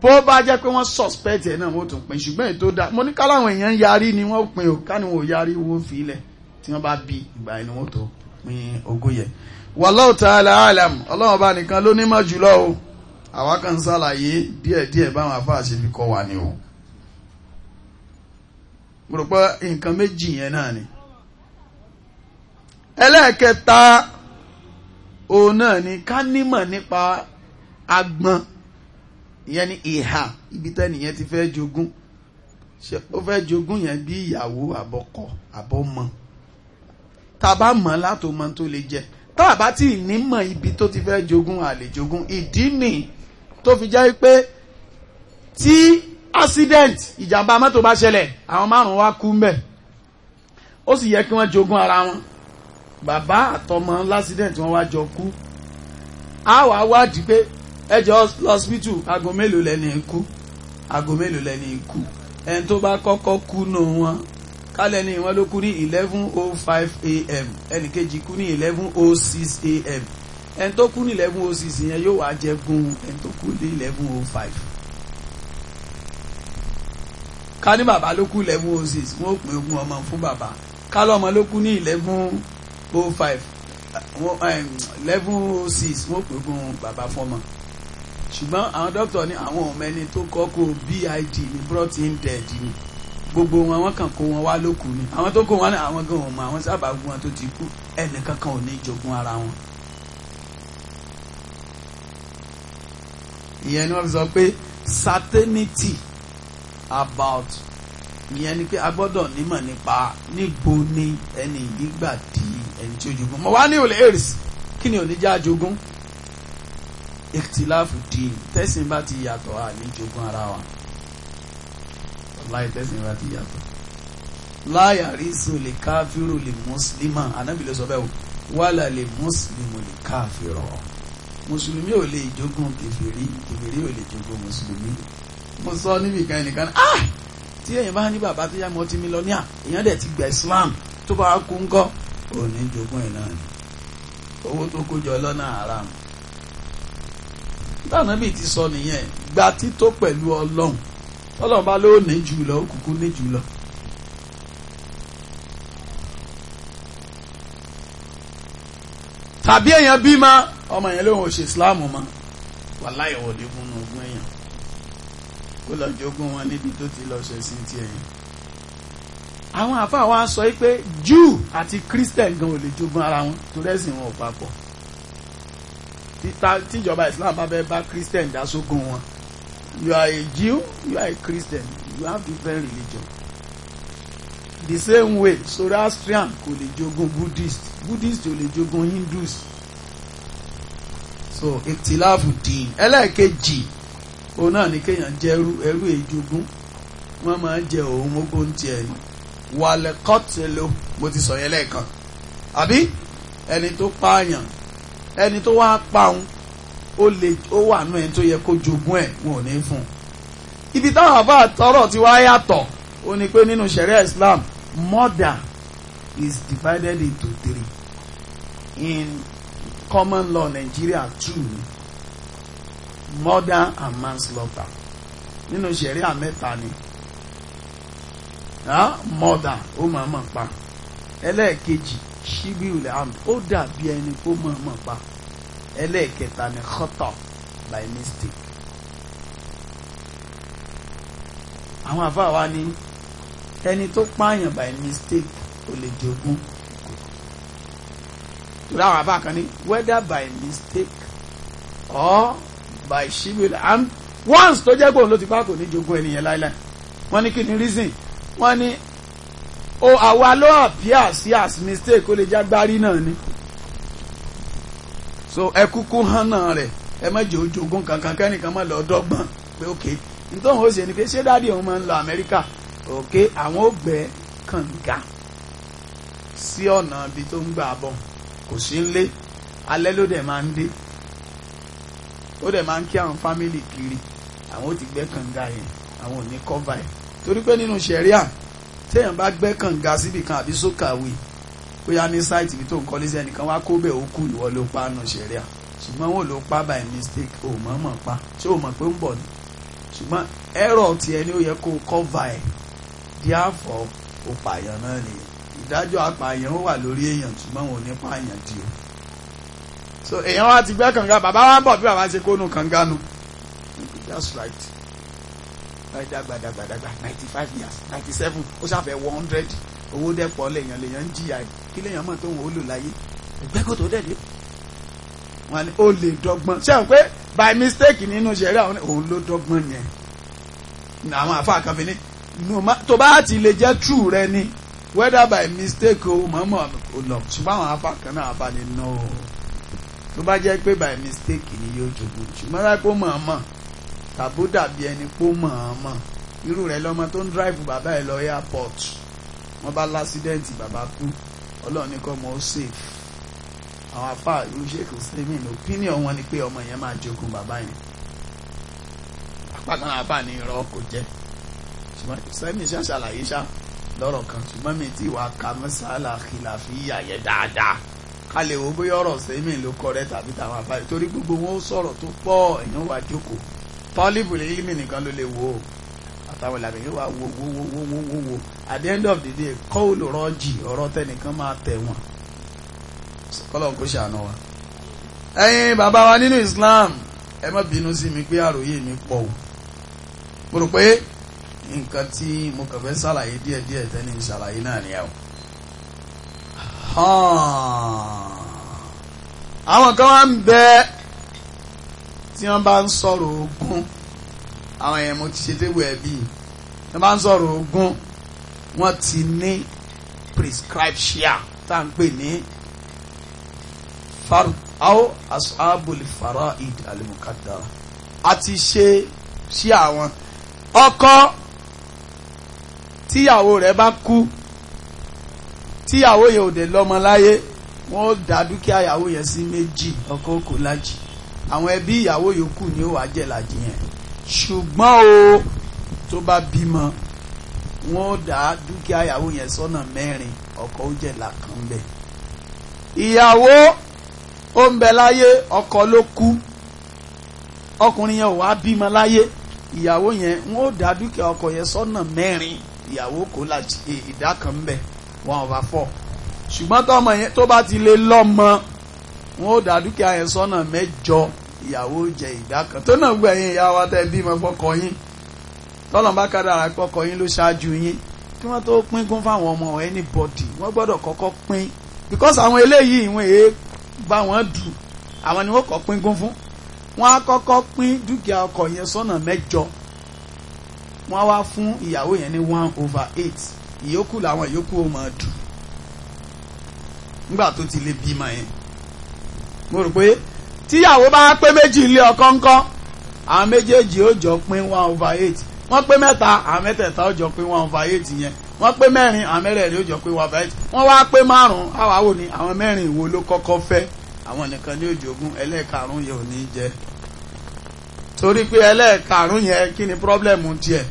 bó bá jẹ́ pé wọ́n suspect ẹ̀ náà wọ́n tún pin ṣùgbọ́n èyí tó dáa mo ní ká láwọn èèyàn yarí ni wọ́n pin o ká ní wọ́n yarí wọ́n fi ilẹ̀ tí wọ́n bá bí ìgbà ẹni wọ́n tó pin ogún yẹn. wallahu ta'ala alam ọlọ́run bá nìkan ló ní mọ̀ jùlọ o àwa kan ṣàlàyé díẹ̀díẹ̀ báwọn afáà ṣe fi kọ́ wa ni o. mo rò pé nǹkan méjì yẹn náà ni. ẹlẹ́ẹ̀kẹta òun náà ni ká nímọ̀ nípa agbọn ìyẹn ni ìhà ibi tẹ́nìyẹn ti fẹ́ jogún ó fẹ́ jogún yẹn bí ìyàwó àbọ̀kọ àbọ̀mọ tá a bá mọ̀ látò mọ tó lè jẹ tá a bá tí ì nímọ̀ ibi tó ti fẹ́ jogún àlè jogún ìdí nìyí tó fi jẹ́ pé tí accident ìjàmbá mọ́tò bá ṣẹlẹ̀ àwọn márùn-ún wá kú mbẹ̀ ó sì yẹ kí wọ́n jogún ara wọn bàbá àtọmọ lásìdẹ̀ntì wọn wá jọ kú á wàá wádìí pé ẹjọ́ lọ́sibítù aago mélòó lẹ́ni kú aago mélòó lẹ́ni kú ẹni tó bá kọ́kọ́ kú nù wọn kálẹ̀ ni ló kú ní eleven oh five a.m. ẹnì kejì kú ní eleven oh six a.m. ẹni tó kú ní eleven oh six yẹn yóò wá jẹ gun ẹni tó kú ní eleven oh five. ká ní bàbá ló kú eleven oh six wọ́n ó pín ogún ọmọ fún bàbá ká lọ́mọ ló kú ní eleven oh five uh, um, level six wọ́n pè gun bàbá fọ́mọ ṣùgbọ́n àwọn dókítà ní àwọn ọmọ ẹni tó kọ́ kó bid ní brought in dead ni gbogbo wọn wọn kàn kó wọn wá lókù ni àwọn tó kó wọn ní àwọn gan ọmọ àwọn sábà gun wọn tó ti kú ẹnìkan kan ò ní jogún ara wọn. ìyẹn ni wọ́n fi sọ pé certainty about ìyẹn ni pé a gbọ́dọ̀ nímọ̀ nípa níbo ni ẹni yìí gbà dìí ẹni tí ó jogún mọ̀ wá ní òlẹ̀ èrìsì kí ni òní já jogún ìtìláfù dín tẹ́sìn bá ti yàtọ̀ àní jogún ara wa láì tẹ́sìn bá ti yàtọ̀ láyàrí sùn lè káfíró lè mùsùlùmá anábìlẹ sọ bẹ́ẹ̀ wàlà lè mùsùlùmù lè káfíró mùsùlùmí ò lè jogún kèfèrí kèfèrí ò lè jogún mùsùlùmí mo sọ níbi kan ẹnìkan ah tí èèyàn bá ní bàbá tó yá mọ́tí mílíọ̀nìà ah! èèyàn dẹ̀ ti gba Islam tó bá kú ńkọ́ òní jogún ẹ̀ náà ni owó tó kó jọ lọ́nà haram tànàbì ti sọ nìyẹn gba tító pẹ̀lú ọlọ́run tọ́lọ́run bá ló ní jù lọ ó kúkú ní tàbí èèyàn ọmọ yẹn lóun ò ṣe ìsìláàmù mọ́ wàláyé wọlé fún un èèyàn kó lọ jogún wọn níbi tó ti lọ àwọn àfáà wa sọ pé Jew àti Christian gan ò lè jogún ara wọn torí ẹ̀sìn wọn ò papọ̀ tíjọba Islam bá fẹ́ bá Christian dá sógun wọn you are a Jew you are a Christian you have different religion the same way Zoroastrian kò lè jogún Buddhist Buddhist ò lè jogún Hindus so ìtìláàfù dín ẹlẹ́ẹ̀kejì òun náà ni kéèyàn jẹ́ ẹrú ẹrú èjogún wọ́n máa ń jẹ òun ogún tiẹ̀ yìí wàlẹ́kọ́tẹ̀ló mo ti sọ yẹn lẹ́ẹ̀kan àbí ẹni tó pààyàn ẹni tó wá pàun ó lè ó wà nù ẹni tó yẹ kó jogún ẹ̀ wọn ò ní fún un ibi táwọn àbá àtọ́rọ̀ ti wá yàtọ̀ ó ní pé nínú sẹ̀ríà Islam murder is divided into three in common law Nigeria two murder and manslaughter nínú sẹ̀ríà mẹ́ta ni. Ah, mọ̀dà ó máa mọ̀ pa ẹlẹ́ẹ̀kejì ṣíbíùlẹ̀ àmì ó dàbí ẹni kó máa mọ̀ pa ẹlẹ́ẹ̀kẹta ni kọ́tọ̀ by mistake. àwọn àfáà wa ní ẹni tó pààyàn by mistake ò lè jogún Tura àwọn àfáà kan ní whether by mistake or by ṣíbíùlẹ̀ àmì once tó jẹ́ gbòòrùn ló ti bá kò ní jogún ẹnìyẹn láéláé wọ́n ní kí ni reason wọ́n ní o àwa ló àpíà sí as mistake ó lè já gbárí náà ni so ẹ kúkú hàn náà rẹ̀ ẹ má jẹ́ ojogún kankan kẹ́nìkan má lọ dọ́gbọ́n pé ok nítorí òun ṣe ni pé ṣé dáàdi òun máa ń lọ Amẹ́ríkà ok àwọn ó gbẹ́ kànga sí ọ̀nà ibi tó ń gbà bọ̀ kò sí ń lé alẹ́ ló dẹ̀ máa ń dé ó dẹ̀ máa ń kí àwọn fámìlì kiri àwọn ó ti gbẹ́ kànga yẹn àwọn ò ní kọ́va yẹn torí pé nínú sẹ̀ríà téèyàn bá gbẹ́ kànga síbi kan àbí sókàwé bóyá ní sáìtì ibi tó ń kọ́lé sí ẹnìkan wá kó bẹ́ẹ̀ ó kú ìwọ ló pa nù sẹ̀ríà ṣùgbọ́n wọn ló pa by mistake ò mọ̀ mọ̀ pa ṣé ò mọ̀ pé ń bọ̀ ni ṣùgbọ́n ẹ̀rọ tiẹ̀ ni ó yẹ kó kọ́va ẹ̀ díàfọ̀ ó pààyàn náà nìyẹn ìdájọ́ apààyàn ó wà lórí èèyàn ṣùgbọ́n wọn ò ní pààyàn di o so èèyàn wá ti gbẹ́ kànga bàbá wa ń bọ̀ bí bàbá ṣe kónú kànga nu just right dàgbà ninety five years ninety seven ó ṣàfẹ́ one hundred owó dẹ̀ pọ̀ lèèyàn lèèyàn ń jìyà ẹ̀ kí lèèyàn mọ̀ tó ń wò ó lò láyé ẹgbẹ́ kò tó dẹ̀dẹ̀ wọn ni ó lè dọ́gbọ́n ṣé wọn pé by mistake nínú ṣẹ̀rí àwọn òun ló dọ́gbọ́n yẹn àwọn àfa kan fi ní tó bá ti lè jẹ́ true rẹ ni whether by mistake o mọ̀mọ́ o lọ ṣùgbọ́n àwọn afa kan náà afa ni no tó bá jẹ́ pé by mistake ni yóò jogún ṣùgbọ́n láì pé tàbó dàbí ẹni pó mọ̀ọ́mọ̀ irú rẹ̀ lọ́mọ tó ń dráìfù bàbá ẹ̀ lọ airport wọ́n bá lásídẹ́ǹtì bàbá kú ọlọ́run ní kọ́ ọmọ ó sèf àwọn apá ìlú sheikh hussein opinion wọn ni pé ọmọ yẹn máa jogun bàbá yẹn apá kan apá ní irọ́ kò jẹ́ ṣùgbọ́n hussein ṣe ṣàlàyé ṣá lọ́rọ̀ kan ṣùgbọ́n mi ti wà ká mẹ́sàlá kìláfíyà yẹn dáadáa a lè wo bóyá ọ̀rọ̀ hussein ló kọ rẹ tàbí tàwọn apá yẹn torí gbogbo wọn ó sọ̀rọ̀ tó pọ̀ ẹ̀yàn wá jókòó tọ́lìbù lè ilmi nìkan ló lè àtàwọn ìlànà yìí wà at the end of the day kọ́ olùrọ́jì ọ̀rọ̀ tẹnìkan máa tẹ̀ wọ́n wọn kó ṣàánú wa. ẹyin bàbá wa nínú Islam ẹ má bínú sí mi pé àròyé mi pọ̀ o mo rò pé nǹkan tí mo kàn fẹ́ ṣàlàyé díẹ̀díẹ̀ ṣàlàyé náà ni kan wá ń tí wọ́n bá ń sọ̀rọ̀ ogún àwọn èèyàn mo ti ṣe tébù ẹ̀bí tí wọ́n bá ń sọ̀rọ̀ ogún wọ́n ti ní prescribed tá à ń pè ní faru ashabul faraid alimukaddara àti ṣe ṣí àwọn ọkọ tíyàwó rẹ̀ bá kú tíyàwó yẹn ò dé lọ́mọ láyé wọ́n dá dúkìá ìyàwó yẹn sí méjì ọkọ kò lájì àwọn ẹbí ìyàwó yòókù ni ó wàá jẹ ìlàjì yẹn ṣùgbọ́n o tó bá bímọ wọn ó dá dúkìá ìyàwó yẹn sọ́nà mẹ́rin ọkọ ó jẹ làkàn bẹ̀. ìyàwó ó ń bẹ láyé ọkọ ló kú ọkùnrin yẹn ò wá bímọ láyé ìyàwó yẹn wọn ó dá dúkìá ọkọ yẹn sọ́nà mẹ́rin ìyàwó kò láti ìdá kan bẹ̀ wọn ò bá fọ́ ṣùgbọ́n tó bá ti lè lọ́mọ wọn ó dá dúkìá yẹn sọ́nà mẹ́jọ ìyàwó jẹ ìdá kan tó náà gbọ́ ẹ̀yin ìyá wa tẹ́ bímọ fọ́kọ yín tọ́lọ́n bá kádàrá pọ́kọ yín ló ṣáájú yín kí wọ́n tó pín kún fáwọn ọmọ anybody wọ́n gbọ́dọ̀ kọ́kọ́ pín because àwọn eléyìí ìwọ̀n èé bá wọn dù àwọn ni wọ́n kọ́ pín kún fún wọ́n á kọ́kọ́ pín dúkìá ọkọ yẹn sọ́nà mẹ́jọ wọ́n á wá fún ìyàwó yẹn ní one over eight ìyókù làwọn ìyókù ó máa dù nígbà tó ti lè bímọ yẹn mo rò pé tíyàwó bá pé méjì ilé ọkọ ńkọ́ àwọn méjèèjì ó jọ pín one over eight wọ́n pé mẹ́ta àwọn mẹ́tẹ̀ẹ̀ta ó jọ pín one over eight yẹn wọ́n pé mẹ́rin àwọn mẹ́rẹ̀ẹ̀rin ó jọ pín one over eight wọ́n wá pé márùn-ún àwa wò ní àwọn mẹ́rin ìwo ló kọ́kọ́ fẹ́ àwọn nìkan ní òjògùn ẹlẹ́ẹ̀karùn yẹn ò ní jẹ torí pé ẹlẹ́ẹ̀karùn yẹn kí ni pírọ́blẹ̀mù tiẹ̀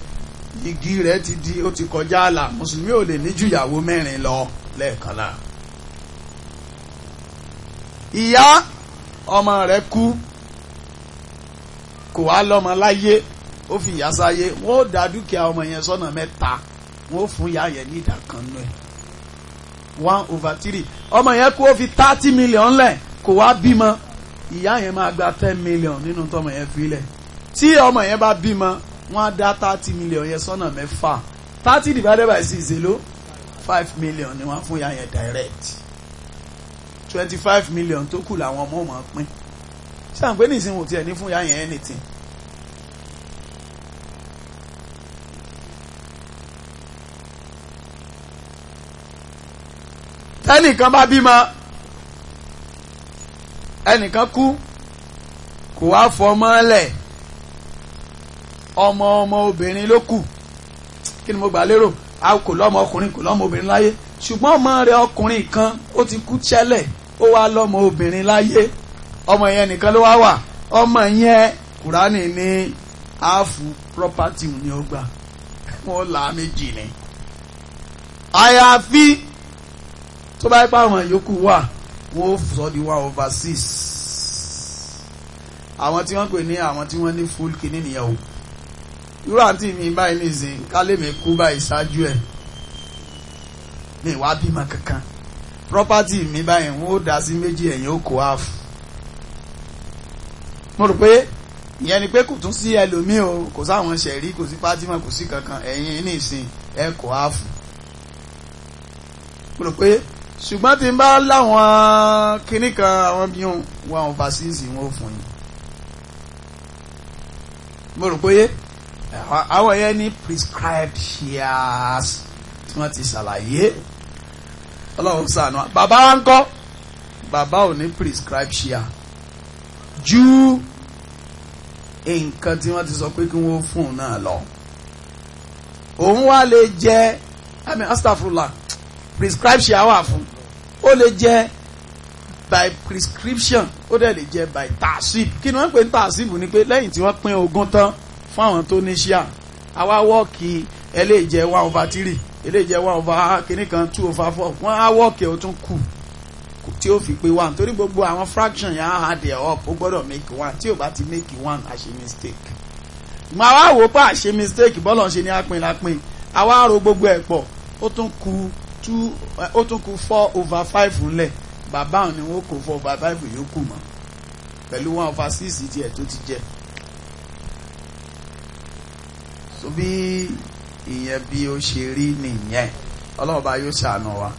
igi rẹ̀ ti di ó ti kọjá àlà mùsùlùmí ò lè ní ìyàwó mẹ́rin lọ lẹ́ẹ̀kan náà ìyá ọmọ rẹ̀ kú kò wá lọ́mọ láyé ó fi ìyá sáyé wọ́n ó dá dúkìá ọmọ yẹn sọ́nà mẹ́ta wọ́n ó fún ìyá yẹn ní ìdá kan nù one over three ọmọ yẹn kú ó fi thirty million lẹ̀ kò wá bímọ ìyá yẹn máa gba ten million nínú tọmọ yẹn filẹ̀ tí ọmọ yẹn bá bímọ wọ́n á dá thirty million yẹn sọ́nà mẹ́fà thirty divided by six èló five million ni wọ́n fún ìyá yẹn direct twenty five million tó kù làwọn ọmọ ọmọ pín ṣàǹpé nìsín wò tiẹ̀ ní fún ya yẹn anything. tẹ́nìkan bá bímọ ẹnìkan kú kò wá fọmọ lẹ̀ ọmọ ọmọ obìnrin ló kù kí ni mo gbà lérò a kò lọ́mọ ọkùnrin kò lọ́mọ obìnrin láyé ṣùgbọ́n ọmọ rẹ̀ ọkùnrin kan ó ti kú ṣẹlẹ̀ ó wá lọ́mọ obìnrin láyé ọmọ yẹn nìkan ló wá wà ọmọ yẹn kùránì ní áàfù property ni ó gbà wọn là á méjì ni. àyàfi tó bá pa àwọn yòókù wà wọn ó sọ di one over six àwọn tí wọ́n pè ní àwọn tí wọ́n ní full kìíní nìyẹn o irú àǹtí mi báyìí nìsín kálẹ̀ mi kú báyìí ṣáájú ẹ̀ mi wá bímọ kankan property mi báyìí wọ́n ó dá sí méjì ẹ̀yìn ó kó half mo rò pé ìyẹn ni pé kò tún sí ẹlòmíì o kò sáwọn ṣẹ̀rí kò sí Fatima kò sí kankan ẹ̀yin nìsín ẹ kò áàfù mo rò pé ṣùgbọ́n tí n bá láwọn kinní kan àwọn bí wọn wọn ò bá wọn ò fún yín mo rò pé àwọn yẹn ní prescribed shares tí wọ́n ti ṣàlàyé ọlọ́run sànù bàbá wa ń kọ́ bàbá ò ní prescribe ṣíà ju nǹkan tí wọ́n ti sọ pé kí wọ́n fún un náà lọ òun wá lè jẹ àmì astafurla prescribe ṣíà wà fún ó lè jẹ by prescription ó dẹ̀ lè jẹ by tasib kí ni wọ́n pè ní tasib ni pé lẹ́yìn tí wọ́n pín ogún tán fún àwọn tó ní ṣíà àwa wọ́ọ̀kì ẹ lè jẹ one over three eléyìí jẹ́ one over kìíní kan two over four wọ́n á wọ́ọ̀kì ó tún kù tí ó fi pé one torí gbogbo àwọn fraction yẹn á hard ẹ̀ up ó gbọ́dọ̀ make one tí ò bá ti make one àṣe mistake màá wá wò pé àṣe mistake bọ́lọ̀ ń ṣe ní apin lápin àwa ro gbogbo ẹ̀ pọ̀ ó tún kù two ó tún kù four over five ńlẹ̀ bàbá òun ni wọ́n kó four over five yòókù mọ́ pẹ̀lú one over six tiẹ̀ tó ti jẹ. so bí ìyẹn bí ó ṣe rí nìyẹn ọlọ́run bá yóò ṣàánú wa.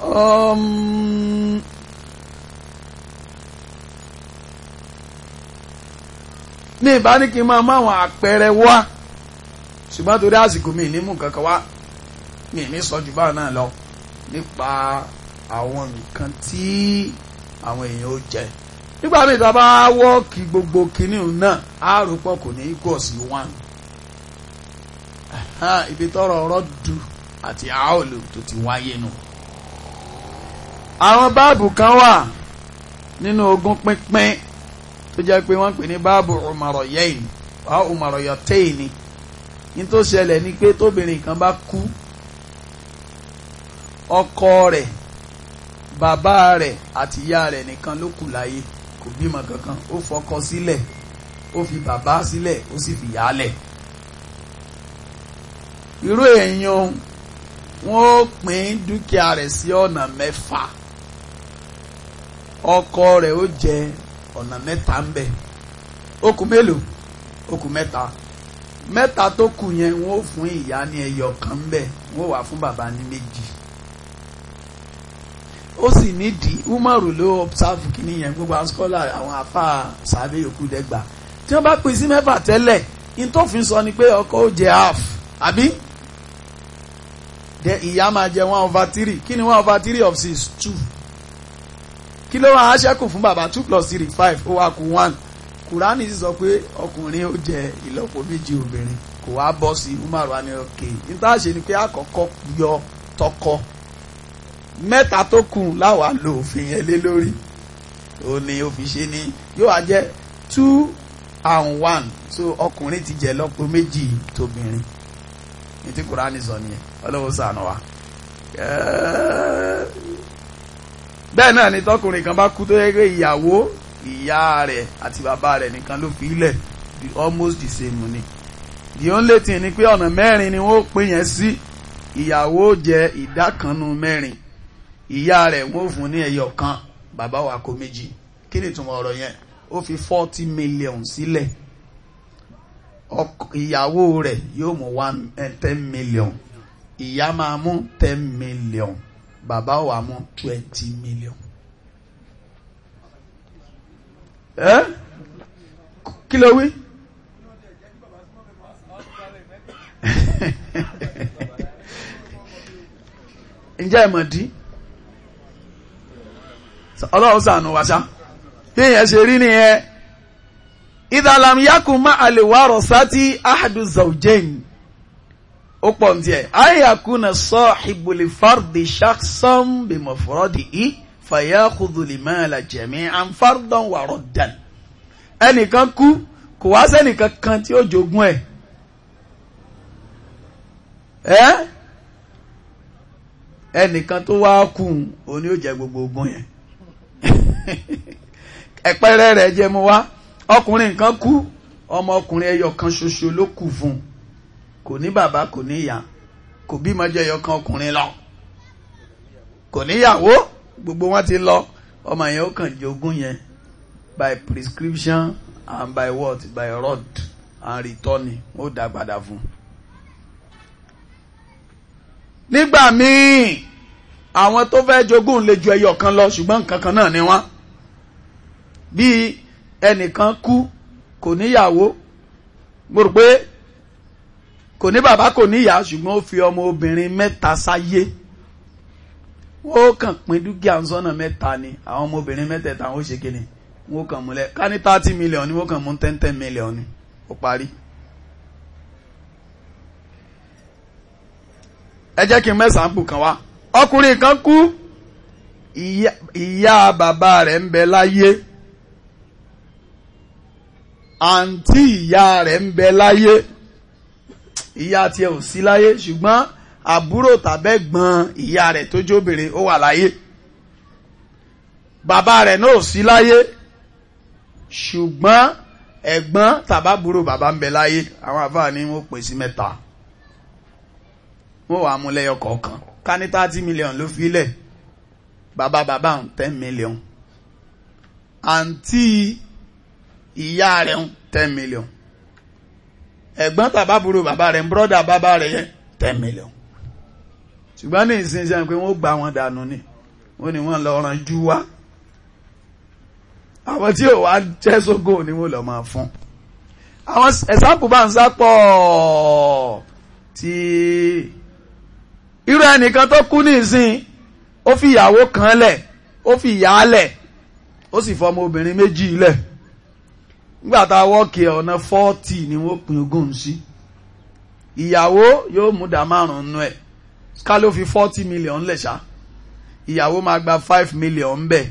Um, ní ìbáníkí máa mú àwọn àpẹẹrẹ wá ṣùgbọ́n torí àsìkò mi ní mú kankan wá mi ní sọ jù báwọn náà lọ nípa àwọn nǹkan tí àwọn èèyàn ó jẹ nígbà míì tá a bá wọ́ọ̀kì gbogbo kìnìún náà á rò pọ̀ kò ní í gọ̀ sí one ibi tọrọ ọ̀rọ̀ du àti àólù tó ti wáyé nù. àwọn báàbù kan wà nínú ogún pínpín tó jẹ́ pé wọ́n pè ní báàbù ọmọọ̀rọ̀ yẹ́yìn wà ọmọọ̀rọ̀ yọ téèní ní tó ṣẹlẹ̀ ni pé tóbìnrin kan bá kú ọkọ rẹ̀ bàbá rẹ̀ àti ìyá rẹ̀ nìkan ló kù láyé kò bímọ kankan ó fọkọ sílẹ̀ ó fi bàbá sílẹ̀ ó sì fìyà lẹ̀. Si irú èèyàn wọn ó pín dúkìá si sí ọ̀nà mẹ́fà ọkọ rẹ ó jẹ ọ̀nà mẹ́ta ń bẹ̀ ó mélòó ó mẹ́ta mẹ́ta tó kù yẹn wọn ó fún ìyá ní ẹyọ kan ń bẹ̀ wà fún bàbá ní méjì ó sì nídìí Umaru ló observe kínní yẹn gbogbo àwọn àwọn afa sàbẹ yòókù dẹgbà tí wọn bá pín sí mẹ́fà tẹ́lẹ̀ ní sọ ni ọkọ ó jẹ then ìyá máa jẹ one over three kí ni one over three of six two kí ló wá aṣẹ́kù fún bàbá two plus three five ó wá kù one kùránì sì sọ pé ọkùnrin ó jẹ ìlọ́po méjì obìnrin kò wá bọ́ sí umaru wa ní òkè níta ṣe ni pé àkọ́kọ́ yọ tọkọ mẹ́ta tó kù láwa lo òfin yẹn lé lórí ó ní òfin ṣe ni yóò wá jẹ two and one so ọkùnrin ti jẹ lọ́po méjì tóbìnrin ní tí kùránì sọ nìyẹn ọlọ́run ṣàánú wa. bẹ́ẹ̀ náà ni tọkùnrin kan bá kú tó yẹ pé ìyàwó ìyá rẹ̀ àti bàbá rẹ̀ nìkan ló fi ilẹ̀ almost the same ni the only thing ni pé ọ̀nà mẹ́rin ni wọ́n pín yẹn sí ìyàwó jẹ ìdá kan nínú mẹ́rin ìyá rẹ̀ wọ́n fún ní ẹyọ kan bàbá wa kó méjì kí ni ìtumọ̀ ọ̀rọ̀ yẹn ó fi forty million sílẹ̀ ìyàwó rẹ̀ yóò mú one eh, ten million ìyá máa mú ten million bàbá wa mú twenty million. ẹ kí ló wí. ǹjẹ́ ẹ̀ mọ̀ dín ọlọ́run sànù wàṣá bí yẹn ṣe rí nìyẹn ìdàlàmìyàkùn má àlèwà rọ̀sátì àhàdùzọ̀jẹ́yìn ó pọ̀ ní tiẹ̀ ayakuna sahibul fardi shakhsan bi mufradihi fayakhudhu limala jami'an fardan wa raddan ẹnìkan kú kò wá sẹ́nìkan kan tí ó jogún ẹ̀ ẹ́ ẹnìkan tó wá kú òní ó jẹ gbogbo ogún yẹn ẹ̀pẹ́rẹ́ rẹ̀ jẹ́ mu wá ọkùnrin kan kú ọmọ ọkùnrin ẹyọ kan ṣoṣo ló kù fún un kò ní bàbá kò ní ìyá kò bímọ jẹyọ kan ọkùnrin lọ kò níyàwó gbogbo wọn ti lọ ọmọ yẹn ó kàn jogún yẹn by prescription and by what by rod and returning ó dá padà fún. nígbà míì àwọn tó fẹ́ jogún lè ju ẹyọ kan lọ ṣùgbọ́n nǹkan kan náà ni wọ́n bí ẹnìkan kú kò níyàwó mo rò pé kò ní bàbá kò ní ìyá ṣùgbọ́n ó fi ọmọ obìnrin mẹ́ta sáyé ó kàn pín dúkìá sọ́nà mẹ́ta ni àwọn ọmọ obìnrin mẹ́tẹ̀ẹ̀ta ó ṣe kíni wọ́n kàn múlẹ̀ ká ní thirty million ni wọ́n kàn mú ten ten million ni ó parí. ẹ jẹ́ kí n mẹ́sàn-án bù kan wá ọkùnrin kan kú ìyá bàbá rẹ̀ ń bẹ láyé àǹtí ìyá rẹ̀ ń bẹ láyé ìyá tiẹ̀ ò sí láyé ṣùgbọ́n àbúrò tàbẹ́gbọ́n ìyá rẹ̀ tó jóbìnrin ó wà láyé bàbá rẹ̀ náà ò sí láyé ṣùgbọ́n ẹ̀gbọ́n tàbábúrò bàbá ń bẹ láyé àwọn àfáà ni wọ́n pè sí mẹ́ta wọ́n wàá mú lẹ́yọ kọ̀ọ̀kan ká ní thirty million ló filẹ̀ bàbá bàbá ń ten million àǹtí ìyá rẹ̀ ń ten million ẹ̀gbọ́n tàbábúrò bàbá rẹ̀ ń brọ́dà bàbá rẹ̀ yẹn ten million ṣùgbọ́n ní ìsinsìnyí pé wọ́n gbà wọn dànù ni wọ́n ní wọ́n lọ ràn jù wá àwọn tí ò wá jẹ́ sógò ni wọ́n lọ máa fún àwọn ẹ̀sáàpù bá ń sápọ̀ tí irú ẹnìkan tó kú ní ìsìn ó fi ìyàwó kan lẹ̀ ó fi ìyá lẹ̀ ó sì fọmọ obìnrin méjì lẹ̀ nígbà tá a wọ́ọ̀kì ọ̀nà fọ́ọ̀tì ni wọ́n pín ogún sí ìyàwó yóò mú dá márùn-ún nú ẹ̀ ká ló fi forty million lẹ̀ ṣá ìyàwó máa gba five million ń bẹ̀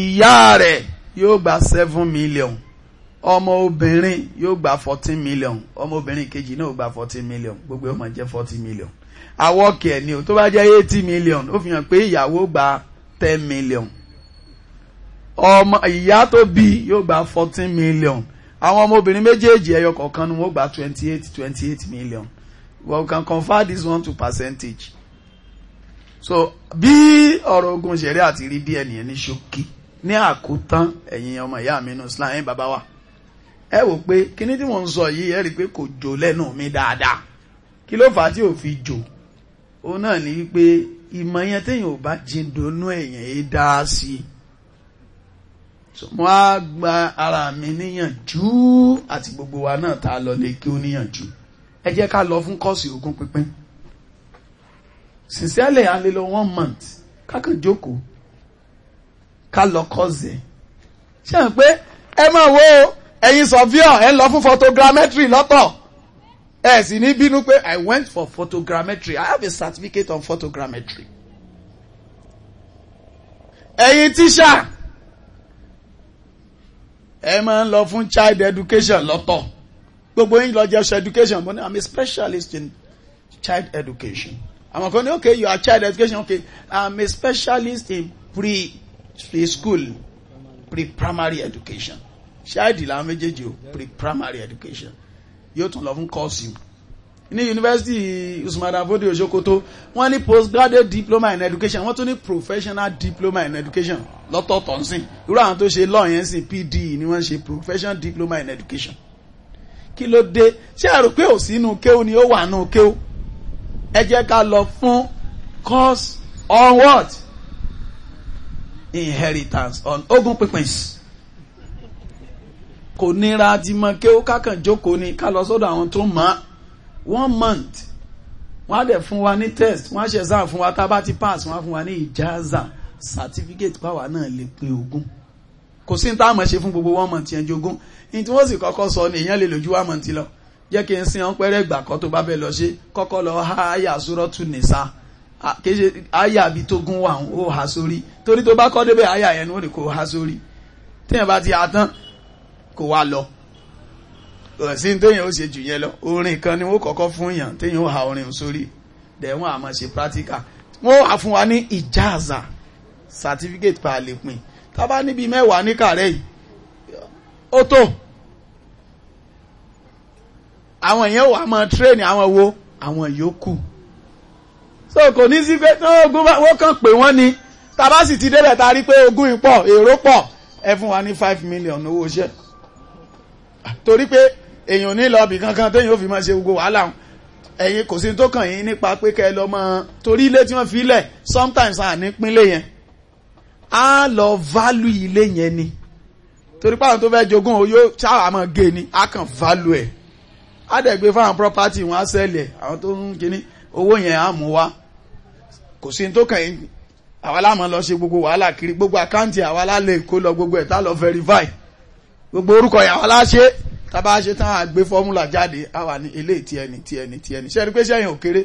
ìyá rẹ̀ yóò gba seven million ọmọ obìnrin yóò gba fourteen million ọmọ obìnrin kejì náà gba fourteen million gbogbo yóò máa jẹ́ forty million àwọ̀kì ẹ̀ ni o tó bá jẹ́ eighty million ó fi hàn pé ìyàwó gba ten million ọmọ ìyá tó bí yóò gba fourteen million àwọn ọmọbìnrin méjèèjì ẹyọ kọ̀ọ̀kan ni wọ́n gba twenty eight twenty eight million we can convert this one to percentage so bí ọ̀rọ̀ ogun ṣeré àti rí díẹ̀ nìyẹn ní ṣókí ní àkótán ẹ̀yin ọmọ ìyá mi nù islam ẹ̀yin bàbá wa ẹ wò pé kíní tí mò ń sọ yìí ẹ rí i pé kò jò lẹ́nu mi dáadáa kí ló fà á tí ò fi jò òun náà ní pé ìmọ̀ yẹn téèyàn ò bá jìn dónú èèyàn dá sí i wọ́n á gba ara mi níyànjú àti gbogbo wa náà tá a lọ lè kí ó níyànjú ẹ jẹ́ ká lọ fún kọ́ọ̀sì ogún pínpín sincerely a lè lọ one month kákan jókòó ká lọ kọ́ọ̀sì ẹ̀ ṣe hàn pé ẹ máa wo ẹ̀yin sọ̀fíọ̀ ẹ̀ ń lọ fún photogrammetry lọ́tọ̀ ẹ̀ sì ní bínú pé I went for photogrammetry I have a certificate on photogrammetry ẹ̀yin tíṣà ẹ máa ń lọ fún child education lọ́tọ̀ gbogbo yín lọ jẹ́ education mo i'm a specialist in child education àwọn kan ní okay you are child education okay i'm a specialist in pre preschool pre-primary education child là méjèèjì o pre-primary education yóò tún lọ fún course yìí ní yunifásitì Usman Danfodiyo Òṣòkòtò wọ́n ní postgraduate diploma in education wọ́n tún ní professional diploma in education lọ́tọ̀ọ̀tọ̀ ń sìn irú àwọn tó ṣe law yẹn sìn PDE ni wọ́n ṣe professional diploma in education kí ló dé ṣé àrò pé ò sínú kéwù ni ó wà nù kéwù ẹ jẹ́ ká lọ fún course on what inheritance on ogún pínpín kò nira ti mọ kéwù kákan jókòó ni ká lọ sọ́dọ̀ àwọn tó mọ̀ one month wọ́n á dẹ̀ fún wa ní test wọ́n á ṣe exam fún wa tá a bá ti pass wọ́n á fún wa ní ìjáza certificate báwa náà lè pé ogún kò sí ní tá a mọ̀ ṣe fún gbogbo one month yẹn jogún ní tí wọ́n sì kọ́kọ́ sọ ni èèyàn lè lò ju one month lọ jẹ́ kí n sin ọ́n ìgbà kan tó bá fẹ́ lọ ṣe kọ́kọ́ lọ ha àyà sórọ́ tù nìsa kéṣe àyà bíi tó gún wà ó ha sórí torí tó bá kọ́ débẹ̀ àyà yẹn ni ó lè kó ha sórí téèyàn bá ti ha tán kó lọ sí téèyàn ó ṣe jù yẹn lọ orin kan ni wọ́n kọ́kọ́ fún yàn téèyàn ó ha orin sórí dẹ̀ àmọ́ ṣe practical wọ́n wà fún wa ní ìjáàzà certificate pa lè pin tá bá níbi mẹ́wàá ní kàrẹ́ yìí ó tó àwọn èèyàn wà máa tírẹ́ẹ̀nì àwọn wo àwọn yòókù so kò ní sí pé ogún wọ́n kàn pé wọ́n ni tá bá sì ti débẹ̀ ta rí pé ogún yìí pọ̀ èrò pọ̀ ẹ fún wa ní five million owó iṣẹ́ torí pé èèyàn ní lọ́ọ̀bì kankan téèyàn ó fi máa ṣe gbogbo wàhálà wọn ẹ̀yin kò sí tó kàn yín nípa pé kẹ́ ẹ lọ mọ́ torí ilé tí wọ́n fi lẹ̀ sometimes à ní pínlẹ̀ yẹn á lọ value ilé yẹn ni torí pàrọ̀ tó fẹ́ jogún o yóò ṣáà mọ̀ gé ni á kàn value ẹ̀ á dẹ̀ gbé fáwọn property wọn á sẹ́ẹ̀lì ẹ̀ àwọn tó ń kíní owó yẹn á mú wá kò sí tó kàn yín àwa la máa lọ ṣe gbogbo wàhálà kiri gbogbo àkáǹtì àwa la lè kó lọ gbogbo ẹ̀ tá lọ verify gbogbo orúkọ yẹn àwa la ṣe tábà ṣe tán àgbé fọ́múlà jáde àwà ní eléyìí ti ẹni ti ẹni ti ẹni ṣe rí pé ṣẹ́yìn ò kéré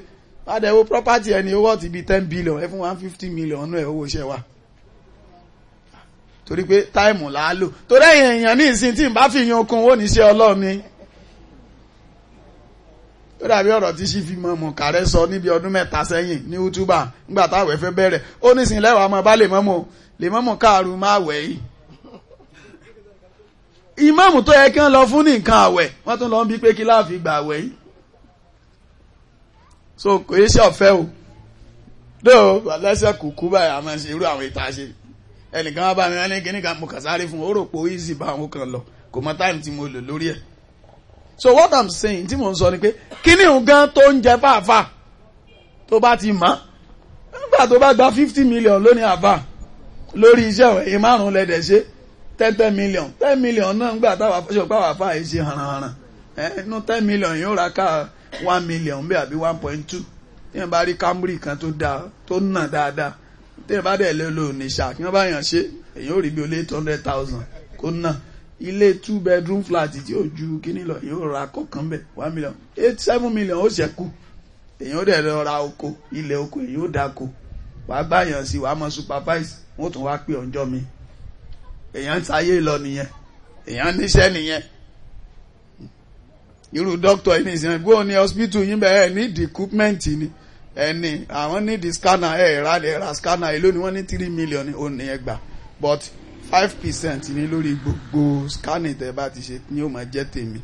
àdẹ̀wò property ẹni owó ti bí ten billion ẹ fún one fifty million ọ̀nà ẹ̀ owó iṣẹ́ wa torí pé táìmù là á lò torí ẹ̀yìn èèyàn ní ìsìn tí n bá fi yan okun owó níṣẹ́ ọlọ́run ni tó dàbí ọ̀rọ̀ tí sì fi mọ mọ kàrẹ́ sọ níbi ọdún mẹ́ta sẹ́yìn ní utuba nígbà táwẹ̀ fẹ́ bẹ̀rẹ̀ ó nísìnyí lẹ́wàá mọ ìmáàmù tó yẹ kí wọ́n lọ fún ní nǹkan àwẹ̀ wọ́n tún lọ ń bí pé kí láàfi gbà àwẹ̀ yìí so kò yé sí ọ̀fẹ́ o dóò lẹ́sẹ̀ kùkú báyìí a máa ń ṣe irú àwọn ìta ṣe ẹnìkan wá bá mi wọ́n ní kíní kan mo kà sáré fún ó rò pé ó easy bá àwọn kan lọ kò mọ táìmù tí mo lò lórí ẹ̀ so what i'm saying tí mò ń sọ ni pé kíní òun gan tó ń jẹ fàáfàá tó bá ti mọ̀ nígbà tó bá gba fifty million lónìí àbá lórí iṣẹ́ ìmárùn-ún lẹ́dẹ̀ ṣe ten ten million ten million náà ń gbà táwa fọṣọ pàwọ́ àfa yìí ṣe haranharan inú ten million yóò ra ká one million bí àbí one point two tí wọ́n bá rí Camry kan tó dáa tó nà dáadáa tí wọ́n bá dẹ̀ lé olóòníṣà kí wọ́n bá yàn ṣe èyí ò rí bí olé eight hundred thousand kó nà ilé two bedroom flat tí ó ju kíní lọ yóò ra kọ̀ọ̀kan bẹ̀ one million eight seven million ó ṣẹ́kù èyí ó dẹ̀ lọ ra oko ilẹ̀ oko èyí ó dáko wàá gbàyàn sí wàá mọ supervise wọ́n tún wá pé ọjọ́ mi èèyàn ń sáyé lọ nìyẹn èèyàn níṣẹ́ nìyẹn irú dókítà yìí nìyẹn gbóò ní hospital yín bẹ́ẹ̀ ní the equipment ni ẹni àwọn ní di scanner ẹ̀ ra ra scanner èló ni wọ́n ní three million ó ní ẹgbà but five percent ní lórí gbogbo scanning tẹ́ bá ti ṣe ni ó máa jẹ́ tèmi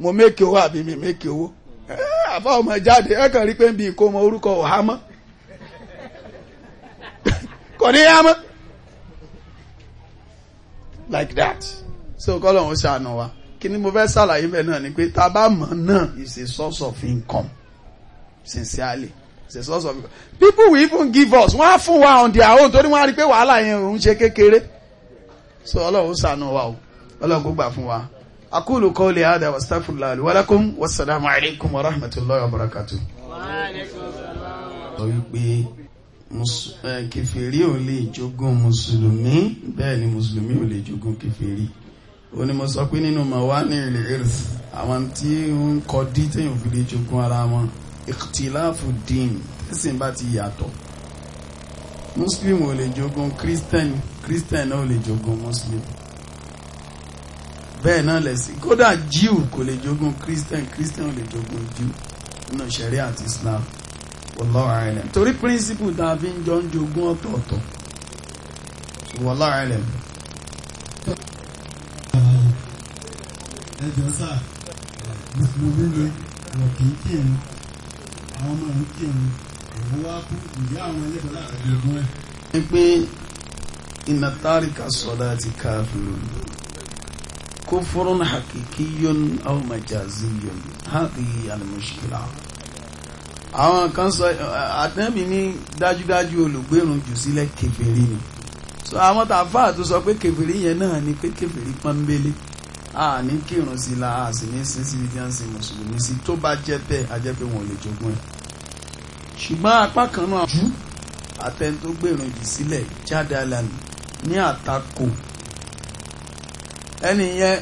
mo mékè owó àbí mi mékè owó eh, àbá ọmọ jáde ẹ kàn rí pé ń bi ìkómọ orúkọ kò ní like that so kọ́lọ́hún ṣàánú wa kí ni mo fẹ́ ṣàlàyé bẹ́ẹ̀ náà ni pé tá bá mọ̀ náà is a source of income sincerely is a source of income people will even give us wọ́n á fún wa on their own torí wọ́n á rí i pé wàhálà yẹn òun ṣe kékeré so ọlọ́hún ṣàánú wa o ọlọ́hún kó gbà fún wa akúlù kọ́ọ̀lì àdá wàstáfùlà wàlákùn wàsálàmù alaykum wa rahmatulahi wa barakatu. wàhálà ẹ̀ṣọ́ sọ̀rọ̀ wípé. Eh, kèfèrí ò lè jogún mùsùlùmí bẹ́ẹ̀ ni mùsùlùmí ò lè jogún kèfèrí ó ní mo sọ pé nínú mọ̀wá ní ilẹ̀ earth àwọn tí ń kọ dí téèyàn fi lè jogún ara wọn ìtìláàfù dín tẹ́sìn bá ti yàtọ̀ muslim ò lè jogún christian christian náà ò lè jogún muslim bẹ́ẹ̀ náà lẹ̀sìn kódà jew kò lè jogún christian christian ò lè jogún jew nínú sẹ̀rí àti islam wallahu a'lam torí píríncípù tá a fi ń jọ ń jogún ọ̀tọ̀ọ̀tọ̀ wallahu a'lam. ẹ jọ sáà mùsùlùmí ni wọn kì í kírun àwọn ọmọ ń kírun òun wá kú ìyá àwọn ẹlẹ́gbẹ̀ẹ́ láàrin ọdún ẹ̀. ẹ pé iná tárìkà sọdá ti káfíìn kufrun haqiqiyyun aw majaziyun hadhihi al-mushkila àwọn kan sọ àtẹ́bì ní dájúdájú olùgbérun jù sílẹ̀ kèfèrí ni so àwọn tàfà tó sọ pé kèfèrí yẹn náà ni pé kèfèrí pọ́nbélé a ní kírun sí la a sì ní sin síbi tí wọ́n sin mùsùlùmí sí tó bá jẹ́ bẹ́ẹ̀ a jẹ́ pé wọn ò lè jogún ẹ̀ ṣùgbọ́n apá kan náà jù àtẹni tó gbèrò jù sílẹ̀ jáde alàmì ní àtakò ẹni yẹn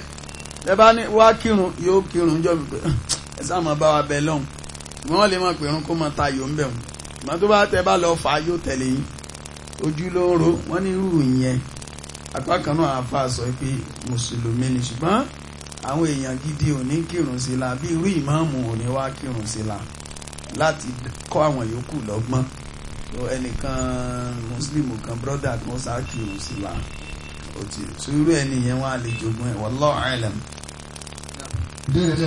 ẹ bá ní wá kírun yóò kírun jọ ẹ sáà máa bá wa bẹ lọ́hùn wọ́n lè máa pèrún kó máa tayò ń bẹ̀ wọ́n ìgbà tó bá tẹ bá lọ fà á yóò tẹ̀lé yín ojú ló ń ro wọ́n ní irú ìyẹn apá kan náà àfa sọ pé mùsùlùmí ni ṣùgbọ́n àwọn èèyàn gidi ò ní kírun sí la bí irú ìmáàmù ò ní wá kírun sí la láti kọ́ àwọn yòókù lọ́gbọ́n ẹnìkan mùsùlùmù kan brọ́dà kan sá kírun sí la òtítù irú ẹni yẹn wọ́n á lè jogún ẹ̀ wallahu alam. ìbéèrè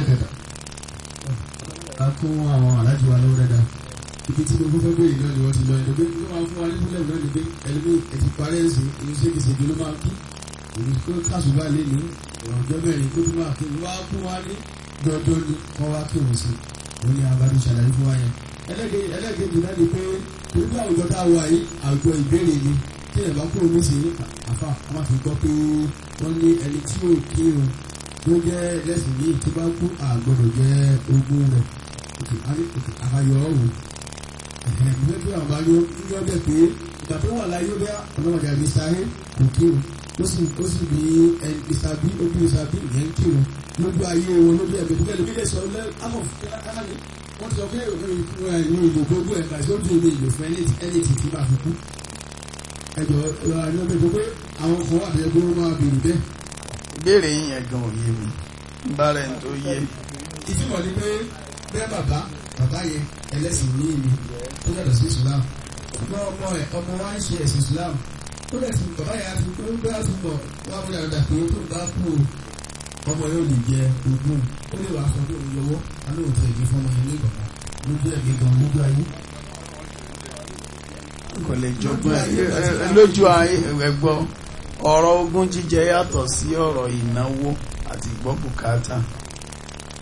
ká kó àwọn aláàjì wa lọ́wọ́ ibi tí mo fẹ́ bẹ́ẹ̀ náà ni wọ́n ti lọ ẹni pé ló fún wa ní náà ni pé ẹni pé ẹ ti parí ẹ̀sìn ní ṣégeṣège ló máa kí òun kó kásùbà lé ní ọjọ́ mẹ́rin kó tún máa kí wá fún wa ní dandan ni kọ́ wa kí òun sí òun ni abadu ṣàlàyé fún wa yẹn ẹlẹ́gẹ̀ ẹlẹ́gẹ̀ jù náà ni pé nígbà àwùjọ tá a wà yìí àwùjọ ìbéèrè ni tí ẹ̀ bá kúrò ní sí àfà wọn fi gbọ́ pé wọ́n ní ẹni tí ò kírun ló jẹ́ lẹ́sìn yìí tó bá kú àgbọ̀dọ̀ jẹ́ ogún rẹ̀ òkè àbáyọ ọ̀hún ẹ̀hẹ̀ mẹ́fí àbáyọ níjọ́ bẹ̀ pé ìgbà tó wà láyé bẹ́ẹ̀ ọlọ́mọdé àbí sáré kò kírun ó sì ó sì bí ẹni ìsàbí ojú ìsàbí ìyẹn kírun lójú ayé wọn lójú ẹ̀mí fúnkẹ́ lóbi lè sọ lẹ́ amọ̀ fúnkẹ́ kálí wọ́n ti sọ pé ìlú ìbò gbogbo ẹ̀ bàjẹ́ ó dùn ní ìlú fún ẹni tí bá fi kú ẹjọ́ ìlànà ìbò pé àwọn kan wà bẹ́ẹ̀ gbóró máa bèrè bẹ́ẹ̀. ìbéèrè yín yẹn gan-an yé mi bá rẹ̀ ń tó yé. ìtumọ̀ ni pé bẹ́ẹ̀ bàbá bàbá yẹn ẹlẹ́sìn ní ìlú tó yàtọ̀ sí Islam ṣùgbọ́n ọmọ rẹ̀ ọmọ wa ń ṣe ẹ̀sìn Islam ó dẹ̀ fi bàbá yẹn afi ó ń bẹ́ àtúbọ̀ wá wọlé àdàdà pé ó tó bá kú o ọmọ yóò lè jẹ ogún ó lè wàá fọdún òun lọ́wọ́ alóòótọ́ ìgbé fọmọ yẹn ní bàbá lójú ẹ̀ gẹ́gẹ́ lójú ayé. lójú ayé ẹgbọ́ ọ̀rọ̀ ogún jíjẹ yàtọ̀ sí ọ̀rọ̀ ìnáwó àti ìgbọ́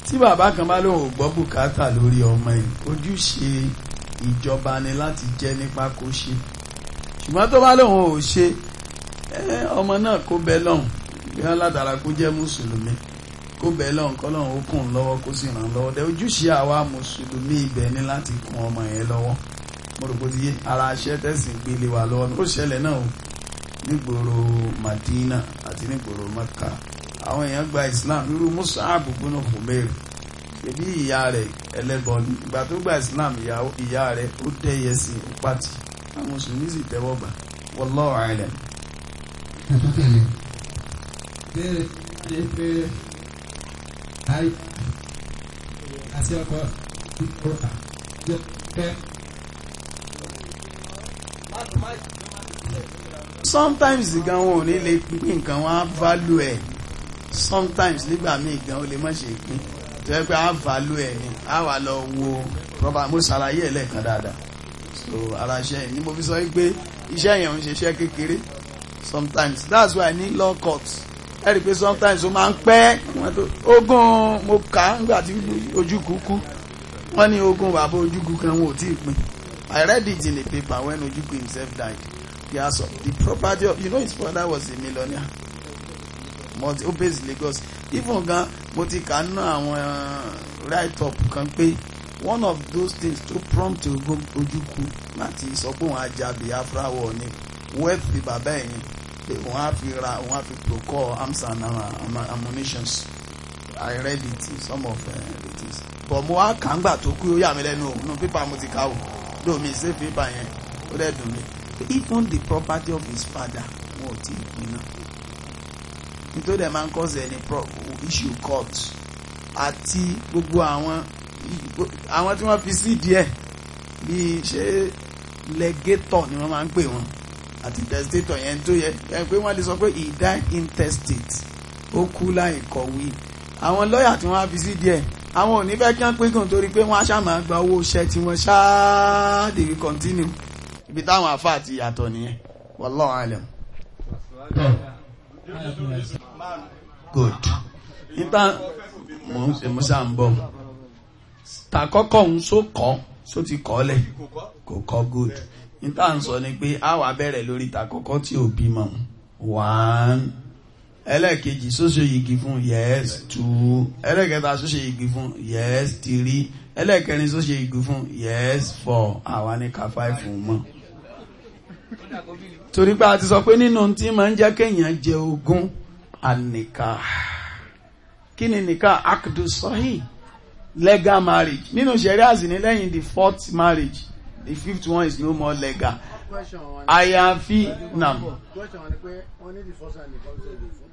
tí bàbá kan bá lóun ò gbọ́ bùkátà lórí ọmọ ẹ̀ ojúṣe ìjọba ni láti jẹ́ nípa kó ṣe ṣùgbọ́n tó bá lóun ò ṣe ọmọ náà kó bẹ lọ́hùn bí wọ́n ládàra kó jẹ́ mùsùlùmí kó bẹ lọ́hùn kọ́ lọ́hùn ó kùn lọ́wọ́ kó sì ràn lọ́wọ́ dẹ ojúṣe àwa mùsùlùmí ibẹ̀ ni láti kún ọmọ yẹn lọ́wọ́ mo rò pé ti yé ara aṣẹ́ tẹ̀sìn gbélé wa lọ́wọ́ ó ṣẹlẹ̀ náà nígboro Madina àti nígboro Maka. àwọn èèyàn gba islam irú musaabu gbóná fòmẹ́rì ṣèbí ìyá rẹ̀ ẹlẹ́bọ ìgbà tó gba islam ìyá rẹ̀ ó tẹ́yẹ sí pàtì àwọn mùsùlùmí sì tẹ́wọ́ gbà sometimes gan ò ní lè pín nǹkan wọn á value ẹ̀. sometimes nígbà míì gan o lè mọ́ ṣe ìpín tó yẹ pé a value ẹ̀ ni a wà lọ wo proper mo ṣàlàyé ẹ̀ lẹ́ẹ̀kan dáadáa so ara iṣẹ́ yẹn ni mo fi sọ pé iṣẹ́ yẹn ń ṣiṣẹ́ kékeré sometimes that's why i need long cut ẹ rí i pé sometimes ó máa ń pẹ́ ogun mo kà á nígbà tí ojúkú kú wọ́n ní ogun bàbá ojúkú kan wọn ò tí ì pin i read it in a paper when ojúkú himself died he has the property of you know his father was a millionaire but ó base Lagos even gan mo ti kà ná àwọn uh, write up kan pé one of those things to prompt Ojukwu láti sọ pé òun á jà Biafra war ni wealth bàbá ẹ̀yìn pé òun á fi ra òun á fi procure arms and uh, ammunitions I read it some of uh, the things but mo wá kà ń gbà tó kú ó yà mí lẹ́nu òun pépà mo ti kà ó lómi ṣé pépà yẹn ó dẹ̀ dùn mí even the property of his father wọn ò tí ì pinna nítorí ẹ̀ máa ń cause any issue court àti gbogbo àwọn àwọn tí wọ́n fi sí díẹ̀ bíi ṣé legator ni wọ́n máa ń pè wọ́n àti testator yẹn tó yẹ ẹ pé wọ́n lè sọ pé he died intestate ó kú láì kọ̀wé àwọn lọ́ọ̀yà tí wọ́n á fi sí díẹ̀ àwọn ò ní fẹ́ kí wọ́n pé kàn torí pé wọ́n á ṣàmà gba owó iṣẹ́ tí wọ́n ṣáá dè continue ibi táwọn àfáà ti yàtọ̀ nìyẹn wallahu alam good níta mò ń ṣe musa ń bọ̀ tàkọ́kọ́ ń so kọ́ so ti kọ́ lẹ̀ kò kọ́ good níta ń sọ ni pé a wà bẹ̀rẹ̀ lórí tàkọ́kọ́ tí ò bímọ one ẹlẹ́ẹ̀kejì sóṣe igi fún yes two ẹlẹ́ẹ̀kẹta sóṣe igi fún yes three ẹlẹ́ẹ̀kẹrin sóṣe igi fún yes four àwa ní ka five mọ́ torí pé a ti sọ pé nínú tí máa ń jẹ́ kéèyàn jẹ ogún anika kí ni nika akdu sahih legal marriage nínú sharia sì lẹ́yìn the fourth marriage the fifth one is no more legal àyàfi nam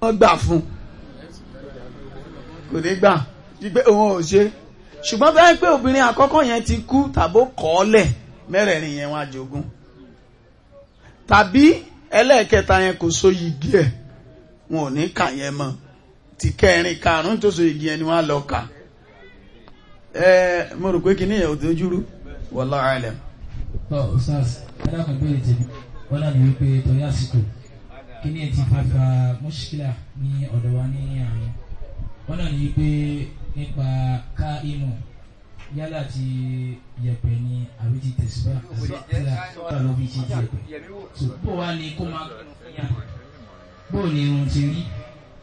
wọ́n gbà fún kò ní gbà wípé òun ò ṣe ṣùgbọ́n bẹ́ẹ̀ pé obìnrin àkọ́kọ́ yẹn ti kú tàbó kọ́ọ́lẹ̀ mẹ́rẹ̀ẹ̀rin yẹn wá jogún tàbí ẹlẹ́ẹ̀kẹta yẹn kò so yìí díẹ̀ wọn ò ní kà yẹn mọ́ ti kẹrin karùn tó so igi yẹn ni wọ́n á lọ kà ẹ mo rò pé kíní yẹn ò dojú rú wallahu alam. ọ sars adákan bẹ́ẹ̀ tèmi wọn náà wípé torí àsìkò kíní ẹ̀ ti fàfà mọ́ṣíkìlà ní ọ̀dọ̀ wa ní àárín wọn náà ní wípé nípa ká ìmọ̀ yálà ti yẹ̀pẹ̀ ni àbí ti tẹ̀síwá àti tíra lọ́wọ́ bí ti yẹ̀pẹ̀ tó bó wa ni kó máa bóò ni irun ti rí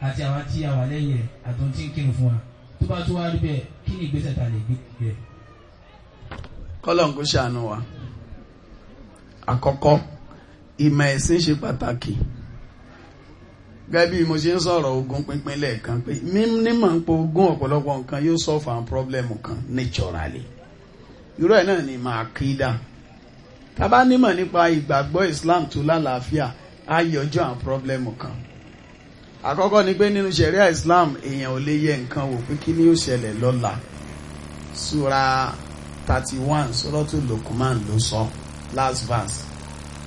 àti àwọn tí a wà lẹ́yìn rẹ̀ àtọ́n tí ń kírun fún wa tó bá tó wá rí bẹ́ẹ̀ kí ni ìgbésẹ̀ ta lè gbé rẹ̀. kọ́lọ̀n ṣàánú wa àkọ́kọ́ ìmọ̀ ẹ̀sìn ṣe pàtàkì gẹ́gẹ́ bí mo ṣe ń sọ̀rọ̀ ogún pínpín lẹ́ẹ̀kan pé mímọ̀ ń po ogún ọ̀pọ̀lọpọ̀ nǹkan yóò solve àwọn pírọ́blẹ́mù kan naturally irú ẹ̀ náà ni màá kí dá tá a bá nímọ̀ nípa ìgbàgbọ́ Islam tó lálàáfíà á yọjú àwọn pírọ́blẹ́mù kan àkọ́kọ́ ni pé nínú sẹ̀ríà Islam èèyàn ò lè yẹ nǹkan wò pé kí ni ó ṣẹlẹ̀ lọ́la sura thirty one sọ́lọ́tù Luqman ló sọ last verse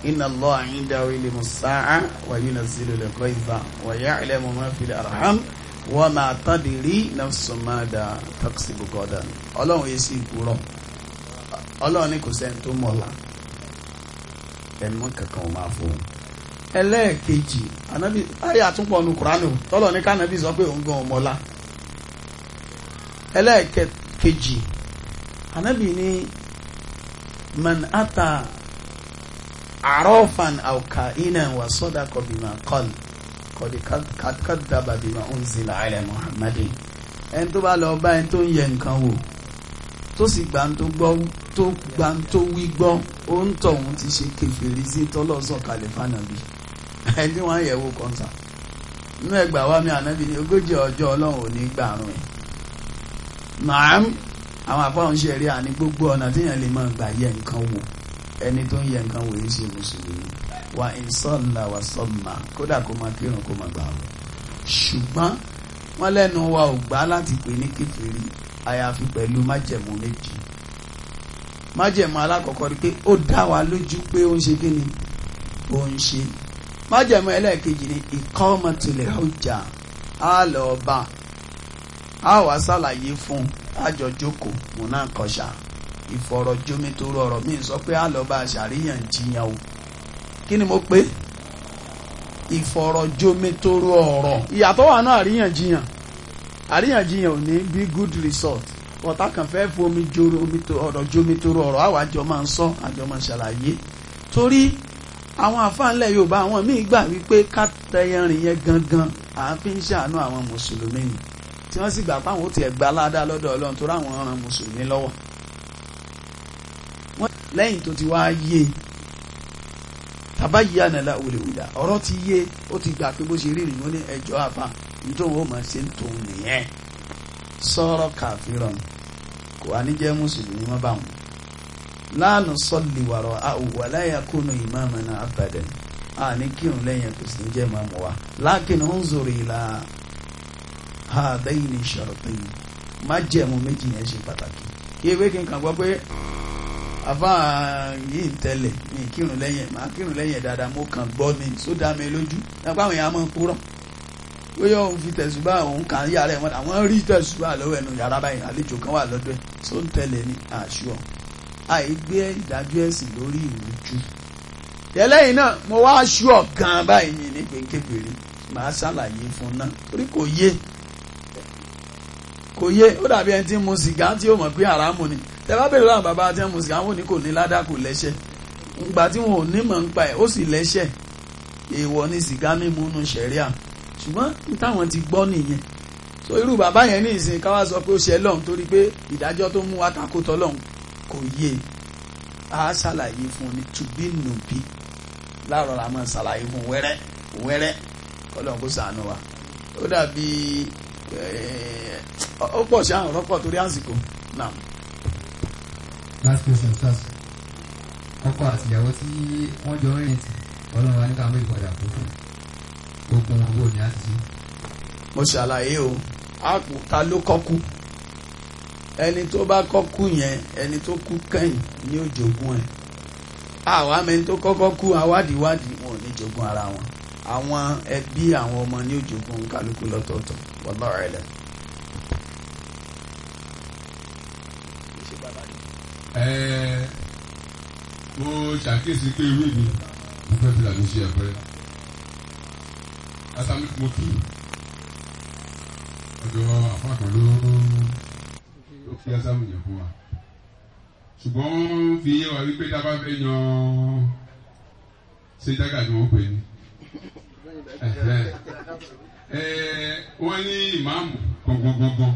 inna Allaha indahu ilmu sa'a wa yunazzilu al-ghaytha wa ya'lamu ma fil arham wa ma tadri nafsun madha taksibu gadan ọlọ́run yìí sì gbúrọ̀ ọlọ́run ní kò sẹ́ni tó mọ̀ọ́lá ẹnu kankan máa fún un ẹlẹ́ẹ̀kejì ànábì ayé àtúnpọ̀ ọ̀nù kùránù tọ́lọ̀ ní kánábì sọ pé òun gan ọmọlá ẹlẹ́ẹ̀kejì ànábì ní man ata arọ́fan àwùkà iná wà sọ́dà kọ̀bìmà kọ́lù kọ̀dì kàdàbà bìmà unzila ala muhammadin ẹni tó bá lọ bá ẹni tó ń yẹ nǹkan wò tó sì gbà ń tó gbọ́ tó gbà ń tó wí gbọ́ ó ń tọ̀hún ti ṣe kẹfìrí sí tọ́lọ́sọ̀ kalẹ̀ fánàbí ẹni tí wọ́n yẹ̀wò kọ́ńtà inú ẹgbàá wa mi ànábì ní ogójì ọjọ́ ọlọ́run ò ní gbà àrùn ẹ̀ màám àwọn àfáwọn ṣe rí àní gbogbo ọ̀nà tí yẹn lè máa gbà yẹ nǹkan wò ẹni tó ń yẹ nǹkan wò yìí ṣe mùsùlùmí wà ìsọ̀là wà sọ̀mà kódà kó máa kírun kó máa gbà wọ̀ ṣùgbọ́n wọ́n lẹ́nu wa ò gbà láti pè ní kékeré àyàfi pẹ̀lú májẹ̀mú méjì májẹ̀mú alákọ̀ọ́kọ́ ni pé ó dá wa lójú pé ó ń ṣe kí ni ó ń ṣe májẹ̀mú ẹlẹ́ẹ̀kejì ni ìkọ́mọtòlẹ̀ ọjà á lọ bá a wá ṣàlàyé fún àjọ jókòó múná kọṣà ìfọ̀rọ̀jomi tó rọrọ̀ mi sọ pé á lọ bá àṣàríyànjiyàn o kí ni mo pé ìfọ̀rọ̀jomi tó ìyàtọ̀ wà náà àríyànjiyàn àríyànjiyàn ò ní bí good result ọ̀tá kan fẹ́ fomi joro omi tó ọ̀rọ̀ jomi tó rọrọ̀ àwàjọ máa ń sọ àjọ máa ṣàlàyé torí àwọn àfáànlẹ̀ yorùbá àwọn míì gbà wípé ká tẹyẹrin yẹn gangan à ń fi ń ṣàánú àwọn mùsùlùmí ni tí wọ́n sì gbà páwọn ó tiẹ̀ gba aládàá lọ́dọ̀ ọlọ́run tó ráwọn ọ̀ràn mùsùlùmí lọ́wọ́ wọ́n lẹ́yìn tó ti wá yé tàbá yìí ànàlà òlèwìdà ọ̀rọ̀ ti yé ó ti gbà pé bó ṣe rí ìrìnnú ní ẹjọ́ àfà nítorí ó máa ṣe ń tòun nìyẹn sọ̀rọ̀ kàfíràn kò wá ní jẹ́ mùsùlùmí mọ́ báwọn la nusalli wara'ahu wa la yakunu imamana abadan a ní kírun lẹ́yìn kò sí jẹ́ màmú wa lakin unzur ila hadaini shartain májẹ̀mú méjì yẹn ṣe pàtàkì kí ewé kí n kàn gbọ́ pé àfa yìí ń tẹ́lẹ̀ ní kírun lẹ́yìn máa kírun lẹ́yìn dáadáa mo kàn gbọ́ ni sódà mi lójú nípa àwọn èèyàn máa ń kúrọ̀ bóyá òun fi tẹ̀sùbá òun kàn yàrá ẹ̀ wọ́n àwọn rí tẹ̀sùbá lọ́wọ́ ẹnu yàrá báyìí àlejò kan wà lọ́dọ̀ ẹ̀ tó ń tẹ̀lé ní àṣù ọ̀hún àìgbé ìdájọ́ ẹ̀sìn lórí ìrújú tẹ́lẹ̀yìn náà mo wá aṣọ ọ̀kan báyìí ní ní pèkébèrè màá ṣàlàyé fún náà torí kò yé kò yé ó dàbí ẹni tí ń mu sìgá tí ó mọ̀ pé àràmù ni tẹ́lá bèrè láwọn bàbá tí ń mu sìgá wọn ni kò ní ládàá kò lẹ́ṣẹ̀ ìgbà tí wọn ò ní mọ̀ ń ẹ̀ ó sì lẹ́ṣẹ̀ èèwọ̀ ni sìgá mímu nu ṣẹ̀ríà ṣùgbọ́n táwọn ti gbọ́ nìyẹn so irú bàbá yẹn ní ìsìn káwá sọ pé ó ṣe lọ́hùn torí pé ìdájọ́ tó mú wa takò tọ́lọ́hùn kò yé a ṣàlàyé fún un ní tùbí nùbí láàárọ̀ la máa ṣàlàyé fún wẹ́rẹ́ wẹ́rẹ́ kọ́lọ̀ kó sànù wa ó dàbí eh, ó pọ̀ sí àwọn ọ̀rọ̀pọ̀ torí àsìkò náà. last question sars ọkọ àtìyàwó tí wọ́n jọ rìn tì ọlọ́run wa ní ká mú ìpadà gbogbo wọn wò ní àtìyí. mo ṣàlàyé o ta ló kọ́kú ẹni tó bá kọ́kú yẹn ẹni tó kú kẹ́yìn ní ó jogún ẹ̀ àwa mẹni tó kọ́kọ́ kú awádìíwádìí wọn ò ní jogún ara wọn àwọn ẹbí àwọn ọmọ ní ó jogún kálukú lọ́tọ̀ọ̀tọ̀ wallahu a'lam. ẹ̀ẹ́ mo ṣàkíyèsí pé irú ìlú mo fẹ́ fi làmì ṣe ẹ̀fẹ́ asamikumoti ọ̀dọ̀ àfọ̀àkànló ó fi asámù yàn fún wa ṣùgbọ́n fi yé wa wípé tá fẹ́ yan ṣé ni wọ́n pè ní wọ́n ní ìmáàmù gbọ̀ngbọ̀ngbọ̀ngbọ̀n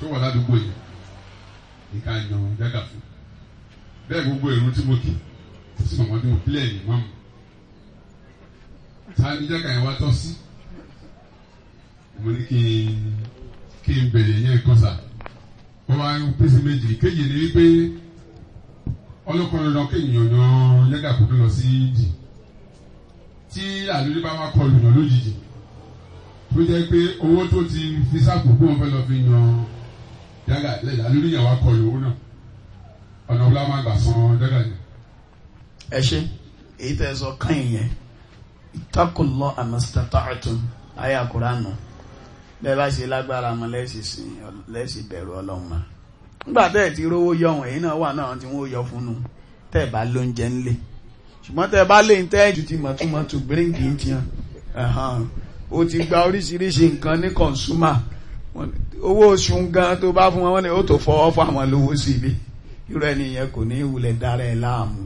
tó wà ládùúgbò yìí nǹkan yan jágà fún bẹ́ẹ̀ gbogbo èrò tí mo kì kò sí màmá tí mo pílẹ̀ ní ìmáàmù ta ni jágà yẹn wá tọ́ sí mo ní kí n bẹ̀rẹ̀ yẹn kọ́sà ó wá ń pín sí méjì kéjì ni wípé ọlọ́kan dandan kéèyàn yan lẹ́gà kó tó lọ sí jì tí àlórí bá wá kọlù yàn lójijì tó jẹ́ pé owó tó ti fi sáàpò kó wọn fẹ́ lọ fi yan lẹ́gà lẹ́gà àlórí yàn wá kọlù owó náà ọ̀nà wo la máa gbà san lẹ́gà yẹn. ẹ ṣe èyí tẹ́ ẹ sọ kàn yẹn ìtakùn lọ àmọ́ sítátà àtún ayé àkùrá náà bẹ́ẹ̀ bá ṣe lágbára mọ́ lẹ́sì sìn lẹ́sì bẹ̀rù ọlọ́run mọ́ nígbà tẹ́ ẹ̀ ti rówó yọ̀hún èyí náà wà náà tí wọ́n yọ fún un tẹ́ ẹ̀ bá lóúnjẹ ńlẹ̀ ṣùgbọ́n tẹ́ ẹ bá lè ń tẹ́ ẹ̀jù ti mọ̀túmọ̀tù bíríǹkì ń tiyan o ti gba oríṣiríṣi nǹkan ní kọ̀nsúmà owó oṣù gan tó bá fún wọn wọ́n ní ó tó fọwọ́ fún àwọn lówó sí ibi irú ẹni yẹn kò ní ìwúlẹ̀ dára ẹ̀ láàmú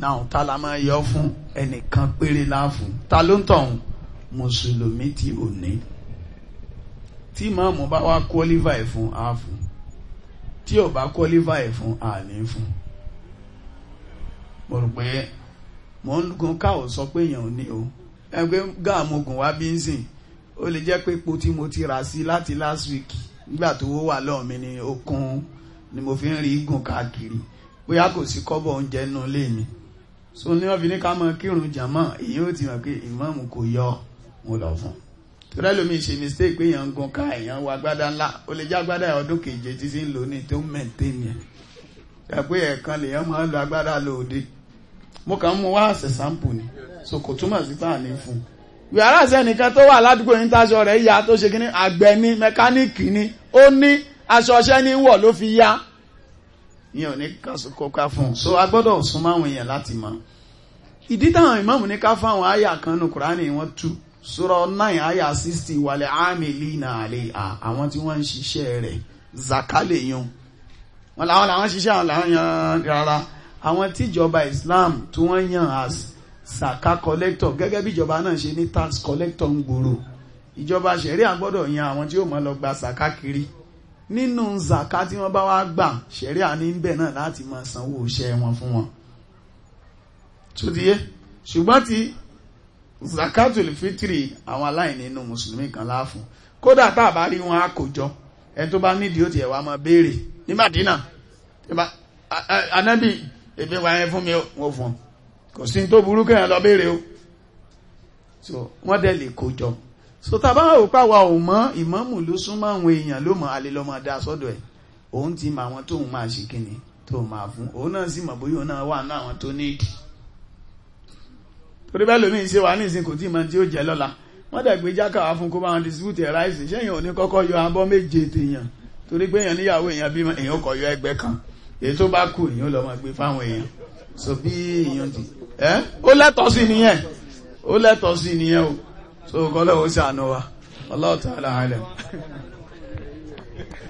náà ta la máa yọ fún ẹnìkan péré láàfún ta ló ń tọ̀hún mùsùlùmí tí ò ní tí màmú bá wá qualify fún á fún tí ò bá qualify fún á ní fún mo rò pé mo ń gun ká ò sọ pé èèyàn ò ní o ẹgbẹ́ gáàmù gùn wá bí ń sìn ó lè jẹ́ pé epo tí mo ti rà sí láti last week nígbà tó wó wà lọ́ọ̀ mi ni okun ni mo fi ń rí gùn káàkiri bóyá kò sí kọ́bọ̀ oúnjẹ nù lé mi so ní wọ́n fi ní ká mọ kírun jàmọ́ èyí ó ti mọ̀ pé ìmáàmù kò yọ mo lọ fún un torí ẹlòmíì ṣe mistake pé èèyàn ń gun ká èèyàn wọ agbádá ńlá ó lè jẹ́ agbádá ọdún keje tí sí ń lò ní tó ń maintain yẹn ẹ̀pẹ́ ẹ̀kan lèèyàn máa ń lo agbádá lóde mo kàn ń mu wá àṣẹ sample ni so kò túmọ̀ sí fáà fún un yàrá ìsẹ́nìkan tó wà ládùúgbò yín táṣọ rẹ̀ ya tó ṣe kíní àgbẹ̀ ni mẹkáníìkì ni ó ní aṣọ ọṣẹ́ ní wọ̀ ló fi yá ìyẹn ò ní kọ́ka fún un so a gbọ́dọ̀ súnmọ́ àwọn èèyàn láti mọ̀ ìdí táwọn ìmáàmù ní ká fáwọn àyà kan nù kúránì wọn tú Surah 9 àyà 60 wàlẹ̀ àmìlínà àlẹ́ àwọn tí wọ́n ń ṣiṣẹ́ rẹ̀ zakale yun wọ́n làwọn làwọn ṣiṣẹ́ àwọn làwọn yan rárá àwọn tíjọba Islam tí wọ́n yan as saka collector gẹ́gẹ́ bí ìjọba náà ṣe ní tax collector ń gbòòrò ìjọba ṣẹ̀ríà gbọ́dọ̀ yan àwọn tí ó máa lọ gba saka kiri nínú zaka tí wọ́n bá wá gbà ṣẹ̀ríà ní ń bẹ̀ náà láti máa sanwó iṣẹ́ wọn fún wọn. ṣùgbọ́n ti zakatul fitri àwọn aláìní inú mùsùlùmí kan láàfún kódà tá a bá rí wọn àkójọ ẹni tó bá nídìí ó tiẹ̀ wá máa béèrè ní Madina anábì èmi wà yẹn fún mi wọ́n fún ọ kò sí tó burú kéèyàn lọ béèrè o so wọ́n dẹ̀ lè kójọ so tá a bá wò pa wa ò mọ ìmámù ló súnmọ́ àwọn èèyàn ló mọ alẹ́ lọ́mọ dá sọ́dọ̀ ẹ̀ òun ti mọ àwọn tóun máa ṣe kíni tóun máa fún òun náà sì mọ̀ bóyá òun náà wà ní àwọn tó ní ìdí torí bẹ́ẹ̀ lómi ṣe wà ní ìsìn kò tí ì mọ tí ó jẹ́ lọ́la wọ́n dẹ̀ gbé jákà wá fún kó bá wọn distribute ẹ̀ ráìsì ṣẹ́yìn òní kọ́kọ́ yọ abọ́ méje tèèyàn torí pé èèyàn níyàwó èèyàn bímọ èèyàn kọ̀ yọ ẹgbẹ́ kan èyí tó bá kù èèyàn lọ́mọ gbé fáwọn èèyàn so bí èèyàn ti ẹ́ ó lẹ́tọ̀ọ́ sí nìyẹn ó lẹ́tọ̀ọ́ sí nìyẹn o so kọ́lọ́wọ́ ṣàánú wa Allah ta'ala alam.